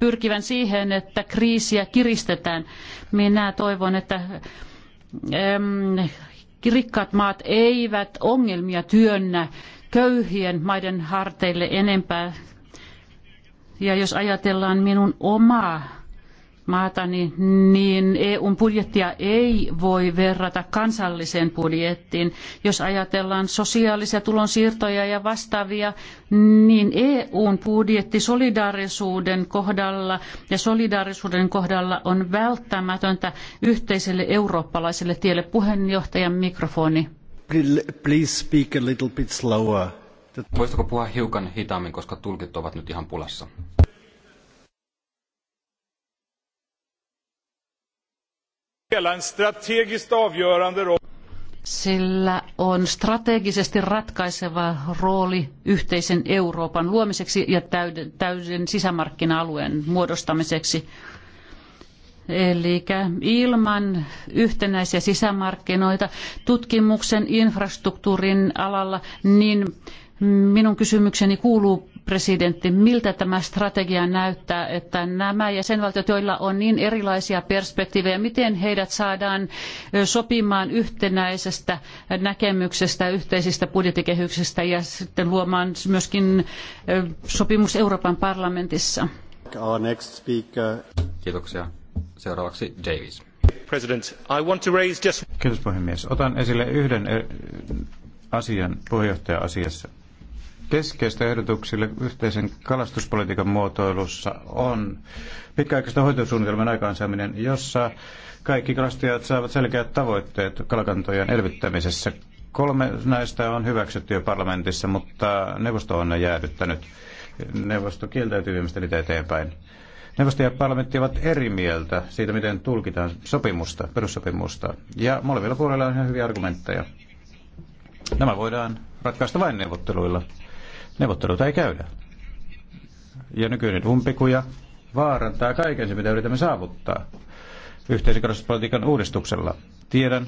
pyrkivän siihen, että kriisiä kiristetään. Minä toivon, että rikkaat maat eivät ongelmia työnnä köyhien maiden harteille enempää. Ja jos ajatellaan minun omaa maatani, niin EUn budjettia ei voi verrata kansalliseen budjettiin. Jos ajatellaan sosiaalisia tulonsiirtoja ja vastaavia, niin EUn budjetti solidaarisuuden kohdalla ja solidaarisuuden kohdalla on välttämätöntä yhteiselle eurooppalaiselle tielle. Puheenjohtajan mikrofoni please Voisitko puhua hiukan hitaammin, koska tulkit ovat nyt ihan pulassa? Sillä on strategisesti ratkaiseva rooli yhteisen Euroopan luomiseksi ja täyden, täyden sisämarkkina-alueen muodostamiseksi. Eli ilman yhtenäisiä sisämarkkinoita tutkimuksen infrastruktuurin alalla, niin minun kysymykseni kuuluu presidentti, miltä tämä strategia näyttää, että nämä jäsenvaltiot, joilla on niin erilaisia perspektiivejä, miten heidät saadaan sopimaan yhtenäisestä näkemyksestä, yhteisistä budjettikehyksistä ja sitten luomaan myöskin sopimus Euroopan parlamentissa? Kiitoksia. Seuraavaksi Davis. President, Kiitos puhemies. Otan esille yhden asian puheenjohtaja-asiassa. Keskeistä ehdotuksille yhteisen kalastuspolitiikan muotoilussa on pitkäaikaisen hoitosuunnitelman aikaansaaminen, jossa kaikki kalastajat saavat selkeät tavoitteet kalakantojen elvyttämisessä. Kolme näistä on hyväksytty jo parlamentissa, mutta neuvosto on ne jäädyttänyt. Neuvosto kieltäytyy viemästä niitä eteenpäin. Neuvosto ja parlamentti ovat eri mieltä siitä, miten tulkitaan sopimusta, perussopimusta. Ja molemmilla puolilla on ihan hyviä argumentteja. Nämä voidaan ratkaista vain neuvotteluilla. Neuvotteluita ei käydä. Ja nykyinen umpikuja vaarantaa kaiken se, mitä yritämme saavuttaa yhteisökarastuspolitiikan uudistuksella. Tiedän,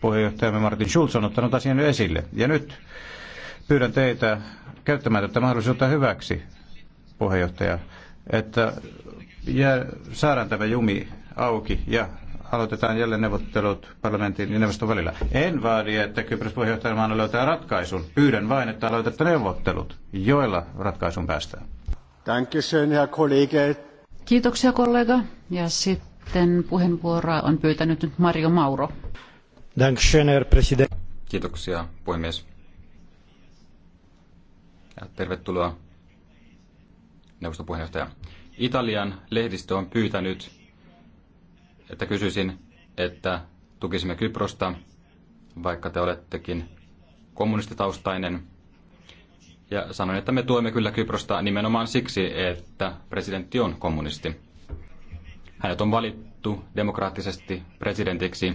puheenjohtajamme Martin Schulz on ottanut asian jo esille. Ja nyt pyydän teitä käyttämään tätä mahdollisuutta hyväksi, puheenjohtaja, että jää, saadaan tämä jumi auki ja aloitetaan jälleen neuvottelut parlamentin ja neuvoston välillä. En vaadi, että Kypros puheenjohtajamaana löytää ratkaisun. Pyydän vain, että aloitatte neuvottelut, joilla ratkaisun päästään. Dankeschön, ja Kiitoksia kollega. Ja sitten puheenvuoroa on pyytänyt nyt Mario Mauro. President. Kiitoksia, puhemies. Ja tervetuloa neuvoston puheenjohtaja. Italian lehdistö on pyytänyt, että kysyisin, että tukisimme Kyprosta, vaikka te olettekin kommunistitaustainen. Ja sanoin, että me tuemme kyllä Kyprosta nimenomaan siksi, että presidentti on kommunisti. Hänet on valittu demokraattisesti presidentiksi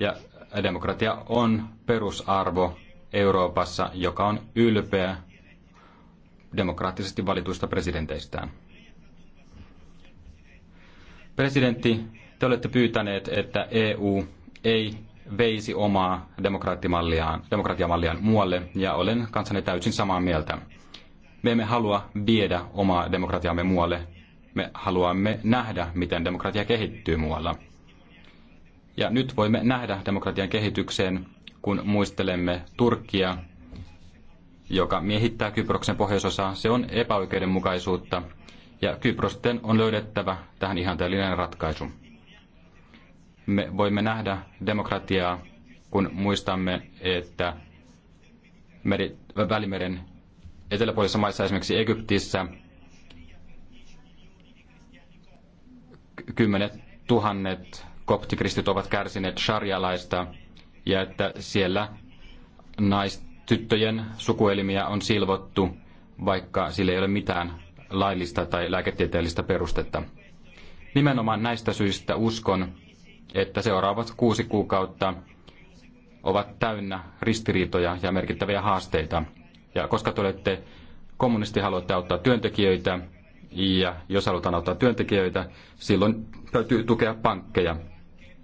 ja demokratia on perusarvo Euroopassa, joka on ylpeä demokraattisesti valituista presidenteistään. Presidentti, te olette pyytäneet, että EU ei veisi omaa demokratiamalliaan muualle, ja olen kanssanne täysin samaa mieltä. Me emme halua viedä omaa demokratiamme muualle. Me haluamme nähdä, miten demokratia kehittyy muualla. Ja nyt voimme nähdä demokratian kehityksen, kun muistelemme Turkkia, joka miehittää Kyproksen pohjoisosaa. Se on epäoikeudenmukaisuutta ja Kyprosten on löydettävä tähän ihanteellinen ratkaisu. Me voimme nähdä demokratiaa, kun muistamme, että meri, Välimeren eteläpuolisissa maissa, esimerkiksi Egyptissä, kymmenet tuhannet koptikristit ovat kärsineet sharjalaista ja että siellä naistyttöjen sukuelimiä on silvottu, vaikka sillä ei ole mitään laillista tai lääketieteellistä perustetta. Nimenomaan näistä syistä uskon, että seuraavat kuusi kuukautta ovat täynnä ristiriitoja ja merkittäviä haasteita. Ja koska te olette kommunisti, haluatte auttaa työntekijöitä, ja jos halutaan auttaa työntekijöitä, silloin täytyy tukea pankkeja.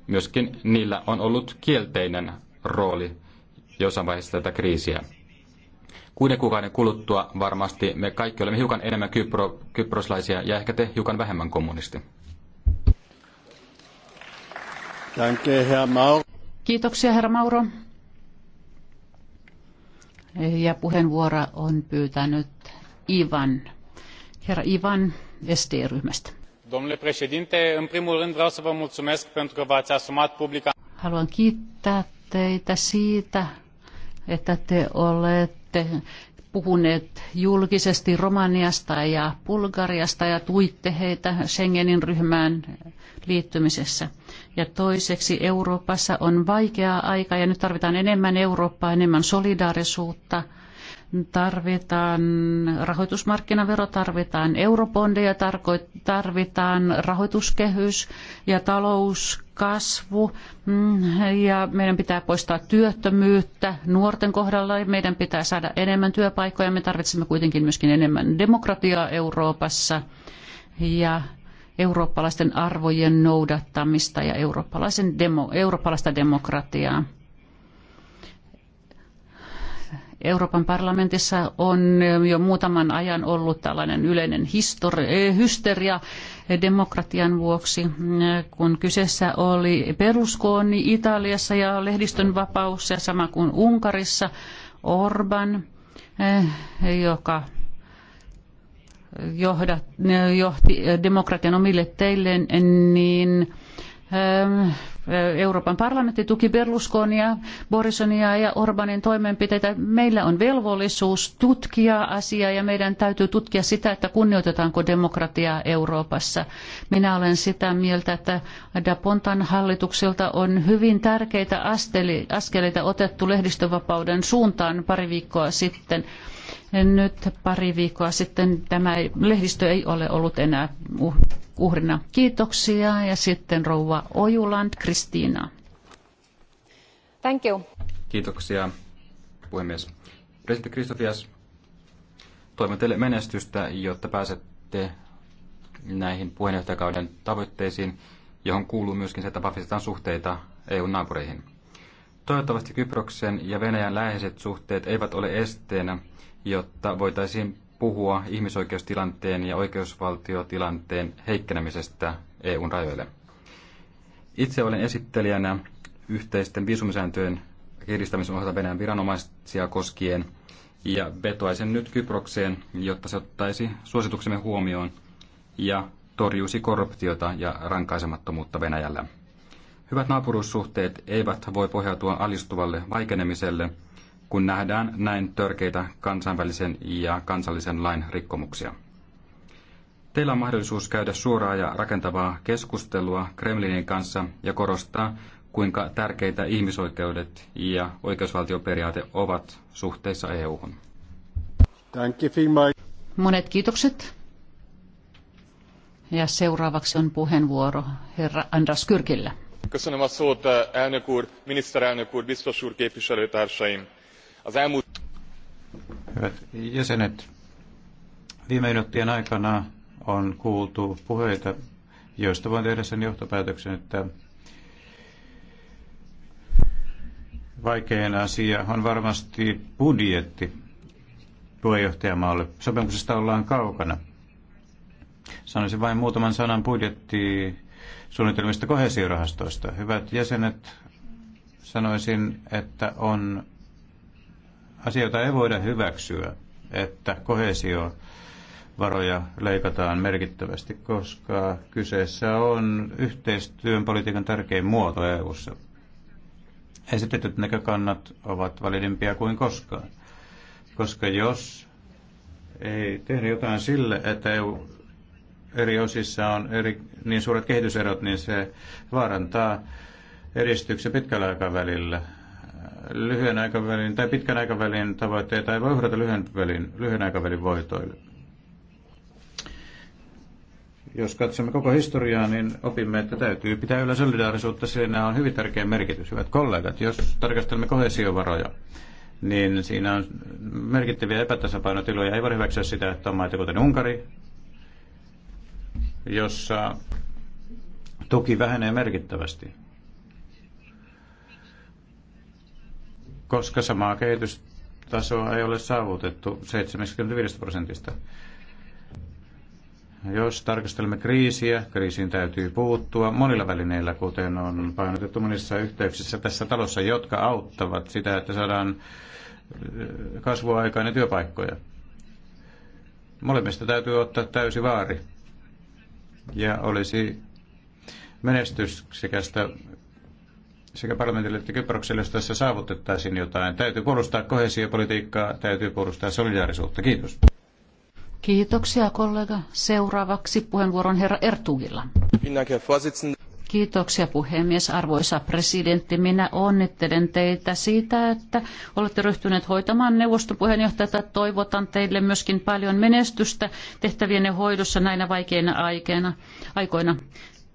Myöskin niillä on ollut kielteinen rooli jossain vaiheessa tätä kriisiä kuuden kuukauden kuluttua varmasti me kaikki olemme hiukan enemmän kypro, kyproslaisia ja ehkä te hiukan vähemmän kommunisti. Kiitoksia, herra Mauro. Ja puheenvuoro on pyytänyt Ivan. Herra Ivan SD-ryhmästä. Domnule președinte, în primul rând vreau să vă mulțumesc pentru că v-ați asumat Haluan kiittää teitä siitä, että te olette olette puhuneet julkisesti Romaniasta ja Bulgariasta ja tuitte heitä Schengenin ryhmään liittymisessä. Ja toiseksi Euroopassa on vaikea aika ja nyt tarvitaan enemmän Eurooppaa, enemmän solidaarisuutta – tarvitaan rahoitusmarkkinavero, tarvitaan eurobondeja, tarvitaan rahoituskehys ja talouskasvu mm, ja meidän pitää poistaa työttömyyttä nuorten kohdalla ja meidän pitää saada enemmän työpaikkoja. Me tarvitsemme kuitenkin myöskin enemmän demokratiaa Euroopassa ja eurooppalaisten arvojen noudattamista ja eurooppalaisen demo, eurooppalaista demokratiaa. Euroopan parlamentissa on jo muutaman ajan ollut tällainen yleinen histori- eh, hysteria demokratian vuoksi, kun kyseessä oli peruskooni Italiassa ja lehdistön vapaus ja sama kuin Unkarissa Orban, eh, joka eh, johti demokratian omille teilleen, niin Euroopan parlamentti tuki Berlusconia, Borisonia ja Orbanin toimenpiteitä. Meillä on velvollisuus tutkia asiaa ja meidän täytyy tutkia sitä, että kunnioitetaanko demokratiaa Euroopassa. Minä olen sitä mieltä, että Dapontan hallitukselta on hyvin tärkeitä askeleita otettu lehdistövapauden suuntaan pari viikkoa sitten. Nyt pari viikkoa sitten tämä lehdistö ei ole ollut enää uhrina. Kiitoksia ja sitten rouva Ojuland Kristiina. Thank you. Kiitoksia puhemies. Presidentti Kristofias, toivon teille menestystä, jotta pääsette näihin puheenjohtajakauden tavoitteisiin, johon kuuluu myöskin se, että vahvistetaan suhteita EU-naapureihin. Toivottavasti Kyproksen ja Venäjän läheiset suhteet eivät ole esteenä, jotta voitaisiin puhua ihmisoikeustilanteen ja oikeusvaltiotilanteen heikkenemisestä EUn rajoille. Itse olen esittelijänä yhteisten viisumisääntöjen kiristämisen osalta Venäjän viranomaisia koskien ja vetoaisen nyt Kyprokseen, jotta se ottaisi suosituksemme huomioon ja torjuisi korruptiota ja rankaisemattomuutta Venäjällä. Hyvät naapuruussuhteet eivät voi pohjautua alistuvalle vaikenemiselle – kun nähdään näin törkeitä kansainvälisen ja kansallisen lain rikkomuksia. Teillä on mahdollisuus käydä suoraa ja rakentavaa keskustelua Kremlinin kanssa ja korostaa, kuinka tärkeitä ihmisoikeudet ja oikeusvaltioperiaate ovat suhteessa EU-hun. Monet kiitokset. Ja seuraavaksi on puheenvuoro herra Andras Kyrkillä. Köszönöm a szót, eh, elnök úr, miniszterelnök úr, biztos úr, képviselőtársaim! Az elmúlt... Hyvät jäsenet, viime minuuttien aikana on kuultu puheita, joista voin tehdä sen johtopäätöksen, että vaikein asia on varmasti budjetti puheenjohtajamaalle. Sopimuksesta ollaan kaukana. Sanoisin vain muutaman sanan budjetti suunnitelmista kohesiorahastoista. Hyvät jäsenet, sanoisin, että on jota ei voida hyväksyä, että kohesio varoja leikataan merkittävästi, koska kyseessä on yhteistyön politiikan tärkein muoto EU-ssa. Esitetyt näkökannat ovat validimpia kuin koskaan, koska jos ei tehdä jotain sille, että EU eri osissa on eri, niin suuret kehityserot, niin se vaarantaa edistyksen pitkällä aikavälillä lyhyen aikavälin tai pitkän aikavälin tavoitteita ei voi uhrata lyhyen, välin, lyhyen aikavälin voitoille. Jos katsomme koko historiaa, niin opimme, että täytyy pitää yllä solidaarisuutta. Siinä on hyvin tärkeä merkitys, hyvät kollegat. Jos tarkastelemme kohesiovaroja, niin siinä on merkittäviä epätasapainotiloja. Ei voi hyväksyä sitä, että on maita kuten Unkari, jossa tuki vähenee merkittävästi koska samaa kehitystasoa ei ole saavutettu 75 prosentista. Jos tarkastelemme kriisiä, kriisiin täytyy puuttua monilla välineillä, kuten on painotettu monissa yhteyksissä tässä talossa, jotka auttavat sitä, että saadaan eh, kasvuaikaan ja työpaikkoja. Molemmista täytyy ottaa täysi vaari. Ja olisi menestyksekästä sekä parlamentille että Kyprokselle, jos tässä saavutettaisiin jotain. Täytyy puolustaa kohesiopolitiikkaa, täytyy puolustaa solidaarisuutta. Kiitos. Kiitoksia kollega. Seuraavaksi puheenvuoron herra Ertugilla. Kiitoksia puhemies. Arvoisa presidentti, minä onnittelen teitä siitä, että olette ryhtyneet hoitamaan neuvoston puheenjohtajata. Toivotan teille myöskin paljon menestystä tehtävienne hoidossa näinä vaikeina aikeina, aikoina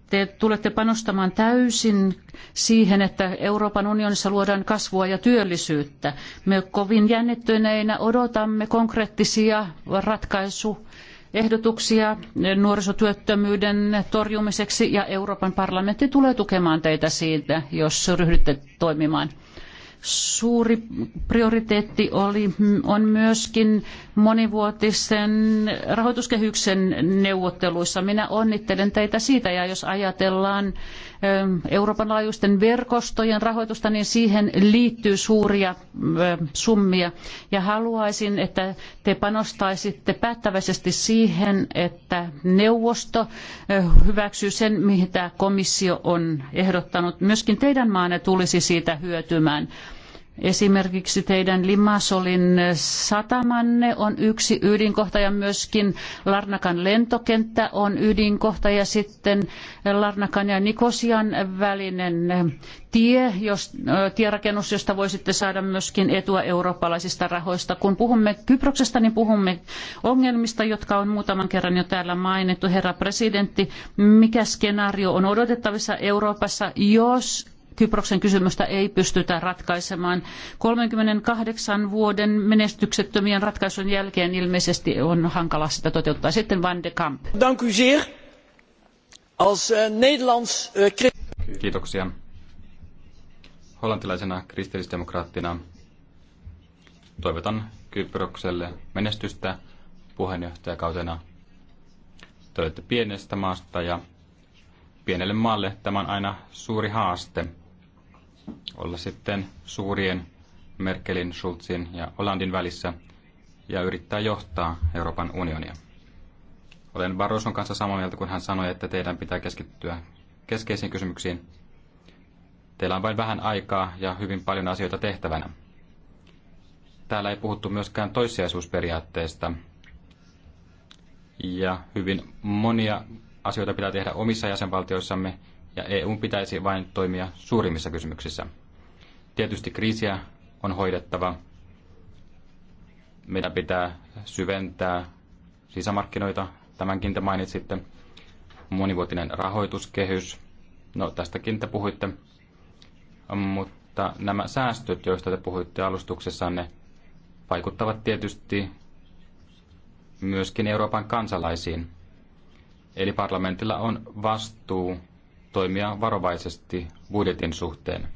te tulette panostamaan täysin siihen, että Euroopan unionissa luodaan kasvua ja työllisyyttä. Me kovin jännittyneinä odotamme konkreettisia ratkaisuehdotuksia ehdotuksia nuorisotyöttömyyden torjumiseksi ja Euroopan parlamentti tulee tukemaan teitä siitä, jos ryhdytte toimimaan. Suuri prioriteetti oli, on myöskin monivuotisen rahoituskehyksen neuvotteluissa. Minä onnittelen teitä siitä ja jos ajatellaan Euroopan laajuisten verkostojen rahoitusta, niin siihen liittyy suuria summia. Ja haluaisin, että te panostaisitte päättäväisesti siihen, että neuvosto hyväksyy sen, mitä komissio on ehdottanut. Myöskin teidän maanne tulisi siitä hyötymään. Esimerkiksi teidän Limassolin satamanne on yksi ydinkohta ja myöskin Larnakan lentokenttä on ydinkohta ja sitten Larnakan ja Nikosian välinen tie, jos, tierakennus, josta voisitte saada myöskin etua eurooppalaisista rahoista. Kun puhumme Kyproksesta, niin puhumme ongelmista, jotka on muutaman kerran jo täällä mainittu. Herra presidentti, mikä skenaario on odotettavissa Euroopassa, jos Kyproksen kysymystä ei pystytä ratkaisemaan. 38 vuoden menestyksettömien ratkaisujen jälkeen ilmeisesti on hankala sitä toteuttaa. Sitten Van de Kamp. Dank u zeer. Als eh, Nederlands... Eh, Kiitoksia. Hollantilaisena kristillisdemokraattina toivotan Kyprokselle menestystä puheenjohtajakautena. Te olette pienestä maasta ja pienelle maalle tämä on aina suuri haaste olla sitten suurien Merkelin, Schulzin ja Hollandin välissä ja yrittää johtaa Euroopan unionia. Olen Barroson kanssa samaa mieltä, kun hän sanoi, että teidän pitää keskittyä keskeisiin kysymyksiin. Teillä on vain vähän aikaa ja hyvin paljon asioita tehtävänä. Täällä ei puhuttu myöskään toissijaisuusperiaatteesta. Ja hyvin monia asioita pitää tehdä omissa jäsenvaltioissamme ja EUn pitäisi vain toimia suurimmissa kysymyksissä. Tietysti kriisiä on hoidettava. Meidän pitää syventää sisämarkkinoita, tämänkin te mainitsitte. Monivuotinen rahoituskehys, no tästäkin te puhuitte. Mutta nämä säästöt, joista te puhuitte alustuksessanne, vaikuttavat tietysti myöskin Euroopan kansalaisiin. Eli parlamentilla on vastuu toimia varovaisesti budjetin suhteen.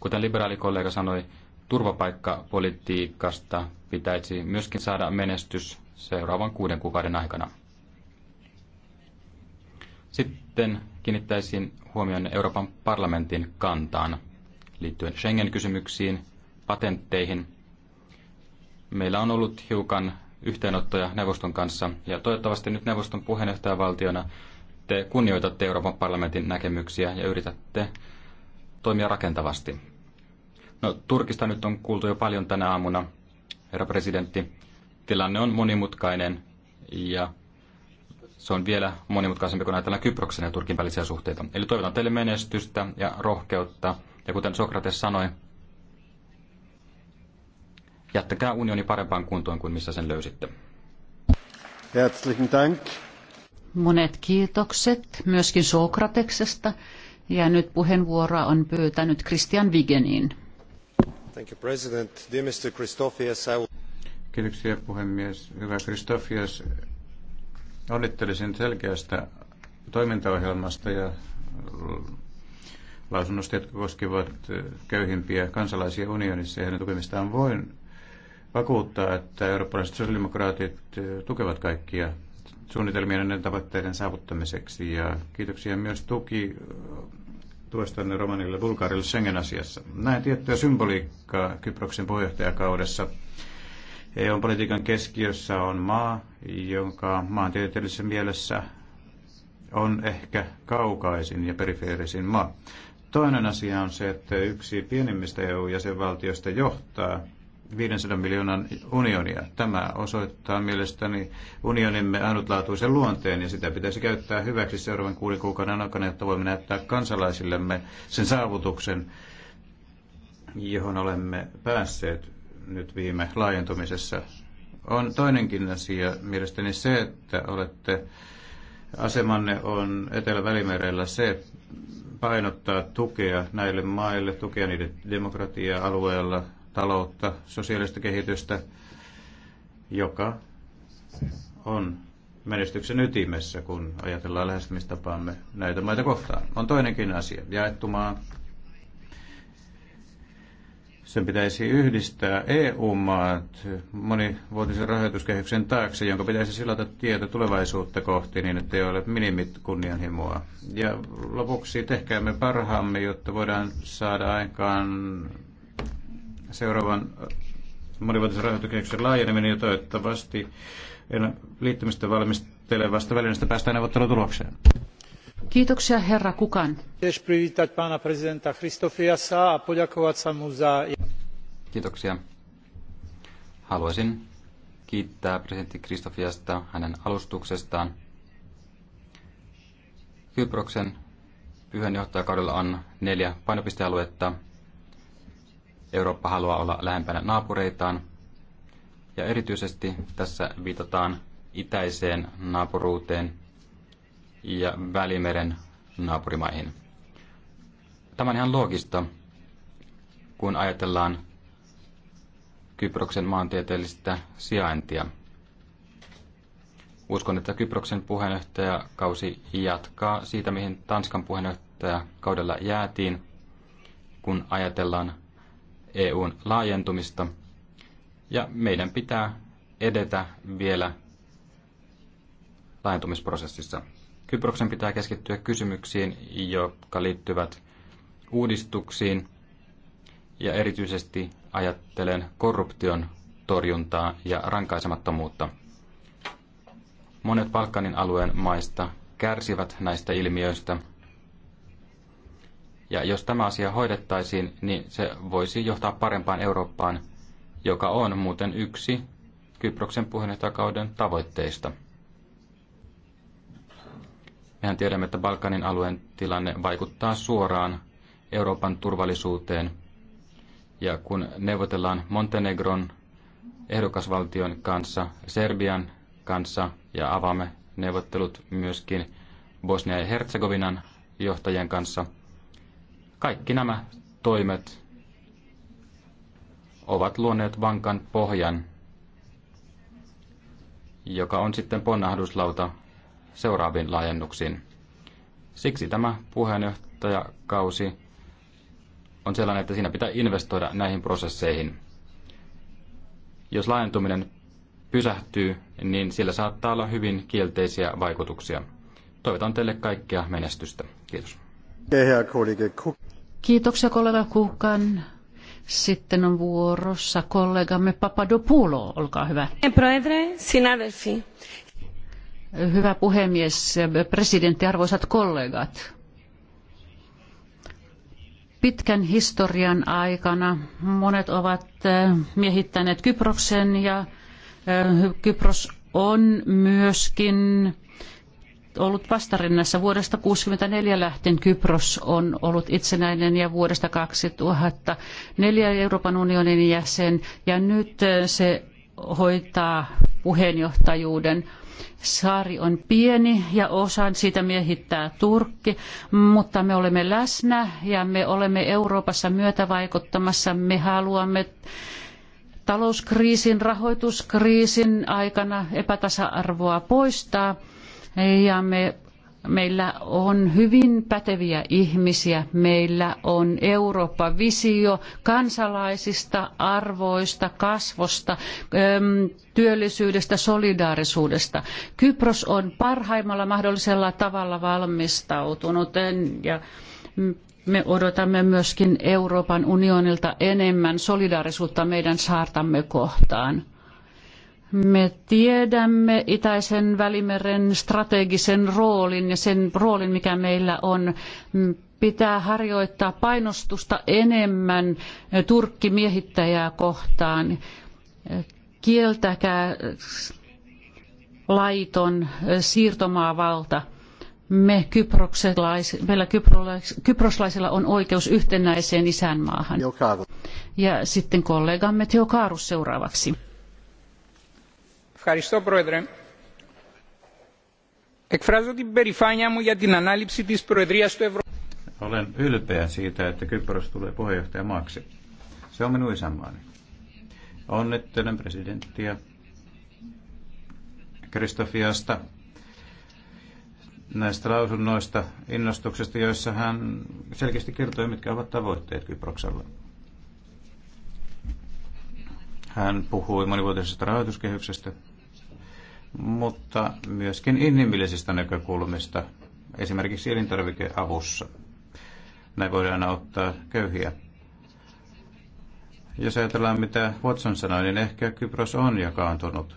Kuten liberaalikollega sanoi, turvapaikkapolitiikasta pitäisi myöskin saada menestys seuraavan kuuden kuukauden aikana. Sitten kiinnittäisin huomioon Euroopan parlamentin kantaan liittyen Schengen-kysymyksiin, patentteihin. Meillä on ollut hiukan yhteenottoja neuvoston kanssa ja toivottavasti nyt neuvoston puheenjohtajavaltiona te kunnioitatte Euroopan parlamentin näkemyksiä ja yritätte toimia rakentavasti. No, Turkista nyt on kuultu jo paljon tänä aamuna, herra presidentti. Tilanne on monimutkainen ja se on vielä monimutkaisempi kuin ajatellaan Kyproksen ja Turkin välisiä suhteita. Eli toivotan teille menestystä ja rohkeutta. Ja kuten Sokrates sanoi, jättäkää unioni parempaan kuntoon kuin missä sen löysitte. Herzlichen Dank. Monet kiitokset myöskin Sokrateksesta. Ja nyt puheenvuoroa on pyytänyt Christian Vigenin. Thank you, President. Dear Mr. Christofias, I... Kiitoksia puhemies. Hyvä Christofias, onnittelisin selkeästä toimintaohjelmasta ja lausunnosta, jotka koskevat köyhimpiä kansalaisia unionissa ja heidän tukemistaan. Voin vakuuttaa, että eurooppalaiset sosiaalidemokraatit tukevat kaikkia suunnitelmien ja tavoitteiden saavuttamiseksi. Ja kiitoksia myös tuki äh, tuestanne Romanille Bulgaarille Schengen-asiassa. Näin tiettyä symboliikkaa Kyproksen puheenjohtajakaudessa. EU-politiikan keskiössä on maa, jonka maantieteellisessä mielessä on ehkä kaukaisin ja perifeerisin maa. Toinen asia on se, että yksi pienimmistä EU-jäsenvaltioista johtaa 500 miljoonan unionia. Tämä osoittaa mielestäni unionimme ainutlaatuisen luonteen ja sitä pitäisi käyttää hyväksi seuraavan kuuden kuukauden aikana, jotta voimme näyttää kansalaisillemme sen saavutuksen, johon olemme päässeet nyt viime laajentumisessa. On toinenkin asia mielestäni se, että olette asemanne on Etelä-Välimerellä se painottaa tukea näille maille, tukea niiden demokratia-alueella, taloutta, sosiaalista kehitystä, joka on menestyksen ytimessä, kun ajatellaan lähestymistapaamme näitä maita kohtaan. On toinenkin asia, jaettumaa. Sen pitäisi yhdistää EU-maat monivuotisen rahoituskehyksen taakse, jonka pitäisi silata tietä tulevaisuutta kohti niin, että ei ole minimit kunnianhimoa. Ja lopuksi tehkäämme parhaamme, jotta voidaan saada aikaan seuraavan äh, monivuotisen rahoituskehyksen laajeneminen ja toivottavasti liittymistä valmistelevasta välineestä päästään neuvottelutulokseen. Kiitoksia herra Kukan. Kiitoksia. Haluaisin kiittää presidentti Kristofiasta hänen alustuksestaan. Kyproksen johtajakaudella on neljä painopistealuetta, Eurooppa haluaa olla lähempänä naapureitaan. Ja erityisesti tässä viitataan itäiseen naapuruuteen ja Välimeren naapurimaihin. Tämä on ihan loogista, kun ajatellaan Kyproksen maantieteellistä sijaintia. Uskon, että Kyproksen puheenjohtajakausi jatkaa siitä, mihin Tanskan puheenjohtajakaudella jäätiin, kun ajatellaan EUn laajentumista. Ja meidän pitää edetä vielä laajentumisprosessissa. Kyproksen pitää keskittyä kysymyksiin, jotka liittyvät uudistuksiin ja erityisesti ajattelen korruption torjuntaa ja rankaisemattomuutta. Monet Balkanin alueen maista kärsivät näistä ilmiöistä – ja jos tämä asia hoidettaisiin, niin se voisi johtaa parempaan Eurooppaan, joka on muuten yksi Kyproksen puheenjohtajakauden tavoitteista. Mehän tiedämme, että Balkanin alueen tilanne vaikuttaa suoraan Euroopan turvallisuuteen. Ja kun neuvotellaan Montenegron ehdokasvaltion kanssa, Serbian kanssa ja avaamme neuvottelut myöskin Bosnia ja Herzegovinan johtajien kanssa – kaikki nämä toimet ovat luoneet vankan pohjan, joka on sitten ponnahduslauta seuraaviin laajennuksiin. Siksi tämä puheenjohtajakausi on sellainen, että siinä pitää investoida näihin prosesseihin. Jos laajentuminen pysähtyy, niin sillä saattaa olla hyvin kielteisiä vaikutuksia. Toivotan teille kaikkea menestystä. Kiitos. Kiitoksia kollega Kukan. Sitten on vuorossa kollegamme Papadopulo, olkaa hyvä. Hyvä puhemies, presidentti, arvoisat kollegat. Pitkän historian aikana monet ovat eh, miehittäneet Kyproksen ja eh, Kypros on myöskin ollut vastarinnassa. Vuodesta 1964 lähtien Kypros on ollut itsenäinen ja vuodesta 2004 Euroopan unionin jäsen ja nyt eh, se hoitaa puheenjohtajuuden. Saari on pieni ja osan siitä miehittää Turkki, mutta me olemme läsnä ja me olemme Euroopassa myötävaikuttamassa. Me haluamme talouskriisin, rahoituskriisin aikana epätasa-arvoa poistaa – ja me Meillä on hyvin päteviä ihmisiä, meillä on Eurooppa-visio kansalaisista, arvoista, kasvosta, työllisyydestä, solidaarisuudesta. Kypros on parhaimmalla mahdollisella tavalla valmistautunut ja me odotamme myöskin Euroopan unionilta enemmän solidaarisuutta meidän saartamme kohtaan. Me tiedämme itäisen välimeren strategisen roolin ja sen roolin, mikä meillä on. Pitää harjoittaa painostusta enemmän Turkki miehittäjää kohtaan. Kieltäkää laiton siirtomaavalta. Me meillä kyproslaisilla on oikeus yhtenäiseen isänmaahan. Ja sitten kollegamme Teokaarus seuraavaksi. Εκφράζω την περηφάνεια μου για την ανάληψη της Προεδρίας του Olen ylpeä siitä, että Kypros tulee puheenjohtajamaaksi. Se on minun isänmaani. Onnittelen presidenttiä Kristofiasta näistä lausunnoista, innostuksesta, joissa hän selkeästi kertoi, mitkä ovat tavoitteet Kyproksella. Hän puhui monivuotisesta rahoituskehyksestä, mutta myöskin inhimillisistä näkökulmista, esimerkiksi elintarvikeavussa. Näin voidaan auttaa köyhiä. Jos ajatellaan, mitä Watson sanoi, niin ehkä Kypros on jakaantunut.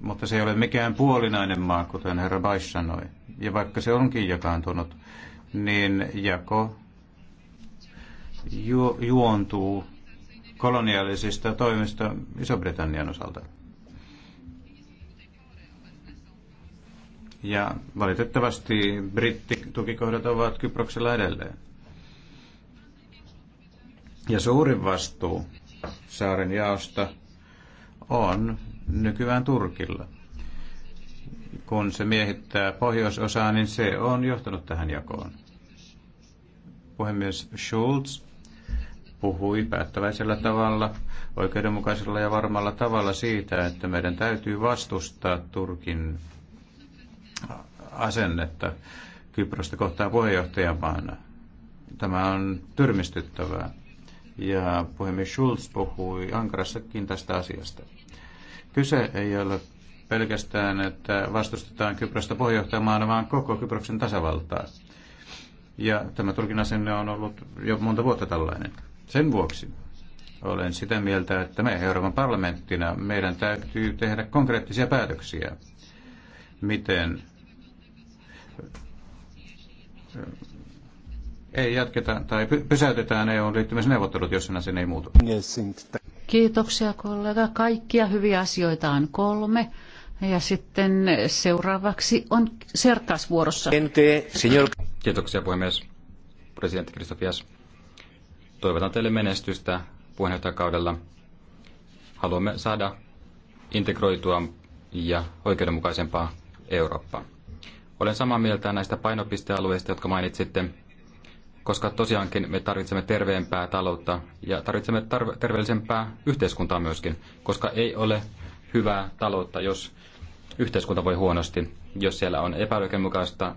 Mutta se ei ole mikään puolinainen maa, kuten herra Bais sanoi. Ja vaikka se onkin jakaantunut, niin jako ju- juontuu koloniaalisista toimista Iso-Britannian osalta. Ja valitettavasti brittitukikohdat ovat Kyproksella edelleen. Ja suurin vastuu saaren jaosta on nykyään Turkilla. Kun se miehittää pohjoisosaa, niin se on johtanut tähän jakoon. Puhemies Schulz puhui päättäväisellä tavalla, oikeudenmukaisella ja varmalla tavalla siitä, että meidän täytyy vastustaa Turkin asennetta Kyprosta kohtaan puheenjohtajamaana. Tämä on tyrmistyttävää. Ja puhemies Schulz puhui Ankarassakin tästä asiasta. Kyse ei ole pelkästään, että vastustetaan Kyprosta puheenjohtajamaana, vaan koko Kyproksen tasavaltaa. Ja tämä Turkin asenne on ollut jo monta vuotta tällainen. Sen vuoksi olen sitä mieltä, että me Euroopan parlamenttina meidän täytyy tehdä konkreettisia päätöksiä, miten ei jatketa tai pysäytetään EUn liittymisneuvottelut, jos sinä sen ei muutu. Kiitoksia kollega. Kaikkia hyviä asioita on kolme. Ja sitten seuraavaksi on Serkas vuorossa. Kiitoksia puhemies. Presidentti Kristofias. Toivotan teille menestystä puheenjohtajakaudella. Haluamme saada integroitua ja oikeudenmukaisempaa Eurooppaa. Olen samaa mieltä näistä painopistealueista, jotka mainitsitte, koska tosiaankin me tarvitsemme terveempää taloutta ja tarvitsemme tarve- terveellisempää yhteiskuntaa myöskin, koska ei ole hyvää taloutta, jos yhteiskunta voi huonosti, jos siellä on epäoikeudenmukaista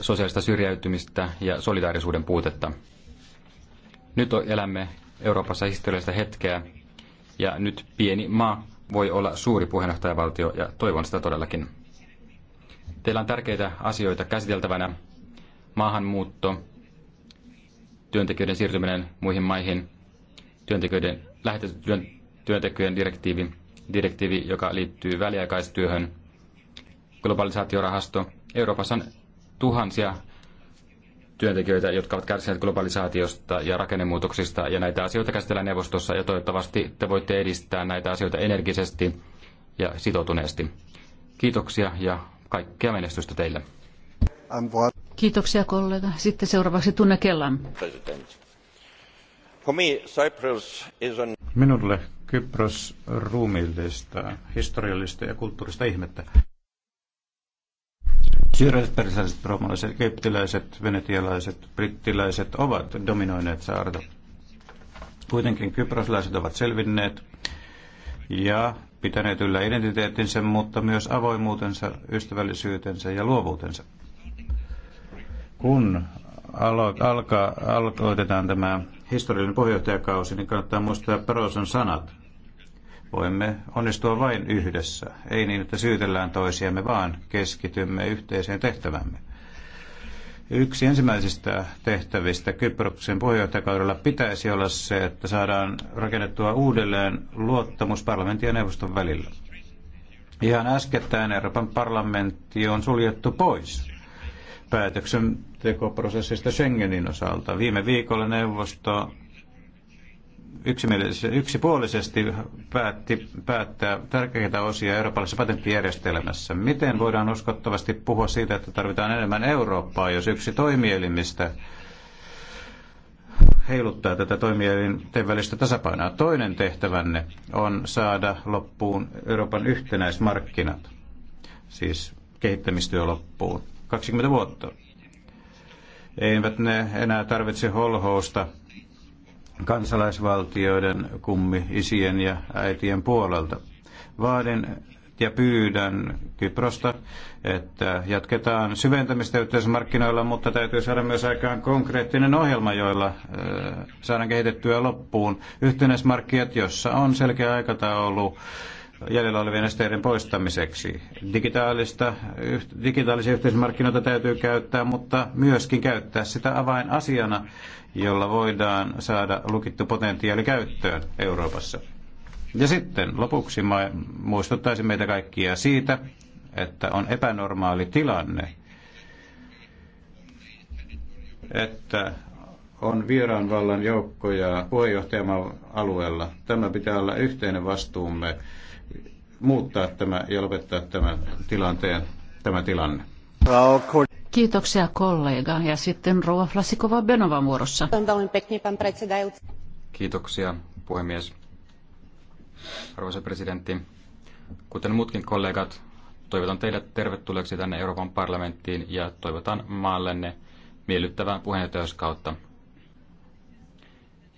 sosiaalista syrjäytymistä ja solidaarisuuden puutetta. Nyt elämme Euroopassa historiallista hetkeä ja nyt pieni maa voi olla suuri puheenjohtajavaltio ja toivon sitä todellakin. Teillä on tärkeitä asioita käsiteltävänä. Maahanmuutto, työntekijöiden siirtyminen muihin maihin, työntekijöiden, lähetetyn työntekijöiden direktiivi, direktiivi, joka liittyy väliaikaistyöhön, globalisaatiorahasto. Euroopassa on tuhansia työntekijöitä, jotka ovat kärsineet globalisaatiosta ja rakennemuutoksista, ja näitä asioita käsitellään neuvostossa, ja toivottavasti te voitte edistää näitä asioita energisesti ja sitoutuneesti. Kiitoksia ja Kaikkea menestystä teille. Kiitoksia kollega. Sitten seuraavaksi Tunne Kellan. Minulle Kypros ruumiillista, historiallista ja kulttuurista ihmettä. Syyräiset, persialaiset, roomalaiset, egyptiläiset, venetialaiset, brittiläiset ovat dominoineet saarta. Kuitenkin kyproslaiset ovat selvinneet ja pitäneet yllä identiteettinsä, mutta myös avoimuutensa, ystävällisyytensä ja luovuutensa. Kun alo- alkaa, aloitetaan tämä historiallinen puheenjohtajakausi, niin kannattaa muistaa Peroson sanat. Voimme onnistua vain yhdessä, ei niin, että syytellään toisiamme, vaan keskitymme yhteiseen tehtävämme. Yksi ensimmäisistä tehtävistä Kyproksen puheenjohtajakaudella pitäisi olla se, että saadaan rakennettua uudelleen luottamus parlamentin ja neuvoston välillä. Ihan äskettäin Euroopan parlamentti on suljettu pois päätöksentekoprosessista Schengenin osalta. Viime viikolla neuvosto yksimielisesti, yksipuolisesti päätti päättää tärkeitä osia eurooppalaisessa patenttijärjestelmässä. Miten voidaan uskottavasti puhua siitä, että tarvitaan enemmän Eurooppaa, jos yksi toimielimistä heiluttaa tätä toimielinten välistä tasapainoa. Toinen tehtävänne on saada loppuun Euroopan yhtenäismarkkinat, siis kehittämistyö loppuun. 20 vuotta. Eivät ne enää tarvitse holhousta kansalaisvaltioiden kummi isien ja äitien puolelta. Vaadin ja pyydän Kyprosta, että jatketaan syventämistä yhteismarkkinoilla, mutta täytyy saada myös aikaan konkreettinen ohjelma, joilla eh, saadaan kehitettyä loppuun yhtenäismarkkinat, jossa on selkeä aikataulu jäljellä olevien esteiden poistamiseksi. Digitaalista, digitaalisia yhteismarkkinoita täytyy käyttää, mutta myöskin käyttää sitä avainasiana jolla voidaan saada lukittu potentiaali käyttöön Euroopassa. Ja sitten lopuksi mä muistuttaisin meitä kaikkia siitä, että on epänormaali tilanne, että on vieraanvallan joukkoja puheenjohtajamaan alueella. Tämä pitää olla yhteinen vastuumme muuttaa tämä ja lopettaa tämän tilanteen, tämä tilanne. Kiitoksia kollega. Ja sitten Rouva Flasikova Benova vuorossa. Kiitoksia puhemies. Arvoisa presidentti, kuten muutkin kollegat, toivotan teidät tervetulleeksi tänne Euroopan parlamenttiin ja toivotan maallenne miellyttävää puheenjohtajuuskautta.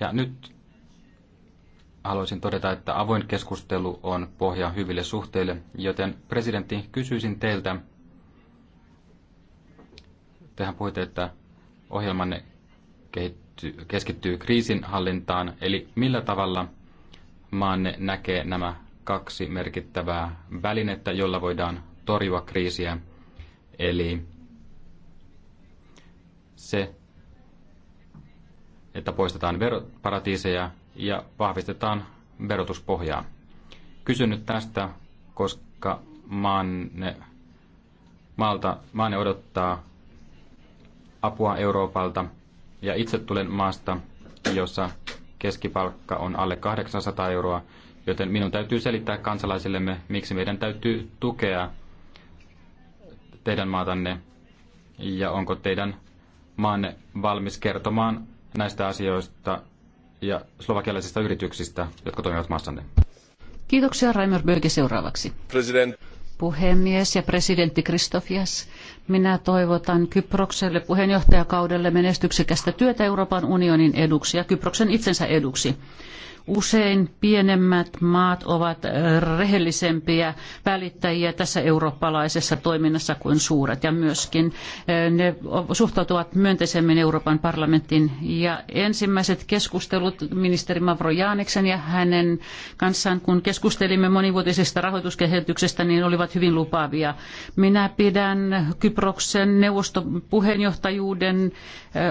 Ja nyt haluaisin todeta, että avoin keskustelu on pohja hyville suhteille, joten presidentti, kysyisin teiltä, Tehän puhuitte, että ohjelmanne kehittyy, keskittyy kriisinhallintaan, eli millä tavalla maanne näkee nämä kaksi merkittävää välinettä, jolla voidaan torjua kriisiä, eli se, että poistetaan veroparatiiseja ja vahvistetaan verotuspohjaa. Kysyn nyt tästä, koska maanne, maalta, maanne odottaa apua Euroopalta ja itse tulen maasta, jossa keskipalkka on alle 800 euroa, joten minun täytyy selittää kansalaisillemme, miksi meidän täytyy tukea teidän maatanne ja onko teidän maanne valmis kertomaan näistä asioista ja slovakialaisista yrityksistä, jotka toimivat maassanne. Kiitoksia Raimer Böge seuraavaksi. President puhemies ja presidentti Kristofias. Minä toivotan Kyprokselle puheenjohtajakaudelle menestyksekästä työtä Euroopan unionin eduksi ja Kyproksen itsensä eduksi. Usein pienemmät maat ovat rehellisempiä välittäjiä tässä eurooppalaisessa toiminnassa kuin suuret ja myöskin ne suhtautuvat myönteisemmin Euroopan parlamenttiin. Ja ensimmäiset keskustelut ministeri Mavro Jaaniksen ja hänen kanssaan, kun keskustelimme monivuotisesta rahoituskehityksestä, niin olivat hyvin lupaavia. Minä pidän Kyproksen neuvoston puheenjohtajuuden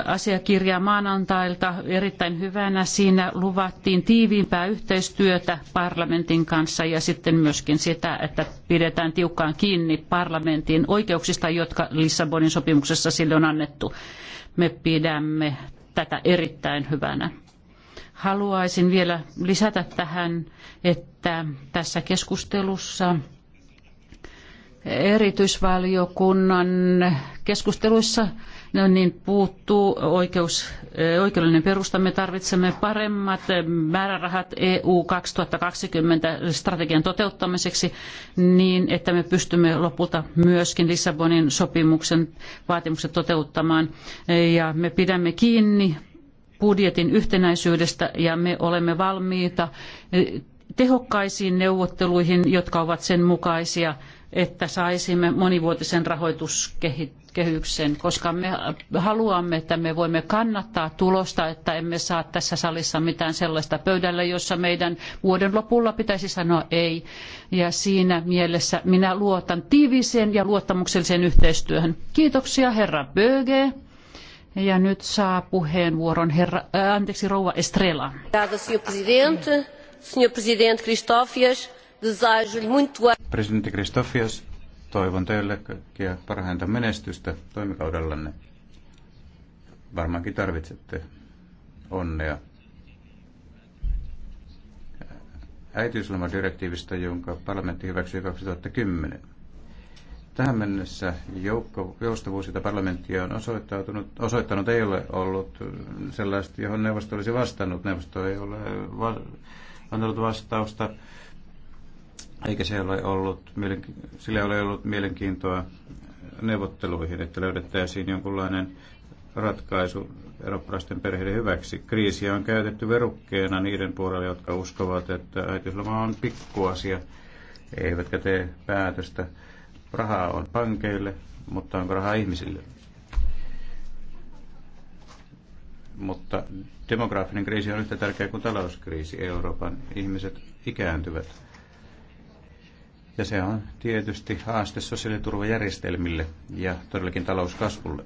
asiakirjaa maanantailta erittäin hyvänä. Siinä luvattiin tiiviä tiiviimpää yhteistyötä parlamentin kanssa ja sitten myöskin sitä, että pidetään tiukkaan kiinni parlamentin oikeuksista, jotka Lissabonin sopimuksessa sille on annettu. Me pidämme tätä erittäin hyvänä. Haluaisin vielä lisätä tähän, että tässä keskustelussa erityisvaliokunnan keskusteluissa No niin puuttuu oikeus, eh, oikeudellinen perusta. Me tarvitsemme paremmat eh, määrärahat EU 2020 strategian toteuttamiseksi niin, että me pystymme lopulta myöskin Lissabonin sopimuksen vaatimukset toteuttamaan. Eh, ja me pidämme kiinni budjetin yhtenäisyydestä ja me olemme valmiita tehokkaisiin neuvotteluihin, jotka ovat sen mukaisia, että saisimme monivuotisen rahoituskehityksen kehyksen, koska me haluamme, että me voimme kannattaa tulosta, että emme saa tässä salissa mitään sellaista pöydälle, jossa meidän vuoden lopulla pitäisi sanoa ei. Ja siinä mielessä minä luotan tiiviiseen ja luottamukselliseen yhteistyöhön. Kiitoksia herra Böge. Ja nyt saa puheenvuoron herra, ää, äh, anteeksi, rouva Estrela. Toivon teille kaikkia parhainta menestystä toimikaudellanne. Varmaankin tarvitsette onnea. Äitiyslomadirektiivistä, jonka parlamentti hyväksyi 2010. Tähän mennessä joukko, joustavuus, jota parlamentti on osoittanut osoittanut, ei ole ollut sellaista, johon neuvosto olisi vastannut. Neuvosto ei ole va- antanut vastausta eikä se ole ollut, sillä ole ollut mielenkiintoa neuvotteluihin, että löydettäisiin jonkunlainen ratkaisu eurooppalaisten perheiden hyväksi. Kriisiä on käytetty verukkeena niiden puolella, jotka uskovat, että äitiysloma on pikkuasia, eivätkä tee päätöstä. Rahaa on pankeille, mutta onko rahaa ihmisille? Mutta demografinen kriisi on yhtä tärkeä kuin talouskriisi. Euroopan ihmiset ikääntyvät ja se on tietysti haaste sosiaaliturvajärjestelmille ja todellakin talouskasvulle.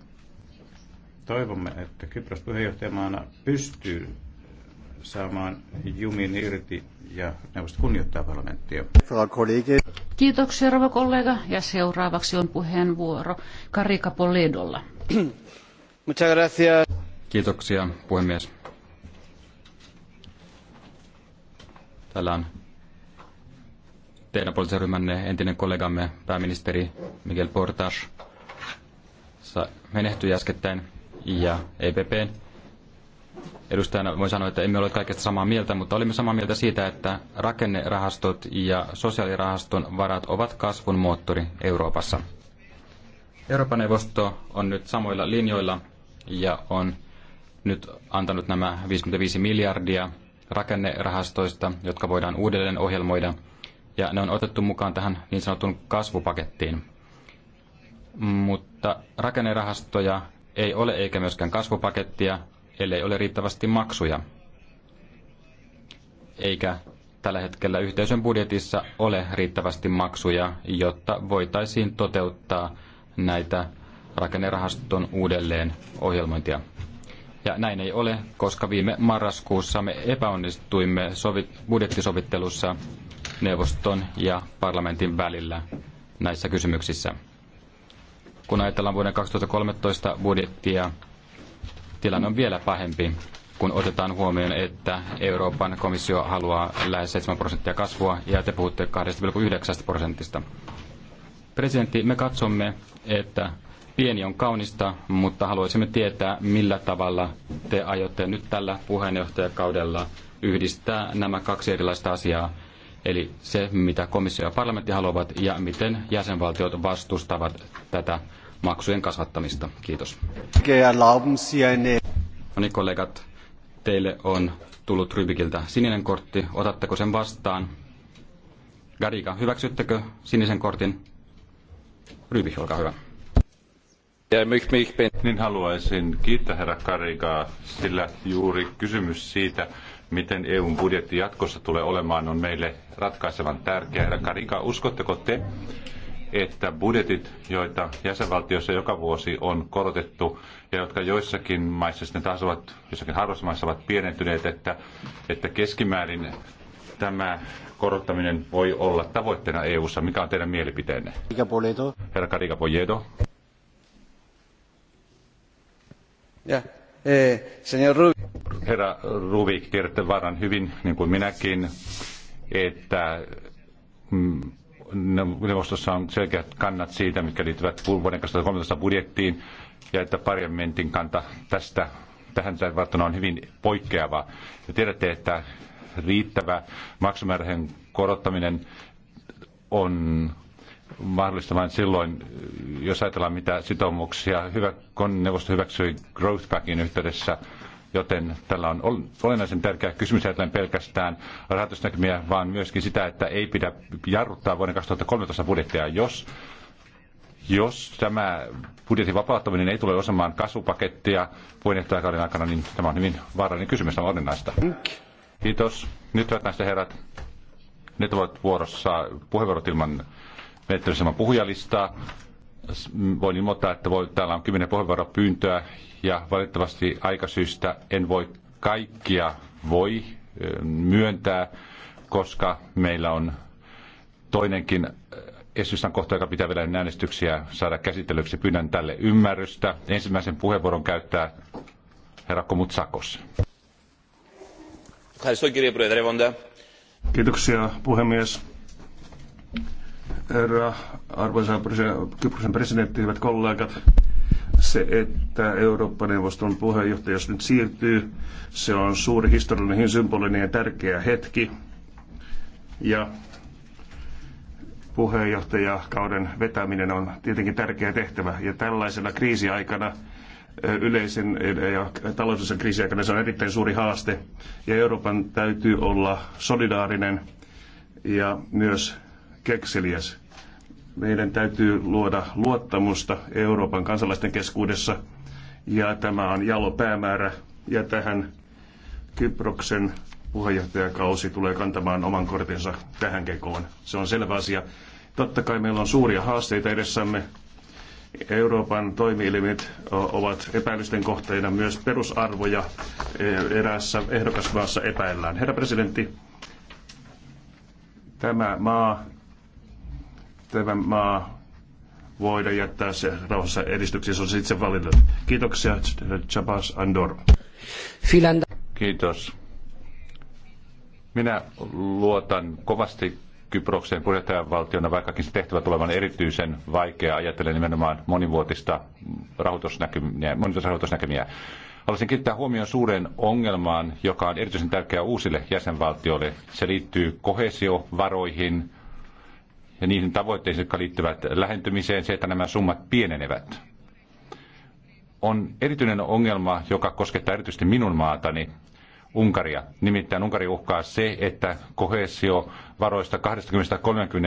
Toivomme, että Kypros puheenjohtajamaana pystyy saamaan jumin irti ja neuvosto kunnioittaa parlamenttia. Kiitoksia, rouva kollega. Ja seuraavaksi on puheenvuoro Karika Poledolla. Kiitoksia, puhemies. Täällä on teidän poliittisen ryhmänne entinen kollegamme, pääministeri Miguel Portas, menehtyi äskettäin ja EPP, edustajana voi sanoa, että emme ole kaikesta samaa mieltä, mutta olimme samaa mieltä siitä, että rakennerahastot ja sosiaalirahaston varat ovat kasvun moottori Euroopassa. Euroopan neuvosto on nyt samoilla linjoilla ja on nyt antanut nämä 55 miljardia rakennerahastoista, jotka voidaan uudelleen ohjelmoida – ja ne on otettu mukaan tähän niin sanotun kasvupakettiin. Mutta rakennerahastoja ei ole eikä myöskään kasvupakettia, ellei ole riittävästi maksuja. Eikä tällä hetkellä yhteisön budjetissa ole riittävästi maksuja, jotta voitaisiin toteuttaa näitä rakennerahaston uudelleen ohjelmointia. Ja näin ei ole, koska viime marraskuussa me epäonnistuimme sovi- budjettisovittelussa neuvoston ja parlamentin välillä näissä kysymyksissä. Kun ajatellaan vuoden 2013 budjettia, tilanne on vielä pahempi, kun otetaan huomioon, että Euroopan komissio haluaa lähes 7 prosenttia kasvua ja te puhutte 2,9 prosentista. Presidentti, me katsomme, että pieni on kaunista, mutta haluaisimme tietää, millä tavalla te aiotte nyt tällä puheenjohtajakaudella yhdistää nämä kaksi erilaista asiaa, Eli se, mitä komissio ja parlamentti haluavat ja miten jäsenvaltiot vastustavat tätä maksujen kasvattamista. Kiitos. No niin, kollegat, teille on tullut Rybikiltä sininen kortti. Otatteko sen vastaan? Garika, hyväksyttekö sinisen kortin? Rybik, olkaa hyvä. Niin haluaisin kiittää herra Karikaa, sillä juuri kysymys siitä, miten EUn budjetti jatkossa tulee olemaan, on meille ratkaisevan tärkeä Herra Karika, uskotteko te, että budjetit, joita jäsenvaltioissa joka vuosi on korotettu ja jotka joissakin maissa sitten taas ovat, joissakin harvoissa maissa ovat pienentyneet, että, että keskimäärin tämä korottaminen voi olla tavoitteena EU:ssa. Mikä on teidän mielipiteenne? Herra Karika Pojedo. Ja, eh, señor Rubio herra Ruvi tiedätte varan hyvin, niin kuin minäkin, että mm, neuvostossa on selkeät kannat siitä, mitkä liittyvät vuoden 2013 budjettiin, ja että parlamentin kanta tästä tähän verrattuna on hyvin poikkeava. Ja tiedätte, että riittävä maksumäärän korottaminen on mahdollista vain silloin, jos ajatellaan mitä sitoumuksia hyvä, neuvosto hyväksyi Growth Packin yhteydessä – Joten tällä on olennaisen tärkeä kysymys ajatellen pelkästään rahoitusnäkymiä, vaan myöskin sitä, että ei pidä jarruttaa vuoden 2013 budjettia, jos jos tämä budjetin vapauttaminen ei tule osamaan kasvupakettia puheenjohtajakauden aikana, niin tämä on hyvin vaarallinen kysymys, tämä on olennaista. Kiitos. Nyt hyvät näistä herrat. Nyt ovat vuorossa puheenvuorot ilman menettelyssä puhujalistaa. Voin ilmoittaa, että voi, täällä on kymmenen puheenvuoropyyntöä, ja valitettavasti aikasyistä en voi kaikkia voi myöntää, koska meillä on toinenkin esitystän kohta, joka pitää vielä äänestyksiä saada käsittelyksi. Pyydän tälle ymmärrystä. Ensimmäisen puheenvuoron käyttää herra Sakos. Kiitoksia puhemies. Herra arvoisa Kyprosen presidentti, hyvät kollegat se, että Eurooppa-neuvoston puheenjohtajuus nyt siirtyy, se on suuri historiallinen, symbolinen ja tärkeä hetki. Ja puheenjohtajakauden vetäminen on tietenkin tärkeä tehtävä. Ja tällaisena kriisiaikana, yleisen ja taloudellisen kriisiaikana se on erittäin suuri haaste. Ja Euroopan täytyy olla solidaarinen ja myös kekseliäs meidän täytyy luoda luottamusta Euroopan kansalaisten keskuudessa ja tämä on jalo päämäärä ja tähän Kyproksen puheenjohtajakausi tulee kantamaan oman kortinsa tähän kekoon. Se on selvä asia. Totta kai meillä on suuria haasteita edessämme. Euroopan toimielimet ovat epäilysten kohteina myös perusarvoja e, eräässä ehdokasmaassa epäillään. Herra presidentti, tämä maa tämä maa voida jättää se rauhassa edistyksissä, on se itse valinnut. Kiitoksia, Chabas Andor. Kiitos. Minä luotan kovasti Kyproksen valtiona, vaikkakin se tehtävä tulevan erityisen vaikea, ajatellen nimenomaan monivuotista rahoitusnäkymiä. Monivuotista rahoitusnäkymiä. Haluaisin kiinnittää huomioon suureen ongelmaan, joka on erityisen tärkeä uusille jäsenvaltioille. Se liittyy kohesiovaroihin, ja niihin tavoitteisiin, jotka liittyvät lähentymiseen, se, että nämä summat pienenevät. On erityinen ongelma, joka koskettaa erityisesti minun maatani, Unkaria. Nimittäin Unkari uhkaa se, että varoista 20-30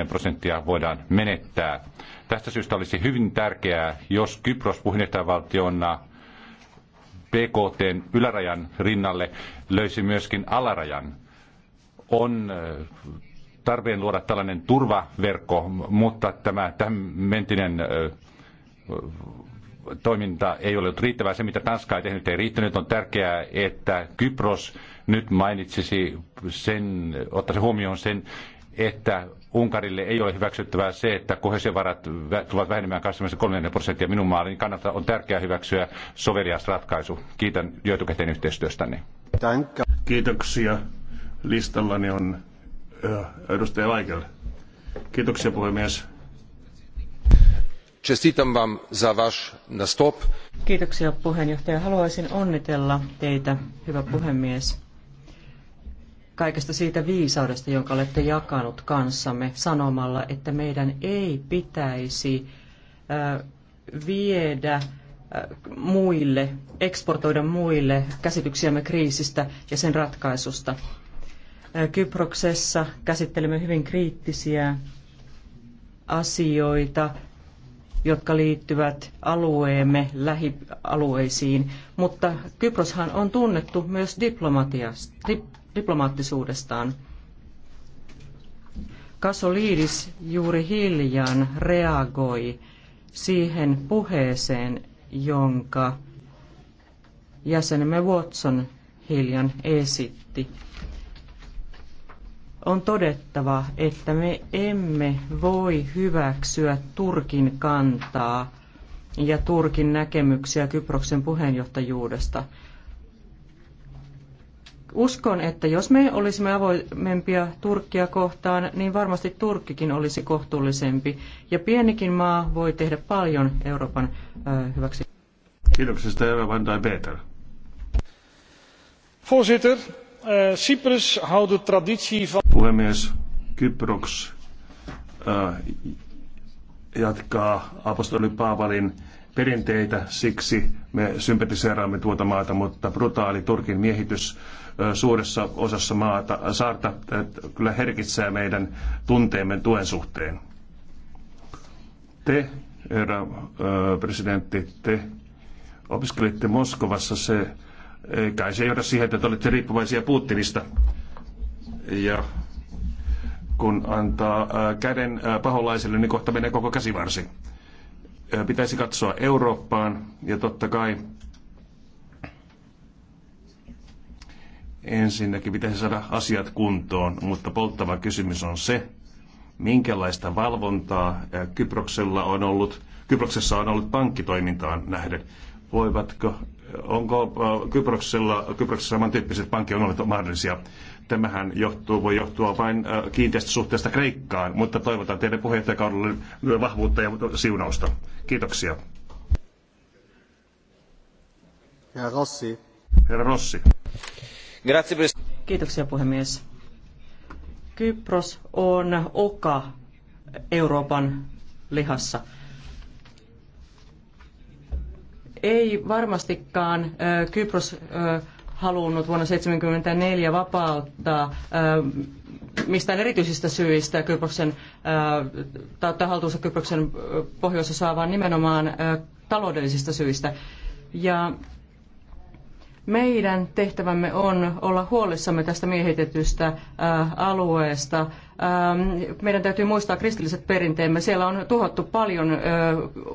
prosenttia voidaan menettää. Tästä syystä olisi hyvin tärkeää, jos Kypros puheenjohtajavaltiona BKT ylärajan rinnalle löysi myöskin alarajan. On tarpeen luoda tällainen turvaverkko, mutta tämä tämänmentinen toiminta ei ole ollut riittävää. Se, mitä Tanska ei tehnyt, ei riittänyt. On tärkeää, että Kypros nyt mainitsisi sen, ottaisi huomioon sen, että Unkarille ei ole hyväksyttävää se, että kohesiovarat tulevat vähenemään 23 prosenttia minun maani, niin kannattaa, on tärkeää hyväksyä sovelias ratkaisu. Kiitän jo etukäteen Kiitoksia. Listallani on edustaja Laikelle. Kiitoksia puhemies. Čestitam vam za vaš nastop. Kiitoksia puheenjohtaja. Haluaisin onnitella teitä, hyvä puhemies, kaikesta siitä viisaudesta, jonka olette jakanut kanssamme sanomalla, että meidän ei pitäisi viedä muille, eksportoida muille käsityksiämme kriisistä ja sen ratkaisusta. Kyproksessa käsittelemme hyvin kriittisiä asioita, jotka liittyvät alueemme lähialueisiin, mutta Kyproshan on tunnettu myös diplomaattisuudestaan. Kasoliidis juuri hiljan reagoi siihen puheeseen, jonka jäsenemme Watson hiljan esitti on todettava, että me emme voi hyväksyä Turkin kantaa ja Turkin näkemyksiä Kyproksen puheenjohtajuudesta. Uskon, että jos me olisimme avoimempia Turkkia kohtaan, niin varmasti Turkkikin olisi kohtuullisempi. Ja pienikin maa voi tehdä paljon Euroopan hyväksi. Kiitoksesta, Eva van Peter. Voorzitter, Eh, Cyprus houdt de traditie van... Puhemies, Kyproks äh, jatkaa apostoli Paavalin perinteitä, siksi me sympatiseeraamme tuota maata, mutta brutaali Turkin miehitys eh, suuressa osassa maata, saarta kyllä herkitsee meidän tunteemme tuen suhteen. Te, herra presidentti, te opiskelitte Moskovassa se Kai se johda siihen, että te olette riippuvaisia Putinista. Ja kun antaa käden paholaiselle, niin kohta menee koko käsivarsi. Pitäisi katsoa Eurooppaan ja totta kai ensinnäkin pitäisi saada asiat kuntoon, mutta polttava kysymys on se, minkälaista valvontaa Kyproksella on ollut, Kyproksessa on ollut pankkitoimintaan nähden. Voivatko onko äh, Kyproksella, Kyproksessa samantyyppiset pankkiongelmat mahdollisia? Tämähän johtuu, voi johtua vain äh, kiinteästä suhteesta Kreikkaan, mutta toivotan teidän puheenjohtajakaudelle vahvuutta ja siunausta. Kiitoksia. Herra Rossi. Herra Rossi. Kiitoksia puhemies. Kypros on oka Euroopan lihassa. ei varmastikaan Kypros halunnut vuonna 1974 vapauttaa mistään erityisistä syistä Kyproksen, tai haltuunsa Kyproksen pohjoisosaa, vaan nimenomaan taloudellisista syistä. Ja meidän tehtävämme on olla huolissamme tästä miehitetystä äh, alueesta. Ähm, meidän täytyy muistaa kristilliset perinteemme. Siellä on tuhottu paljon äh,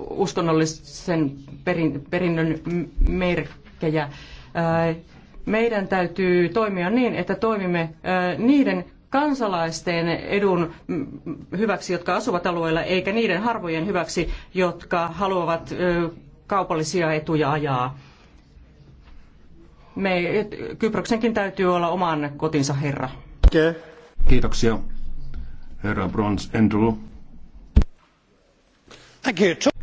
uskonnollisen perinnön merkkejä. Äh, meidän täytyy toimia niin, että toimimme niiden kansalaisten edun mm, hyväksi, jotka asuvat alueella, eikä niiden harvojen hyväksi, jotka haluavat kaupallisia etuja ajaa me, Kyproksenkin täytyy olla oman kotinsa herra. Kiitoksia, herra Brons Endulu.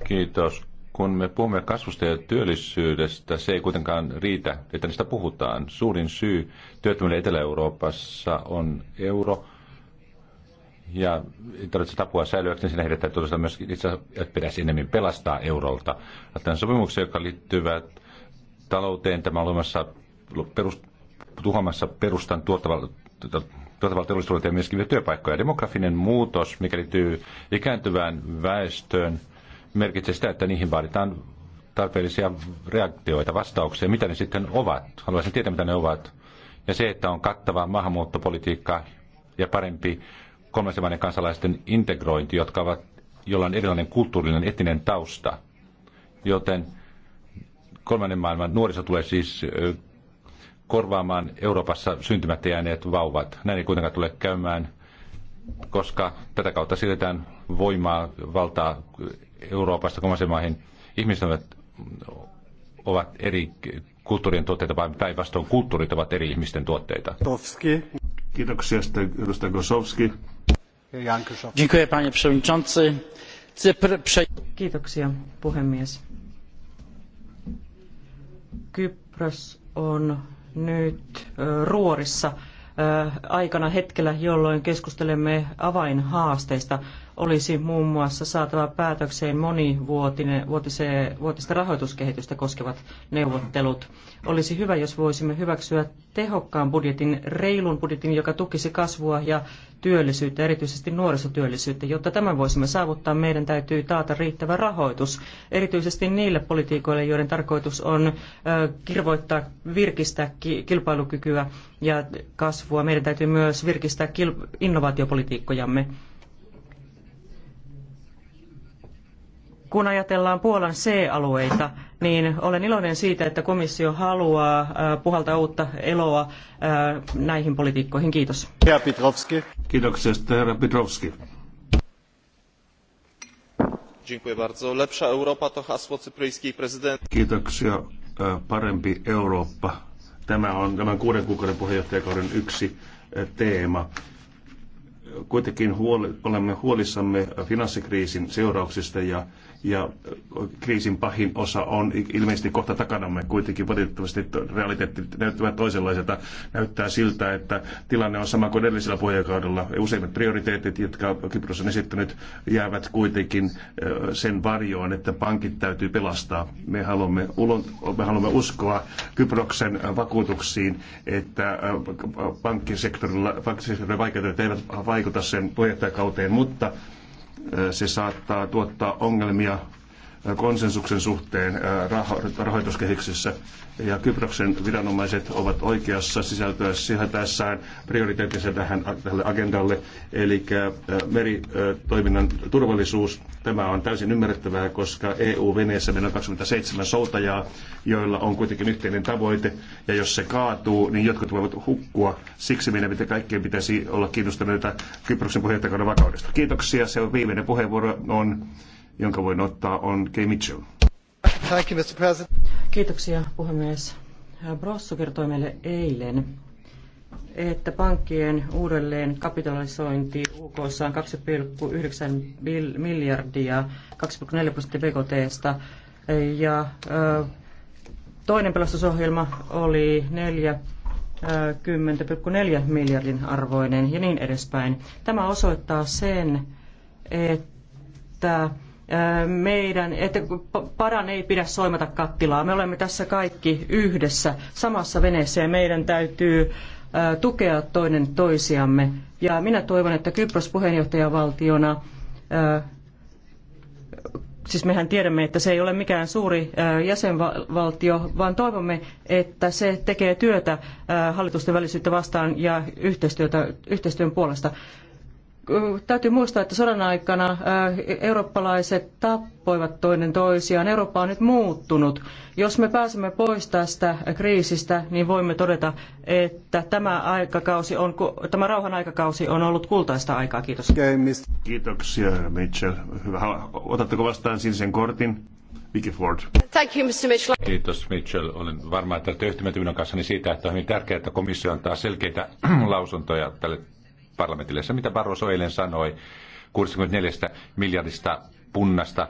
Kiitos. Kun me puhumme kasvusta ja työllisyydestä, se ei kuitenkaan riitä, että niistä puhutaan. Suurin syy työttömyydelle Etelä-Euroopassa on euro, ja tarvitset tapua säilyäkseen, niin sinä heidät että myös itse että pitäisi enemmän pelastaa eurolta. Tämän sopimuksen, jotka liittyvät talouteen, tämä on olemassa perust, tuhoamassa perustan tuottavalle tuota, tuottavalla teollisuudella ja myöskin työpaikkoja. Demografinen muutos, mikä liittyy ikääntyvään väestöön, merkitsee sitä, että niihin vaaditaan tarpeellisia reaktioita, vastauksia, mitä ne sitten ovat. Haluaisin tietää, mitä ne ovat. Ja se, että on kattava maahanmuuttopolitiikka ja parempi kolmansien kansalaisten integrointi, jotka ovat, jolla on erilainen kulttuurillinen etinen tausta. Joten kolmannen maailman nuoriso tulee siis korvaamaan Euroopassa syntymättä jääneet vauvat. Näin ei kuitenkaan tule käymään, koska tätä kautta siirretään voimaa, valtaa Euroopasta kolmansien maihin. Ihmiset ovat, ovat eri kulttuurien tuotteita, vaan päinvastoin kulttuurit ovat eri ihmisten tuotteita. Tovski. Kiitoksia sitten edustaja Gosovski. panie Kiitoksia puhemies. Kypros on nyt ruorissa aikana hetkellä, jolloin keskustelemme avainhaasteista olisi muun muassa saatava päätökseen monivuotista rahoituskehitystä koskevat neuvottelut. Olisi hyvä, jos voisimme hyväksyä tehokkaan budjetin, reilun budjetin, joka tukisi kasvua ja työllisyyttä, erityisesti nuorisotyöllisyyttä. Jotta tämän voisimme saavuttaa, meidän täytyy taata riittävä rahoitus, erityisesti niille politiikoille, joiden tarkoitus on kirvoittaa, virkistää kilpailukykyä ja kasvua. Meidän täytyy myös virkistää innovaatiopolitiikkojamme. kun ajatellaan Puolan C-alueita, niin olen iloinen siitä, että komissio haluaa äh, puhaltaa uutta eloa äh, näihin politiikkoihin. Kiitos. Herra Petrovski. Kiitoksia, herra Petrovski. Dziękuję bardzo. Lepsza Europa Kiitoksia. E, parempi Eurooppa. Tämä on tämän kuuden kuukauden puheenjohtajakauden yksi e, teema kuitenkin huoli, olemme huolissamme finanssikriisin seurauksista ja ja kriisin pahin osa on ilmeisesti kohta takanamme. Kuitenkin valitettavasti realiteetti näyttää toisenlaiselta. Näyttää siltä, että tilanne on sama kuin edellisellä puheenjohtajakaudella. Useimmat prioriteetit, jotka Kypros on esittänyt, jäävät kuitenkin sen varjoon, että pankit täytyy pelastaa. Me haluamme, me haluamme uskoa Kyproksen vakuutuksiin, että pankkisektorilla, pankkisektorilla vaikeudet eivät vaikuta sen puheenjohtajakauteen, mutta se saattaa tuottaa ongelmia konsensuksen suhteen rahoituskehyksessä. Ja Kyproksen viranomaiset ovat oikeassa sisältöä sisältäessään prioriteettisen tähän, tälle agendalle, eli meritoiminnan turvallisuus. Tämä on täysin ymmärrettävää, koska EU-veneessä meillä on 27 soutajaa, joilla on kuitenkin yhteinen tavoite, ja jos se kaatuu, niin jotkut voivat hukkua. Siksi meidän pitä kaikkien pitäisi olla kiinnostuneita Kyproksen puheenjohtajakauden vakaudesta. Kiitoksia. Se on viimeinen puheenvuoro on jonka voin ottaa, on Kay Mitchell. Thank you, Mr. President. Kiitoksia, puhemies. Brosso kertoi meille eilen, että pankkien uudelleen kapitalisointi UK on 2,9 miljardia, 2,4 prosenttia BKT. Ja toinen pelastusohjelma oli 40,4 miljardin arvoinen ja niin edespäin. Tämä osoittaa sen, että meidän, että paran ei pidä soimata kattilaa. Me olemme tässä kaikki yhdessä samassa veneessä ja meidän täytyy tukea toinen toisiamme. Ja minä toivon, että Kypros puheenjohtajavaltiona, siis mehän tiedämme, että se ei ole mikään suuri jäsenvaltio, vaan toivomme, että se tekee työtä hallitusten välisyyttä vastaan ja yhteistyön puolesta. Täytyy muistaa, että sodan aikana eurooppalaiset tappoivat toinen toisiaan. Eurooppa on nyt muuttunut. Jos me pääsemme pois tästä kriisistä, niin voimme todeta, että tämä, aikakausi on, tämä rauhan aikakausi on ollut kultaista aikaa. Kiitos. Kiitoksia, Mitchell. Hyvä. Otatteko vastaan sinisen kortin? Vicky Ford. Thank you, Mr. Mitchell. Kiitos Mitchell. Olen varma, että olette yhtymät minun kanssani siitä, että on hyvin tärkeää, että komissio antaa selkeitä lausuntoja tälle parlamentille. Se, mitä Barroso eilen sanoi, 64 miljardista punnasta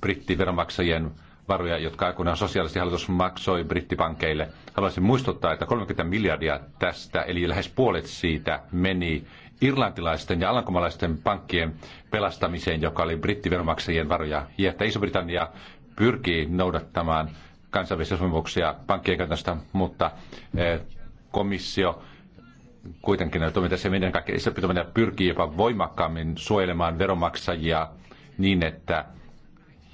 brittiveronmaksajien varoja, jotka aikoinaan sosiaalisesti hallitus maksoi brittipankeille. Haluaisin muistuttaa, että 30 miljardia tästä, eli lähes puolet siitä, meni irlantilaisten ja alankomalaisten pankkien pelastamiseen, joka oli brittiveronmaksajien varoja. Ja että Iso-Britannia pyrkii noudattamaan kansainvälisiä sopimuksia pankkien kannasta, mutta eh, komissio kuitenkin näitä toimintaa se, miten kaikki iso pyrkii jopa voimakkaammin suojelemaan veronmaksajia niin, että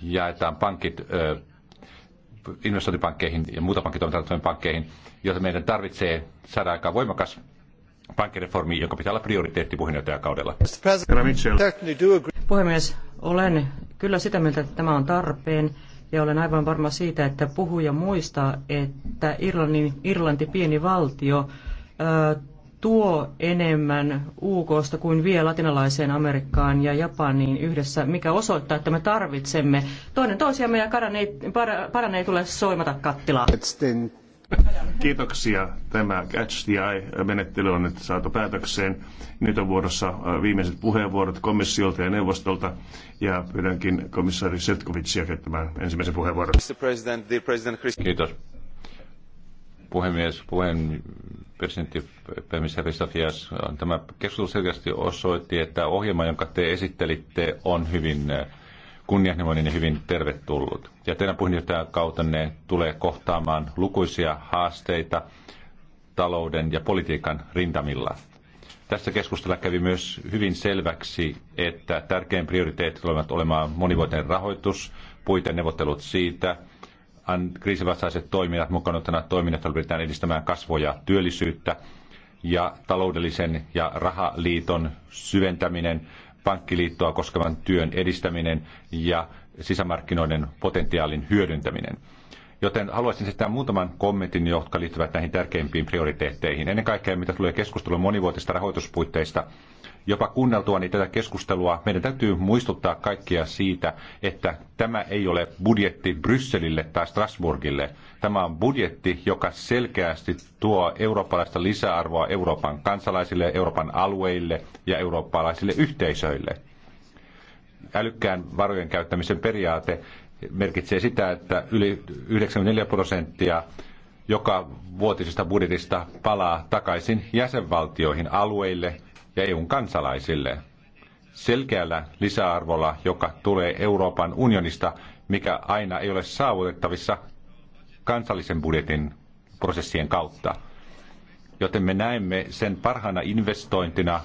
jaetaan pankit ö, investointipankkeihin ja muuta pankkitoimintaan pankkeihin, joten meidän tarvitsee saada aikaan voimakas pankkireformi, joka pitää olla prioriteetti puheenjohtajakaudella. Puhemies, olen kyllä sitä mieltä, että tämä on tarpeen ja olen aivan varma siitä, että puhuja muistaa, että Irlannin, Irlanti pieni valtio tuo enemmän UKsta kuin vie latinalaiseen Amerikkaan ja Japaniin yhdessä, mikä osoittaa, että me tarvitsemme toinen toisiamme ja paran ei tule soimata kattilaa. Kiitoksia. Tämä Catch the Eye-menettely on nyt saatu päätökseen. Nyt on vuorossa äh, viimeiset puheenvuorot komissiolta ja neuvostolta. Ja pyydänkin komissaari Setkovicia käyttämään ensimmäisen puheenvuoron. Kiitos puhemies, puheen presidentti pääministeri Safias, tämä keskustelu selkeästi osoitti, että ohjelma, jonka te esittelitte, on hyvin äh, kunnianhimoinen ja hyvin tervetullut. Ja teidän puheenjohtajan ne tulee kohtaamaan lukuisia haasteita talouden ja politiikan rintamilla. Tässä keskustella kävi myös hyvin selväksi, että tärkein prioriteetti tulevat olemaan monivuotinen rahoitus, puiten neuvottelut siitä – kriisivastaiset toimijat mukana tänä toiminnassa pyritään edistämään kasvua ja työllisyyttä, ja taloudellisen ja rahaliiton syventäminen, pankkiliittoa koskevan työn edistäminen ja sisämarkkinoiden potentiaalin hyödyntäminen. Joten haluaisin sitten muutaman kommentin, jotka liittyvät näihin tärkeimpiin prioriteetteihin. Ennen kaikkea, mitä tulee keskustelua monivuotista rahoituspuitteista, Jopa kuunneltuani tätä keskustelua meidän täytyy muistuttaa kaikkia siitä, että tämä ei ole budjetti Brysselille tai Strasbourgille. Tämä on budjetti, joka selkeästi tuo eurooppalaista lisäarvoa Euroopan kansalaisille, Euroopan alueille ja eurooppalaisille yhteisöille. Älykkään varojen käyttämisen periaate merkitsee sitä, että yli 94 prosenttia joka vuotisesta budjetista palaa takaisin jäsenvaltioihin, alueille ja EUn kansalaisille. Selkeällä lisäarvolla, joka tulee Euroopan unionista, mikä aina ei ole saavutettavissa kansallisen budjetin prosessien kautta. Joten me näemme sen parhaana investointina,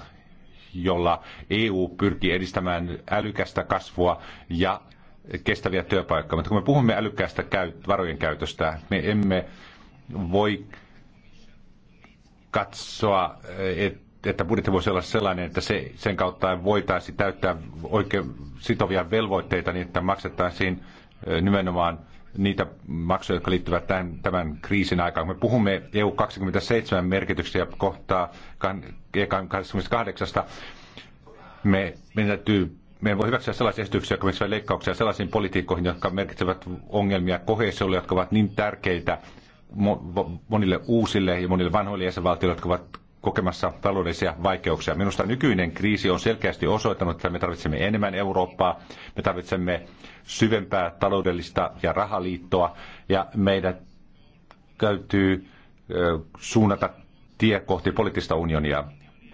jolla EU pyrkii edistämään älykästä kasvua ja kestäviä työpaikkoja. Mutta kun me puhumme älykkäästä varojen käytöstä, me emme voi katsoa, että että budjetti voisi olla sellainen, että se, sen kautta voitaisiin täyttää oikein sitovia velvoitteita niin, että maksettaisiin nimenomaan niitä maksuja, jotka liittyvät tämän, tämän kriisin aikaan. Me puhumme EU27 merkityksiä kohtaa E28. Me, me täytyy me voi hyväksyä sellaisia esityksiä, jotka merkitsevät leikkauksia sellaisiin politiikkoihin, jotka merkitsevät ongelmia kohesiolle, jotka ovat niin tärkeitä monille uusille ja monille vanhoille jäsenvaltioille, jotka ovat kokemassa taloudellisia vaikeuksia. Minusta nykyinen kriisi on selkeästi osoittanut, että me tarvitsemme enemmän Eurooppaa, me tarvitsemme syvempää taloudellista ja rahaliittoa, ja meidän täytyy suunnata tie kohti poliittista unionia.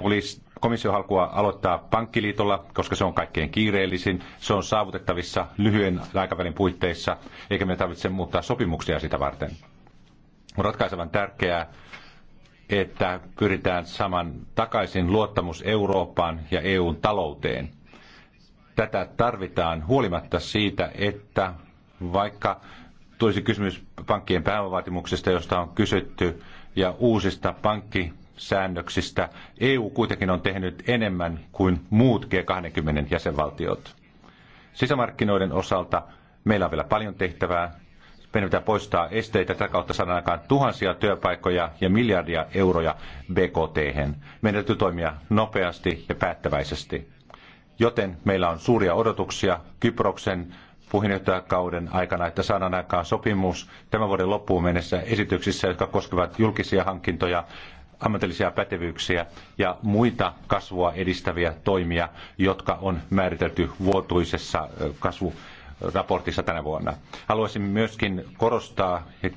Poliis, komissio haluaa aloittaa pankkiliitolla, koska se on kaikkein kiireellisin. Se on saavutettavissa lyhyen aikavälin puitteissa, eikä me tarvitse muuttaa sopimuksia sitä varten. On ratkaisevan tärkeää, että pyritään saman takaisin luottamus Eurooppaan ja EUn talouteen. Tätä tarvitaan huolimatta siitä, että vaikka tulisi kysymys pankkien pääomavaatimuksesta, josta on kysytty, ja uusista pankkisäännöksistä, EU kuitenkin on tehnyt enemmän kuin muut G20 jäsenvaltiot. Sisämarkkinoiden osalta meillä on vielä paljon tehtävää meidän pitää poistaa esteitä. Tätä kautta saadaan aikaan tuhansia työpaikkoja ja miljardia euroja BKT. -hän. Meidän täytyy toimia nopeasti ja päättäväisesti. Joten meillä on suuria odotuksia Kyproksen puheenjohtajakauden aikana, että saadaan aikaan sopimus tämän vuoden loppuun mennessä esityksissä, jotka koskevat julkisia hankintoja, ammatillisia pätevyyksiä ja muita kasvua edistäviä toimia, jotka on määritelty vuotuisessa kasvu- raportissa tänä vuonna. Haluaisin myöskin korostaa ja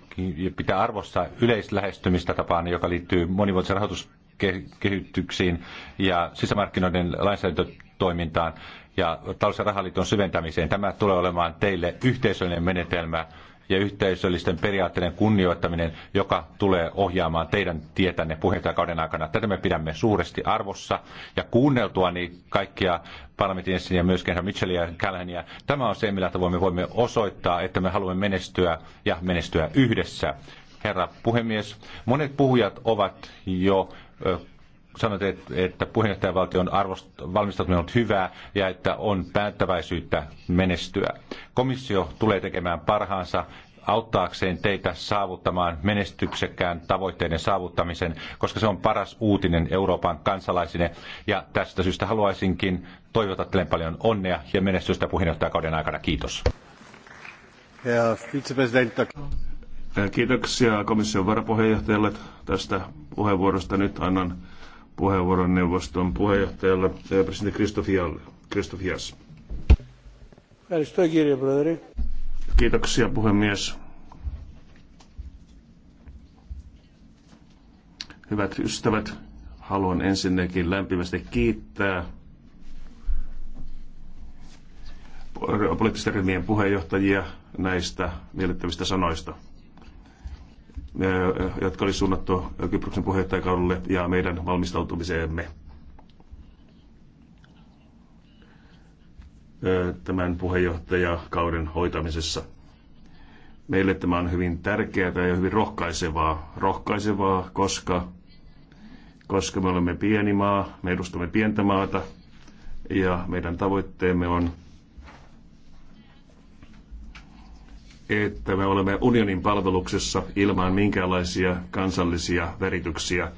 pitää arvossa yleislähestymistä tapaan, joka liittyy monivuotisen rahoituskehityksiin ja sisämarkkinoiden lainsäädäntötoimintaan ja talous- ja rahaliiton syventämiseen. Tämä tulee olemaan teille yhteisöllinen menetelmä ja yhteisöllisten periaatteiden kunnioittaminen, joka tulee ohjaamaan teidän tietänne puheenjohtajakauden aikana. Tätä me pidämme suuresti arvossa ja kuunneltuani kaikkia parlamentin ja myöskin herra Mitchellia ja Callahania. Tämä on se, millä tavoin me voimme osoittaa, että me haluamme menestyä ja menestyä yhdessä. Herra puhemies, monet puhujat ovat jo Sanoit, että puheenjohtajavaltion arvost, valmistautuminen on hyvää ja että on päättäväisyyttä menestyä. Komissio tulee tekemään parhaansa auttaakseen teitä saavuttamaan menestyksekkään tavoitteiden saavuttamisen, koska se on paras uutinen Euroopan kansalaisille. Ja tästä syystä haluaisinkin toivota teille paljon onnea ja menestystä puheenjohtajakauden aikana. Kiitos. Kiitoksia komission varapuheenjohtajalle tästä puheenvuorosta. Nyt annan puheenvuoron neuvoston puheenjohtajalle, eh, presidentti Kristofialle. Kristofias. Kiitoksia puhemies. Hyvät ystävät, haluan ensinnäkin lämpimästi kiittää poliittisten ryhmien puheenjohtajia näistä miellyttävistä sanoista jotka oli suunnattu Kyproksen puheenjohtajakaudelle ja meidän valmistautumiseemme. tämän puheenjohtajakauden hoitamisessa. Meille tämä on hyvin tärkeää ja hyvin rohkaisevaa, rohkaisevaa koska, koska me olemme pieni maa, me edustamme pientä maata ja meidän tavoitteemme on että me olemme unionin palveluksessa ilman minkäänlaisia kansallisia värityksiä.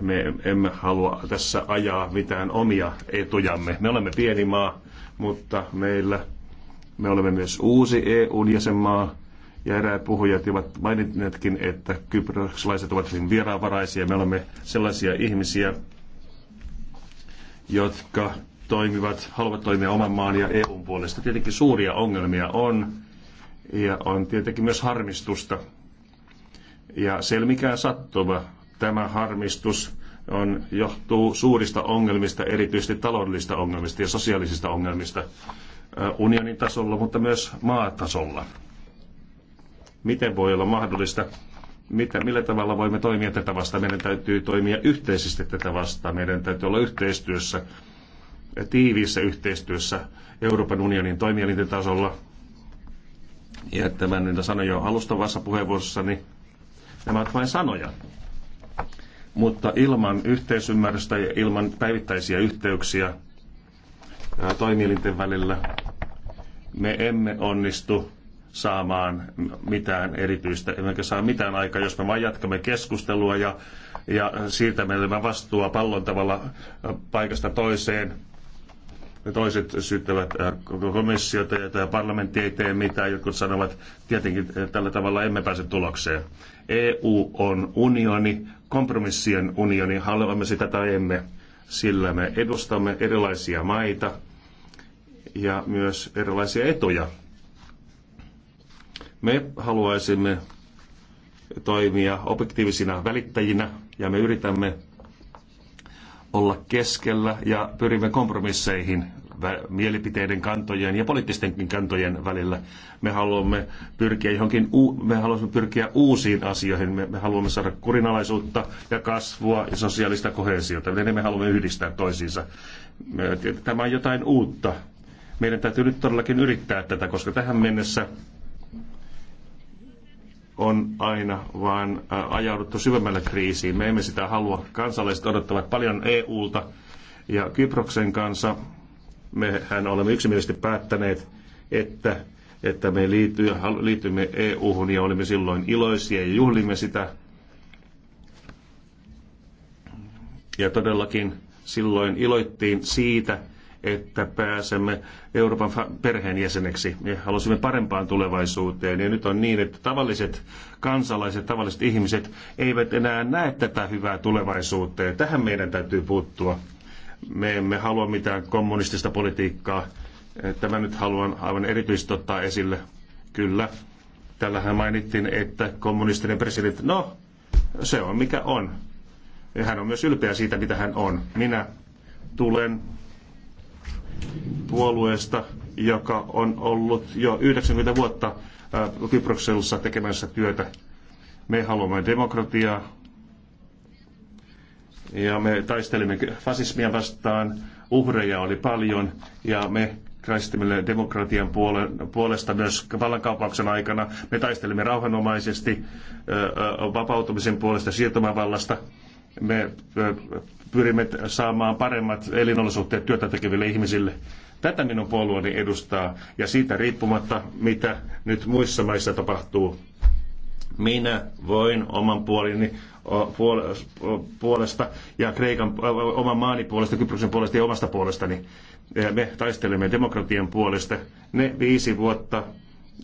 Me emme halua tässä ajaa mitään omia etujamme. Me olemme pieni maa, mutta meillä, me olemme myös uusi eu jäsenmaa. Ja eräät puhujat ovat mainitneetkin, että kyproslaiset ovat hyvin vieraanvaraisia. Me olemme sellaisia ihmisiä, jotka toimivat, haluavat toimia oman maan ja EUn puolesta. Tietenkin suuria ongelmia on ja on tietenkin myös harmistusta. Ja se ei mikään sattuma. Tämä harmistus on, johtuu suurista ongelmista, erityisesti taloudellisista ongelmista ja sosiaalisista ongelmista unionin tasolla, mutta myös maatasolla. Miten voi olla mahdollista, mitä, millä tavalla voimme toimia tätä vastaan? Meidän täytyy toimia yhteisesti tätä vastaan. Meidän täytyy olla yhteistyössä, tiiviissä yhteistyössä Euroopan unionin toimielinten tasolla, ja mä niitä sanoin jo alustavassa puheenvuorossani, nämä ovat vain sanoja. Mutta ilman yhteisymmärrystä ja ilman päivittäisiä yhteyksiä toimielinten välillä me emme onnistu saamaan mitään erityistä, emmekä saa mitään aikaa, jos me vain jatkamme keskustelua ja, ja siirtämme vastuua pallon tavalla paikasta toiseen Toiset syyttävät äh, komissiota ja tämä parlamentti ei tee mitään. Jotkut sanovat, tietenkin äh, tällä tavalla emme pääse tulokseen. EU on unioni, kompromissien unioni, haluamme sitä tai emme. Sillä me edustamme erilaisia maita ja myös erilaisia etuja. Me haluaisimme toimia objektiivisina välittäjinä ja me yritämme olla keskellä ja pyrimme kompromisseihin mielipiteiden kantojen ja poliittistenkin kantojen välillä. Me haluamme pyrkiä johonkin, me haluamme pyrkiä uusiin asioihin. Me, me haluamme saada kurinalaisuutta ja kasvua ja sosiaalista kohesiota. Ne me haluamme yhdistää toisiinsa. Tämä on jotain uutta. Meidän täytyy nyt todellakin yrittää tätä, koska tähän mennessä on aina vaan äh, ajauduttu syvemmälle kriisiin. Me emme sitä halua. Kansalaiset odottavat paljon EUlta ja Kyproksen kanssa mehän olemme yksimielisesti päättäneet, että, että me liityy, liitymme EU-hun ja olimme silloin iloisia ja juhlimme sitä. Ja todellakin silloin iloittiin siitä, että pääsemme Euroopan perheenjäseneksi ja halusimme parempaan tulevaisuuteen. Ja nyt on niin, että tavalliset kansalaiset, tavalliset ihmiset eivät enää näe tätä hyvää tulevaisuutta ja tähän meidän täytyy puuttua. Me emme halua mitään kommunistista politiikkaa. Tämä nyt haluan aivan erityisesti ottaa esille. Kyllä. Tällähän mainittiin, että kommunistinen presidentti, no se on mikä on. Ja hän on myös ylpeä siitä, mitä hän on. Minä tulen puolueesta, joka on ollut jo 90 vuotta Kyproksella tekemässä työtä. Me haluamme demokratiaa ja me taistelimme fasismia vastaan. Uhreja oli paljon ja me taistelimme demokratian puolesta myös vallankaupauksen aikana. Me taistelimme rauhanomaisesti vapautumisen puolesta siirtomaavallasta. Me pyrimme saamaan paremmat elinolosuhteet työtä tekeville ihmisille. Tätä minun puolueeni edustaa ja siitä riippumatta, mitä nyt muissa maissa tapahtuu. Minä voin oman puolini puolesta ja Kreikan oman maani puolesta, Kyproksen puolesta ja omasta puolestani. Eh, me taistelemme demokratian puolesta. Ne viisi vuotta,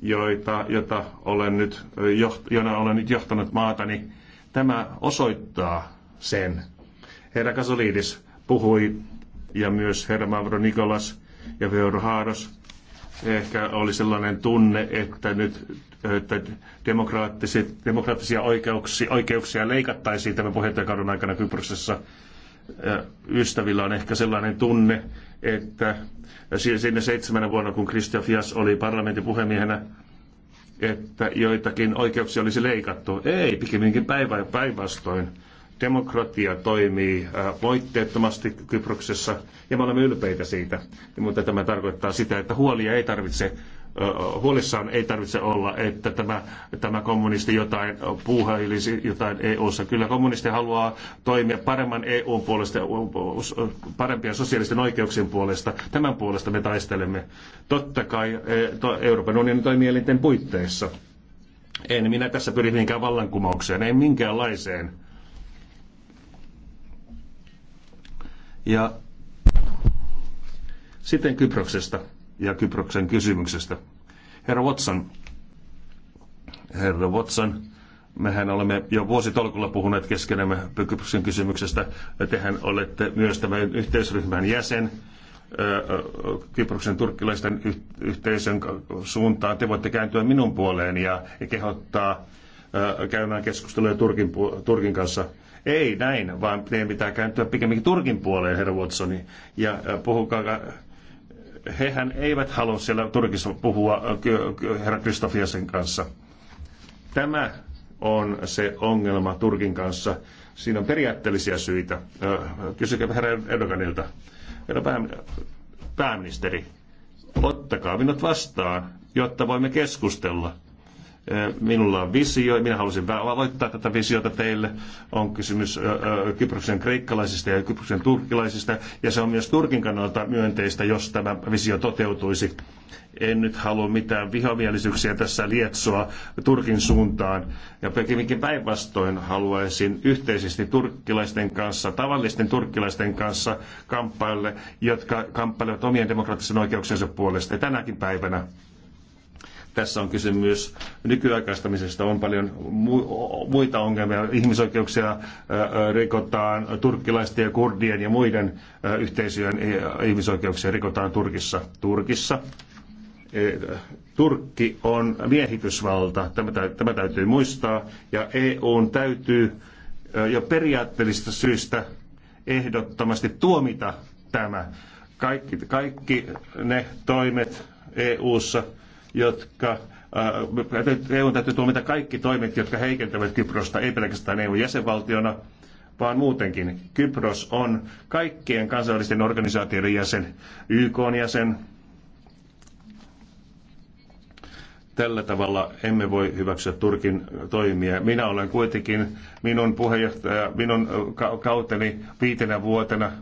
joita, jota olen nyt, eh, jona olen nyt johtanut maatani, tämä osoittaa sen, Herra Kasolidis puhui ja myös herra Mavro Nikolas ja Veoro Haaros. Ehkä oli sellainen tunne, että nyt että demokraattisia oikeuksia, oikeuksia leikattaisiin tämän puheenjohtajakauden aikana Kyproksessa ystävillä on ehkä sellainen tunne, että siinä seitsemänä vuonna, kun Christian Fias oli parlamentin puhemiehenä, että joitakin oikeuksia olisi leikattu. Ei, pikemminkin päinvastoin. Päivä, Demokratia toimii voitteettomasti äh, Kyproksessa ja me olemme ylpeitä siitä, mutta tämä tarkoittaa sitä, että huolia ei tarvitse äh, huolissaan ei tarvitse olla, että tämä, tämä kommunisti jotain puuhailisi jotain EU-ssa. Kyllä kommunisti haluaa toimia paremman EUn puolesta, parempia sosiaalisten oikeuksien puolesta. Tämän puolesta me taistelemme. Totta kai e, Euroopan unionin toimielinten puitteissa. En minä tässä pyri mihinkään vallankumoukseen, ei minkäänlaiseen. Ja sitten Kyproksesta ja Kyproksen kysymyksestä. Herra Watson, herra Watson, mehän olemme jo vuositolkulla puhuneet keskenämme Kyproksen kysymyksestä. Tehän olette myös tämän yhteisryhmän jäsen. Kyproksen turkkilaisten yhteisön suuntaan. Te voitte kääntyä minun puoleen ja kehottaa käymään keskusteluja Turkin, Turkin kanssa ei näin, vaan teidän pitää kääntyä pikemminkin Turkin puoleen, herra Watsoni, ja äh, puhukaa äh, hehän eivät halua siellä Turkissa puhua äh, herra Kristofiasen kanssa. Tämä on se ongelma Turkin kanssa. Siinä on periaatteellisia syitä. Kysykää herra Erdoganilta. Herra pääministeri, ottakaa minut vastaan, jotta voimme keskustella. Minulla on visio ja minä halusin aloittaa tätä visiota teille. On kysymys Kyproksen kreikkalaisista ja Kyproksen turkkilaisista ja se on myös Turkin kannalta myönteistä, jos tämä visio toteutuisi. En nyt halua mitään vihamielisyyksiä tässä lietsoa Turkin suuntaan ja pikemminkin päinvastoin haluaisin yhteisesti turkkilaisten kanssa, tavallisten turkkilaisten kanssa kamppaille, jotka kamppailevat omien demokraattisen oikeuksensa puolesta ja tänäkin päivänä tässä on kysymys nykyaikaistamisesta. On paljon muita ongelmia. Ihmisoikeuksia rikotaan turkkilaisten ja kurdien ja muiden yhteisöjen e, ihmisoikeuksia rikotaan Turkissa. Turkissa e, Turkki on miehitysvalta, tämä, tämä täytyy muistaa, ja EU täytyy jo periaatteellisista syistä ehdottomasti tuomita tämä. Kaikki, kaikki ne toimet EUssa, jotka äh, EU täytyy tuomita kaikki toimet, jotka heikentävät Kyprosta, ei pelkästään EU-jäsenvaltiona, vaan muutenkin. Kypros on kaikkien kansainvälisten organisaatioiden jäsen, YK on jäsen. Tällä tavalla emme voi hyväksyä Turkin toimia. Minä olen kuitenkin minun puheenjohtaja, minun kauteni viitenä vuotena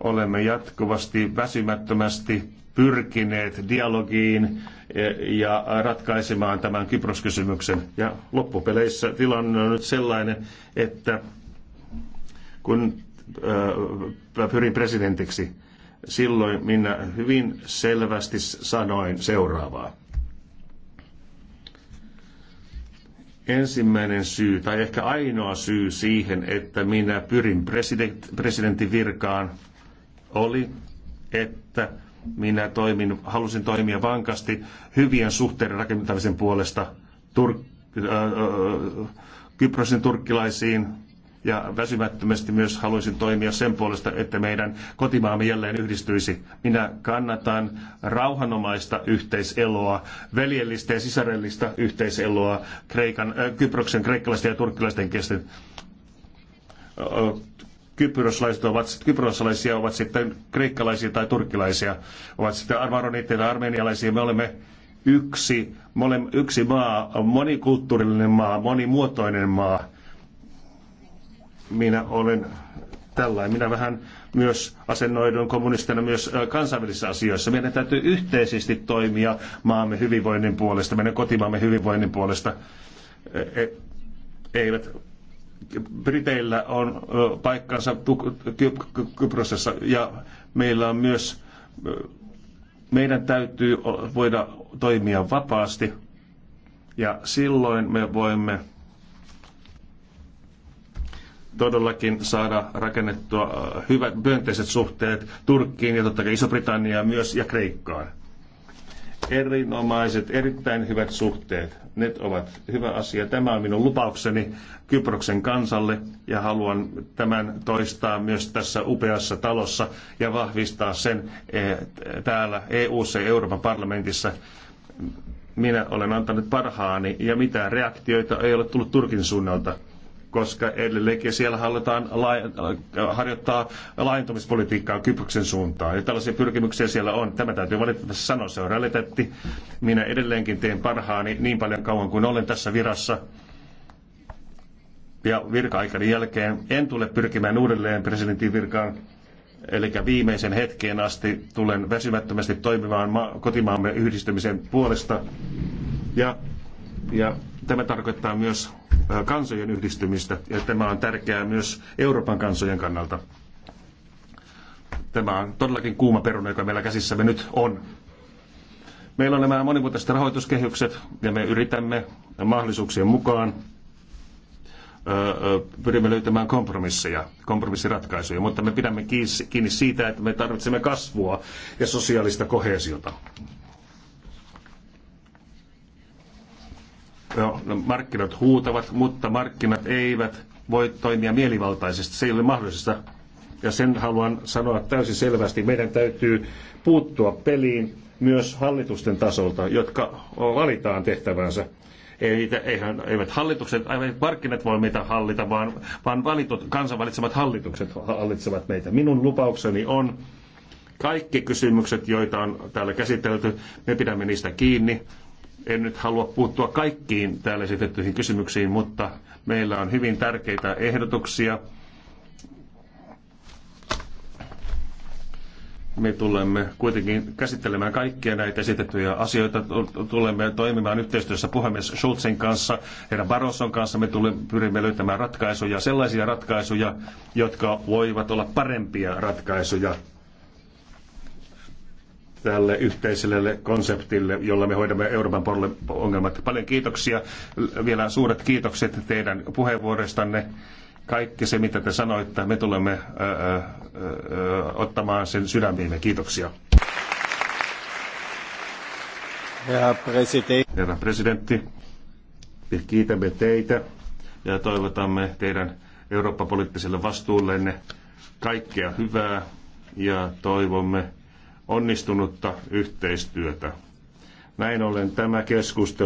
olemme jatkuvasti väsymättömästi pyrkineet dialogiin e, ja ratkaisemaan tämän Kyproskysymyksen. Ja loppupeleissä tilanne on nyt sellainen, että kun e, pyrin presidentiksi, silloin minä hyvin selvästi sanoin seuraavaa. ensimmäinen syy tai ehkä ainoa syy siihen, että minä pyrin president, presidentin virkaan, oli, että minä toimin, halusin toimia vankasti hyvien suhteiden rakentamisen puolesta Tur- äh, äh, Kyprosin turkkilaisiin ja väsymättömästi myös haluaisin toimia sen puolesta, että meidän kotimaamme jälleen yhdistyisi. Minä kannatan rauhanomaista yhteiseloa, veljellistä ja sisarellista yhteiseloa Kreikan, äh, Kyproksen kreikkalaisten ja turkkilaisten kesken kyproslaiset ovat, kyproslaisia ovat sitten kreikkalaisia tai turkkilaisia, ovat sitten armaroniitteja tai armenialaisia. Me olemme yksi, me olemme yksi maa, monikulttuurillinen maa, monimuotoinen maa. Minä olen tällainen. Minä vähän myös asennoidun kommunistina myös kansainvälisissä asioissa. Meidän täytyy yhteisesti toimia maamme hyvinvoinnin puolesta, meidän kotimaamme hyvinvoinnin puolesta. E, e, eivät Briteillä on paikkansa Kyprosessa ja meillä on myös, meidän täytyy voida toimia vapaasti ja silloin me voimme todellakin saada rakennettua hyvät myönteiset suhteet Turkkiin ja totta kai Iso-Britanniaan myös ja Kreikkaan erinomaiset, erittäin hyvät suhteet. Ne ovat hyvä asia. Tämä on minun lupaukseni Kyproksen kansalle ja haluan tämän toistaa myös tässä upeassa talossa ja vahvistaa sen täällä eu ja Euroopan parlamentissa. Minä olen antanut parhaani ja mitään reaktioita ei ole tullut Turkin suunnalta koska edelleenkin siellä halutaan harjoittaa laajentumispolitiikkaa Kyproksen suuntaan. Ja tällaisia pyrkimyksiä siellä on. Tämä täytyy valitettavasti sanoa, se on realiteetti. Minä edelleenkin teen parhaani niin paljon kauan kuin olen tässä virassa ja virka-aikani jälkeen en tule pyrkimään uudelleen presidentin virkaan, eli viimeisen hetkeen asti tulen väsymättömästi toimimaan kotimaamme yhdistymisen puolesta. Ja ja tämä tarkoittaa myös kansojen yhdistymistä, ja tämä on tärkeää myös Euroopan kansojen kannalta. Tämä on todellakin kuuma peruna, joka meillä käsissämme nyt on. Meillä on nämä monimuotoiset rahoituskehykset, ja me yritämme mahdollisuuksien mukaan pyrimme löytämään kompromisseja, kompromissiratkaisuja, mutta me pidämme kiinni siitä, että me tarvitsemme kasvua ja sosiaalista kohesiota. No, markkinat huutavat, mutta markkinat eivät voi toimia mielivaltaisesti. Se ei ole mahdollista. Ja sen haluan sanoa täysin selvästi. Meidän täytyy puuttua peliin myös hallitusten tasolta, jotka valitaan tehtävänsä. Eihän, eivät hallitukset, aivan markkinat voi meitä hallita, vaan, vaan valitut, kansanvalitsemat hallitukset hallitsevat meitä. Minun lupaukseni on kaikki kysymykset, joita on täällä käsitelty, me pidämme niistä kiinni en nyt halua puuttua kaikkiin täällä esitettyihin kysymyksiin, mutta meillä on hyvin tärkeitä ehdotuksia. me tulemme kuitenkin käsittelemään kaikkia näitä esitettyjä asioita. Tulemme toimimaan yhteistyössä puhemies Schulzin kanssa, herra Barroson kanssa. Me tulemme, pyrimme löytämään ratkaisuja, sellaisia ratkaisuja, jotka voivat olla parempia ratkaisuja tälle yhteiselle konseptille, jolla me hoidamme Euroopan ongelmat. Paljon kiitoksia, vielä suuret kiitokset teidän puheenvuorostanne. Kaikki se, mitä te sanoitte, me tulemme ää, ää, ottamaan sen sydämiimme. Kiitoksia. Herra presidentti. Herra presidentti, me kiitämme teitä ja toivotamme teidän Eurooppa-poliittiselle vastuullenne kaikkea hyvää ja toivomme, onnistunutta yhteistyötä. Näin ollen tämä keskustelu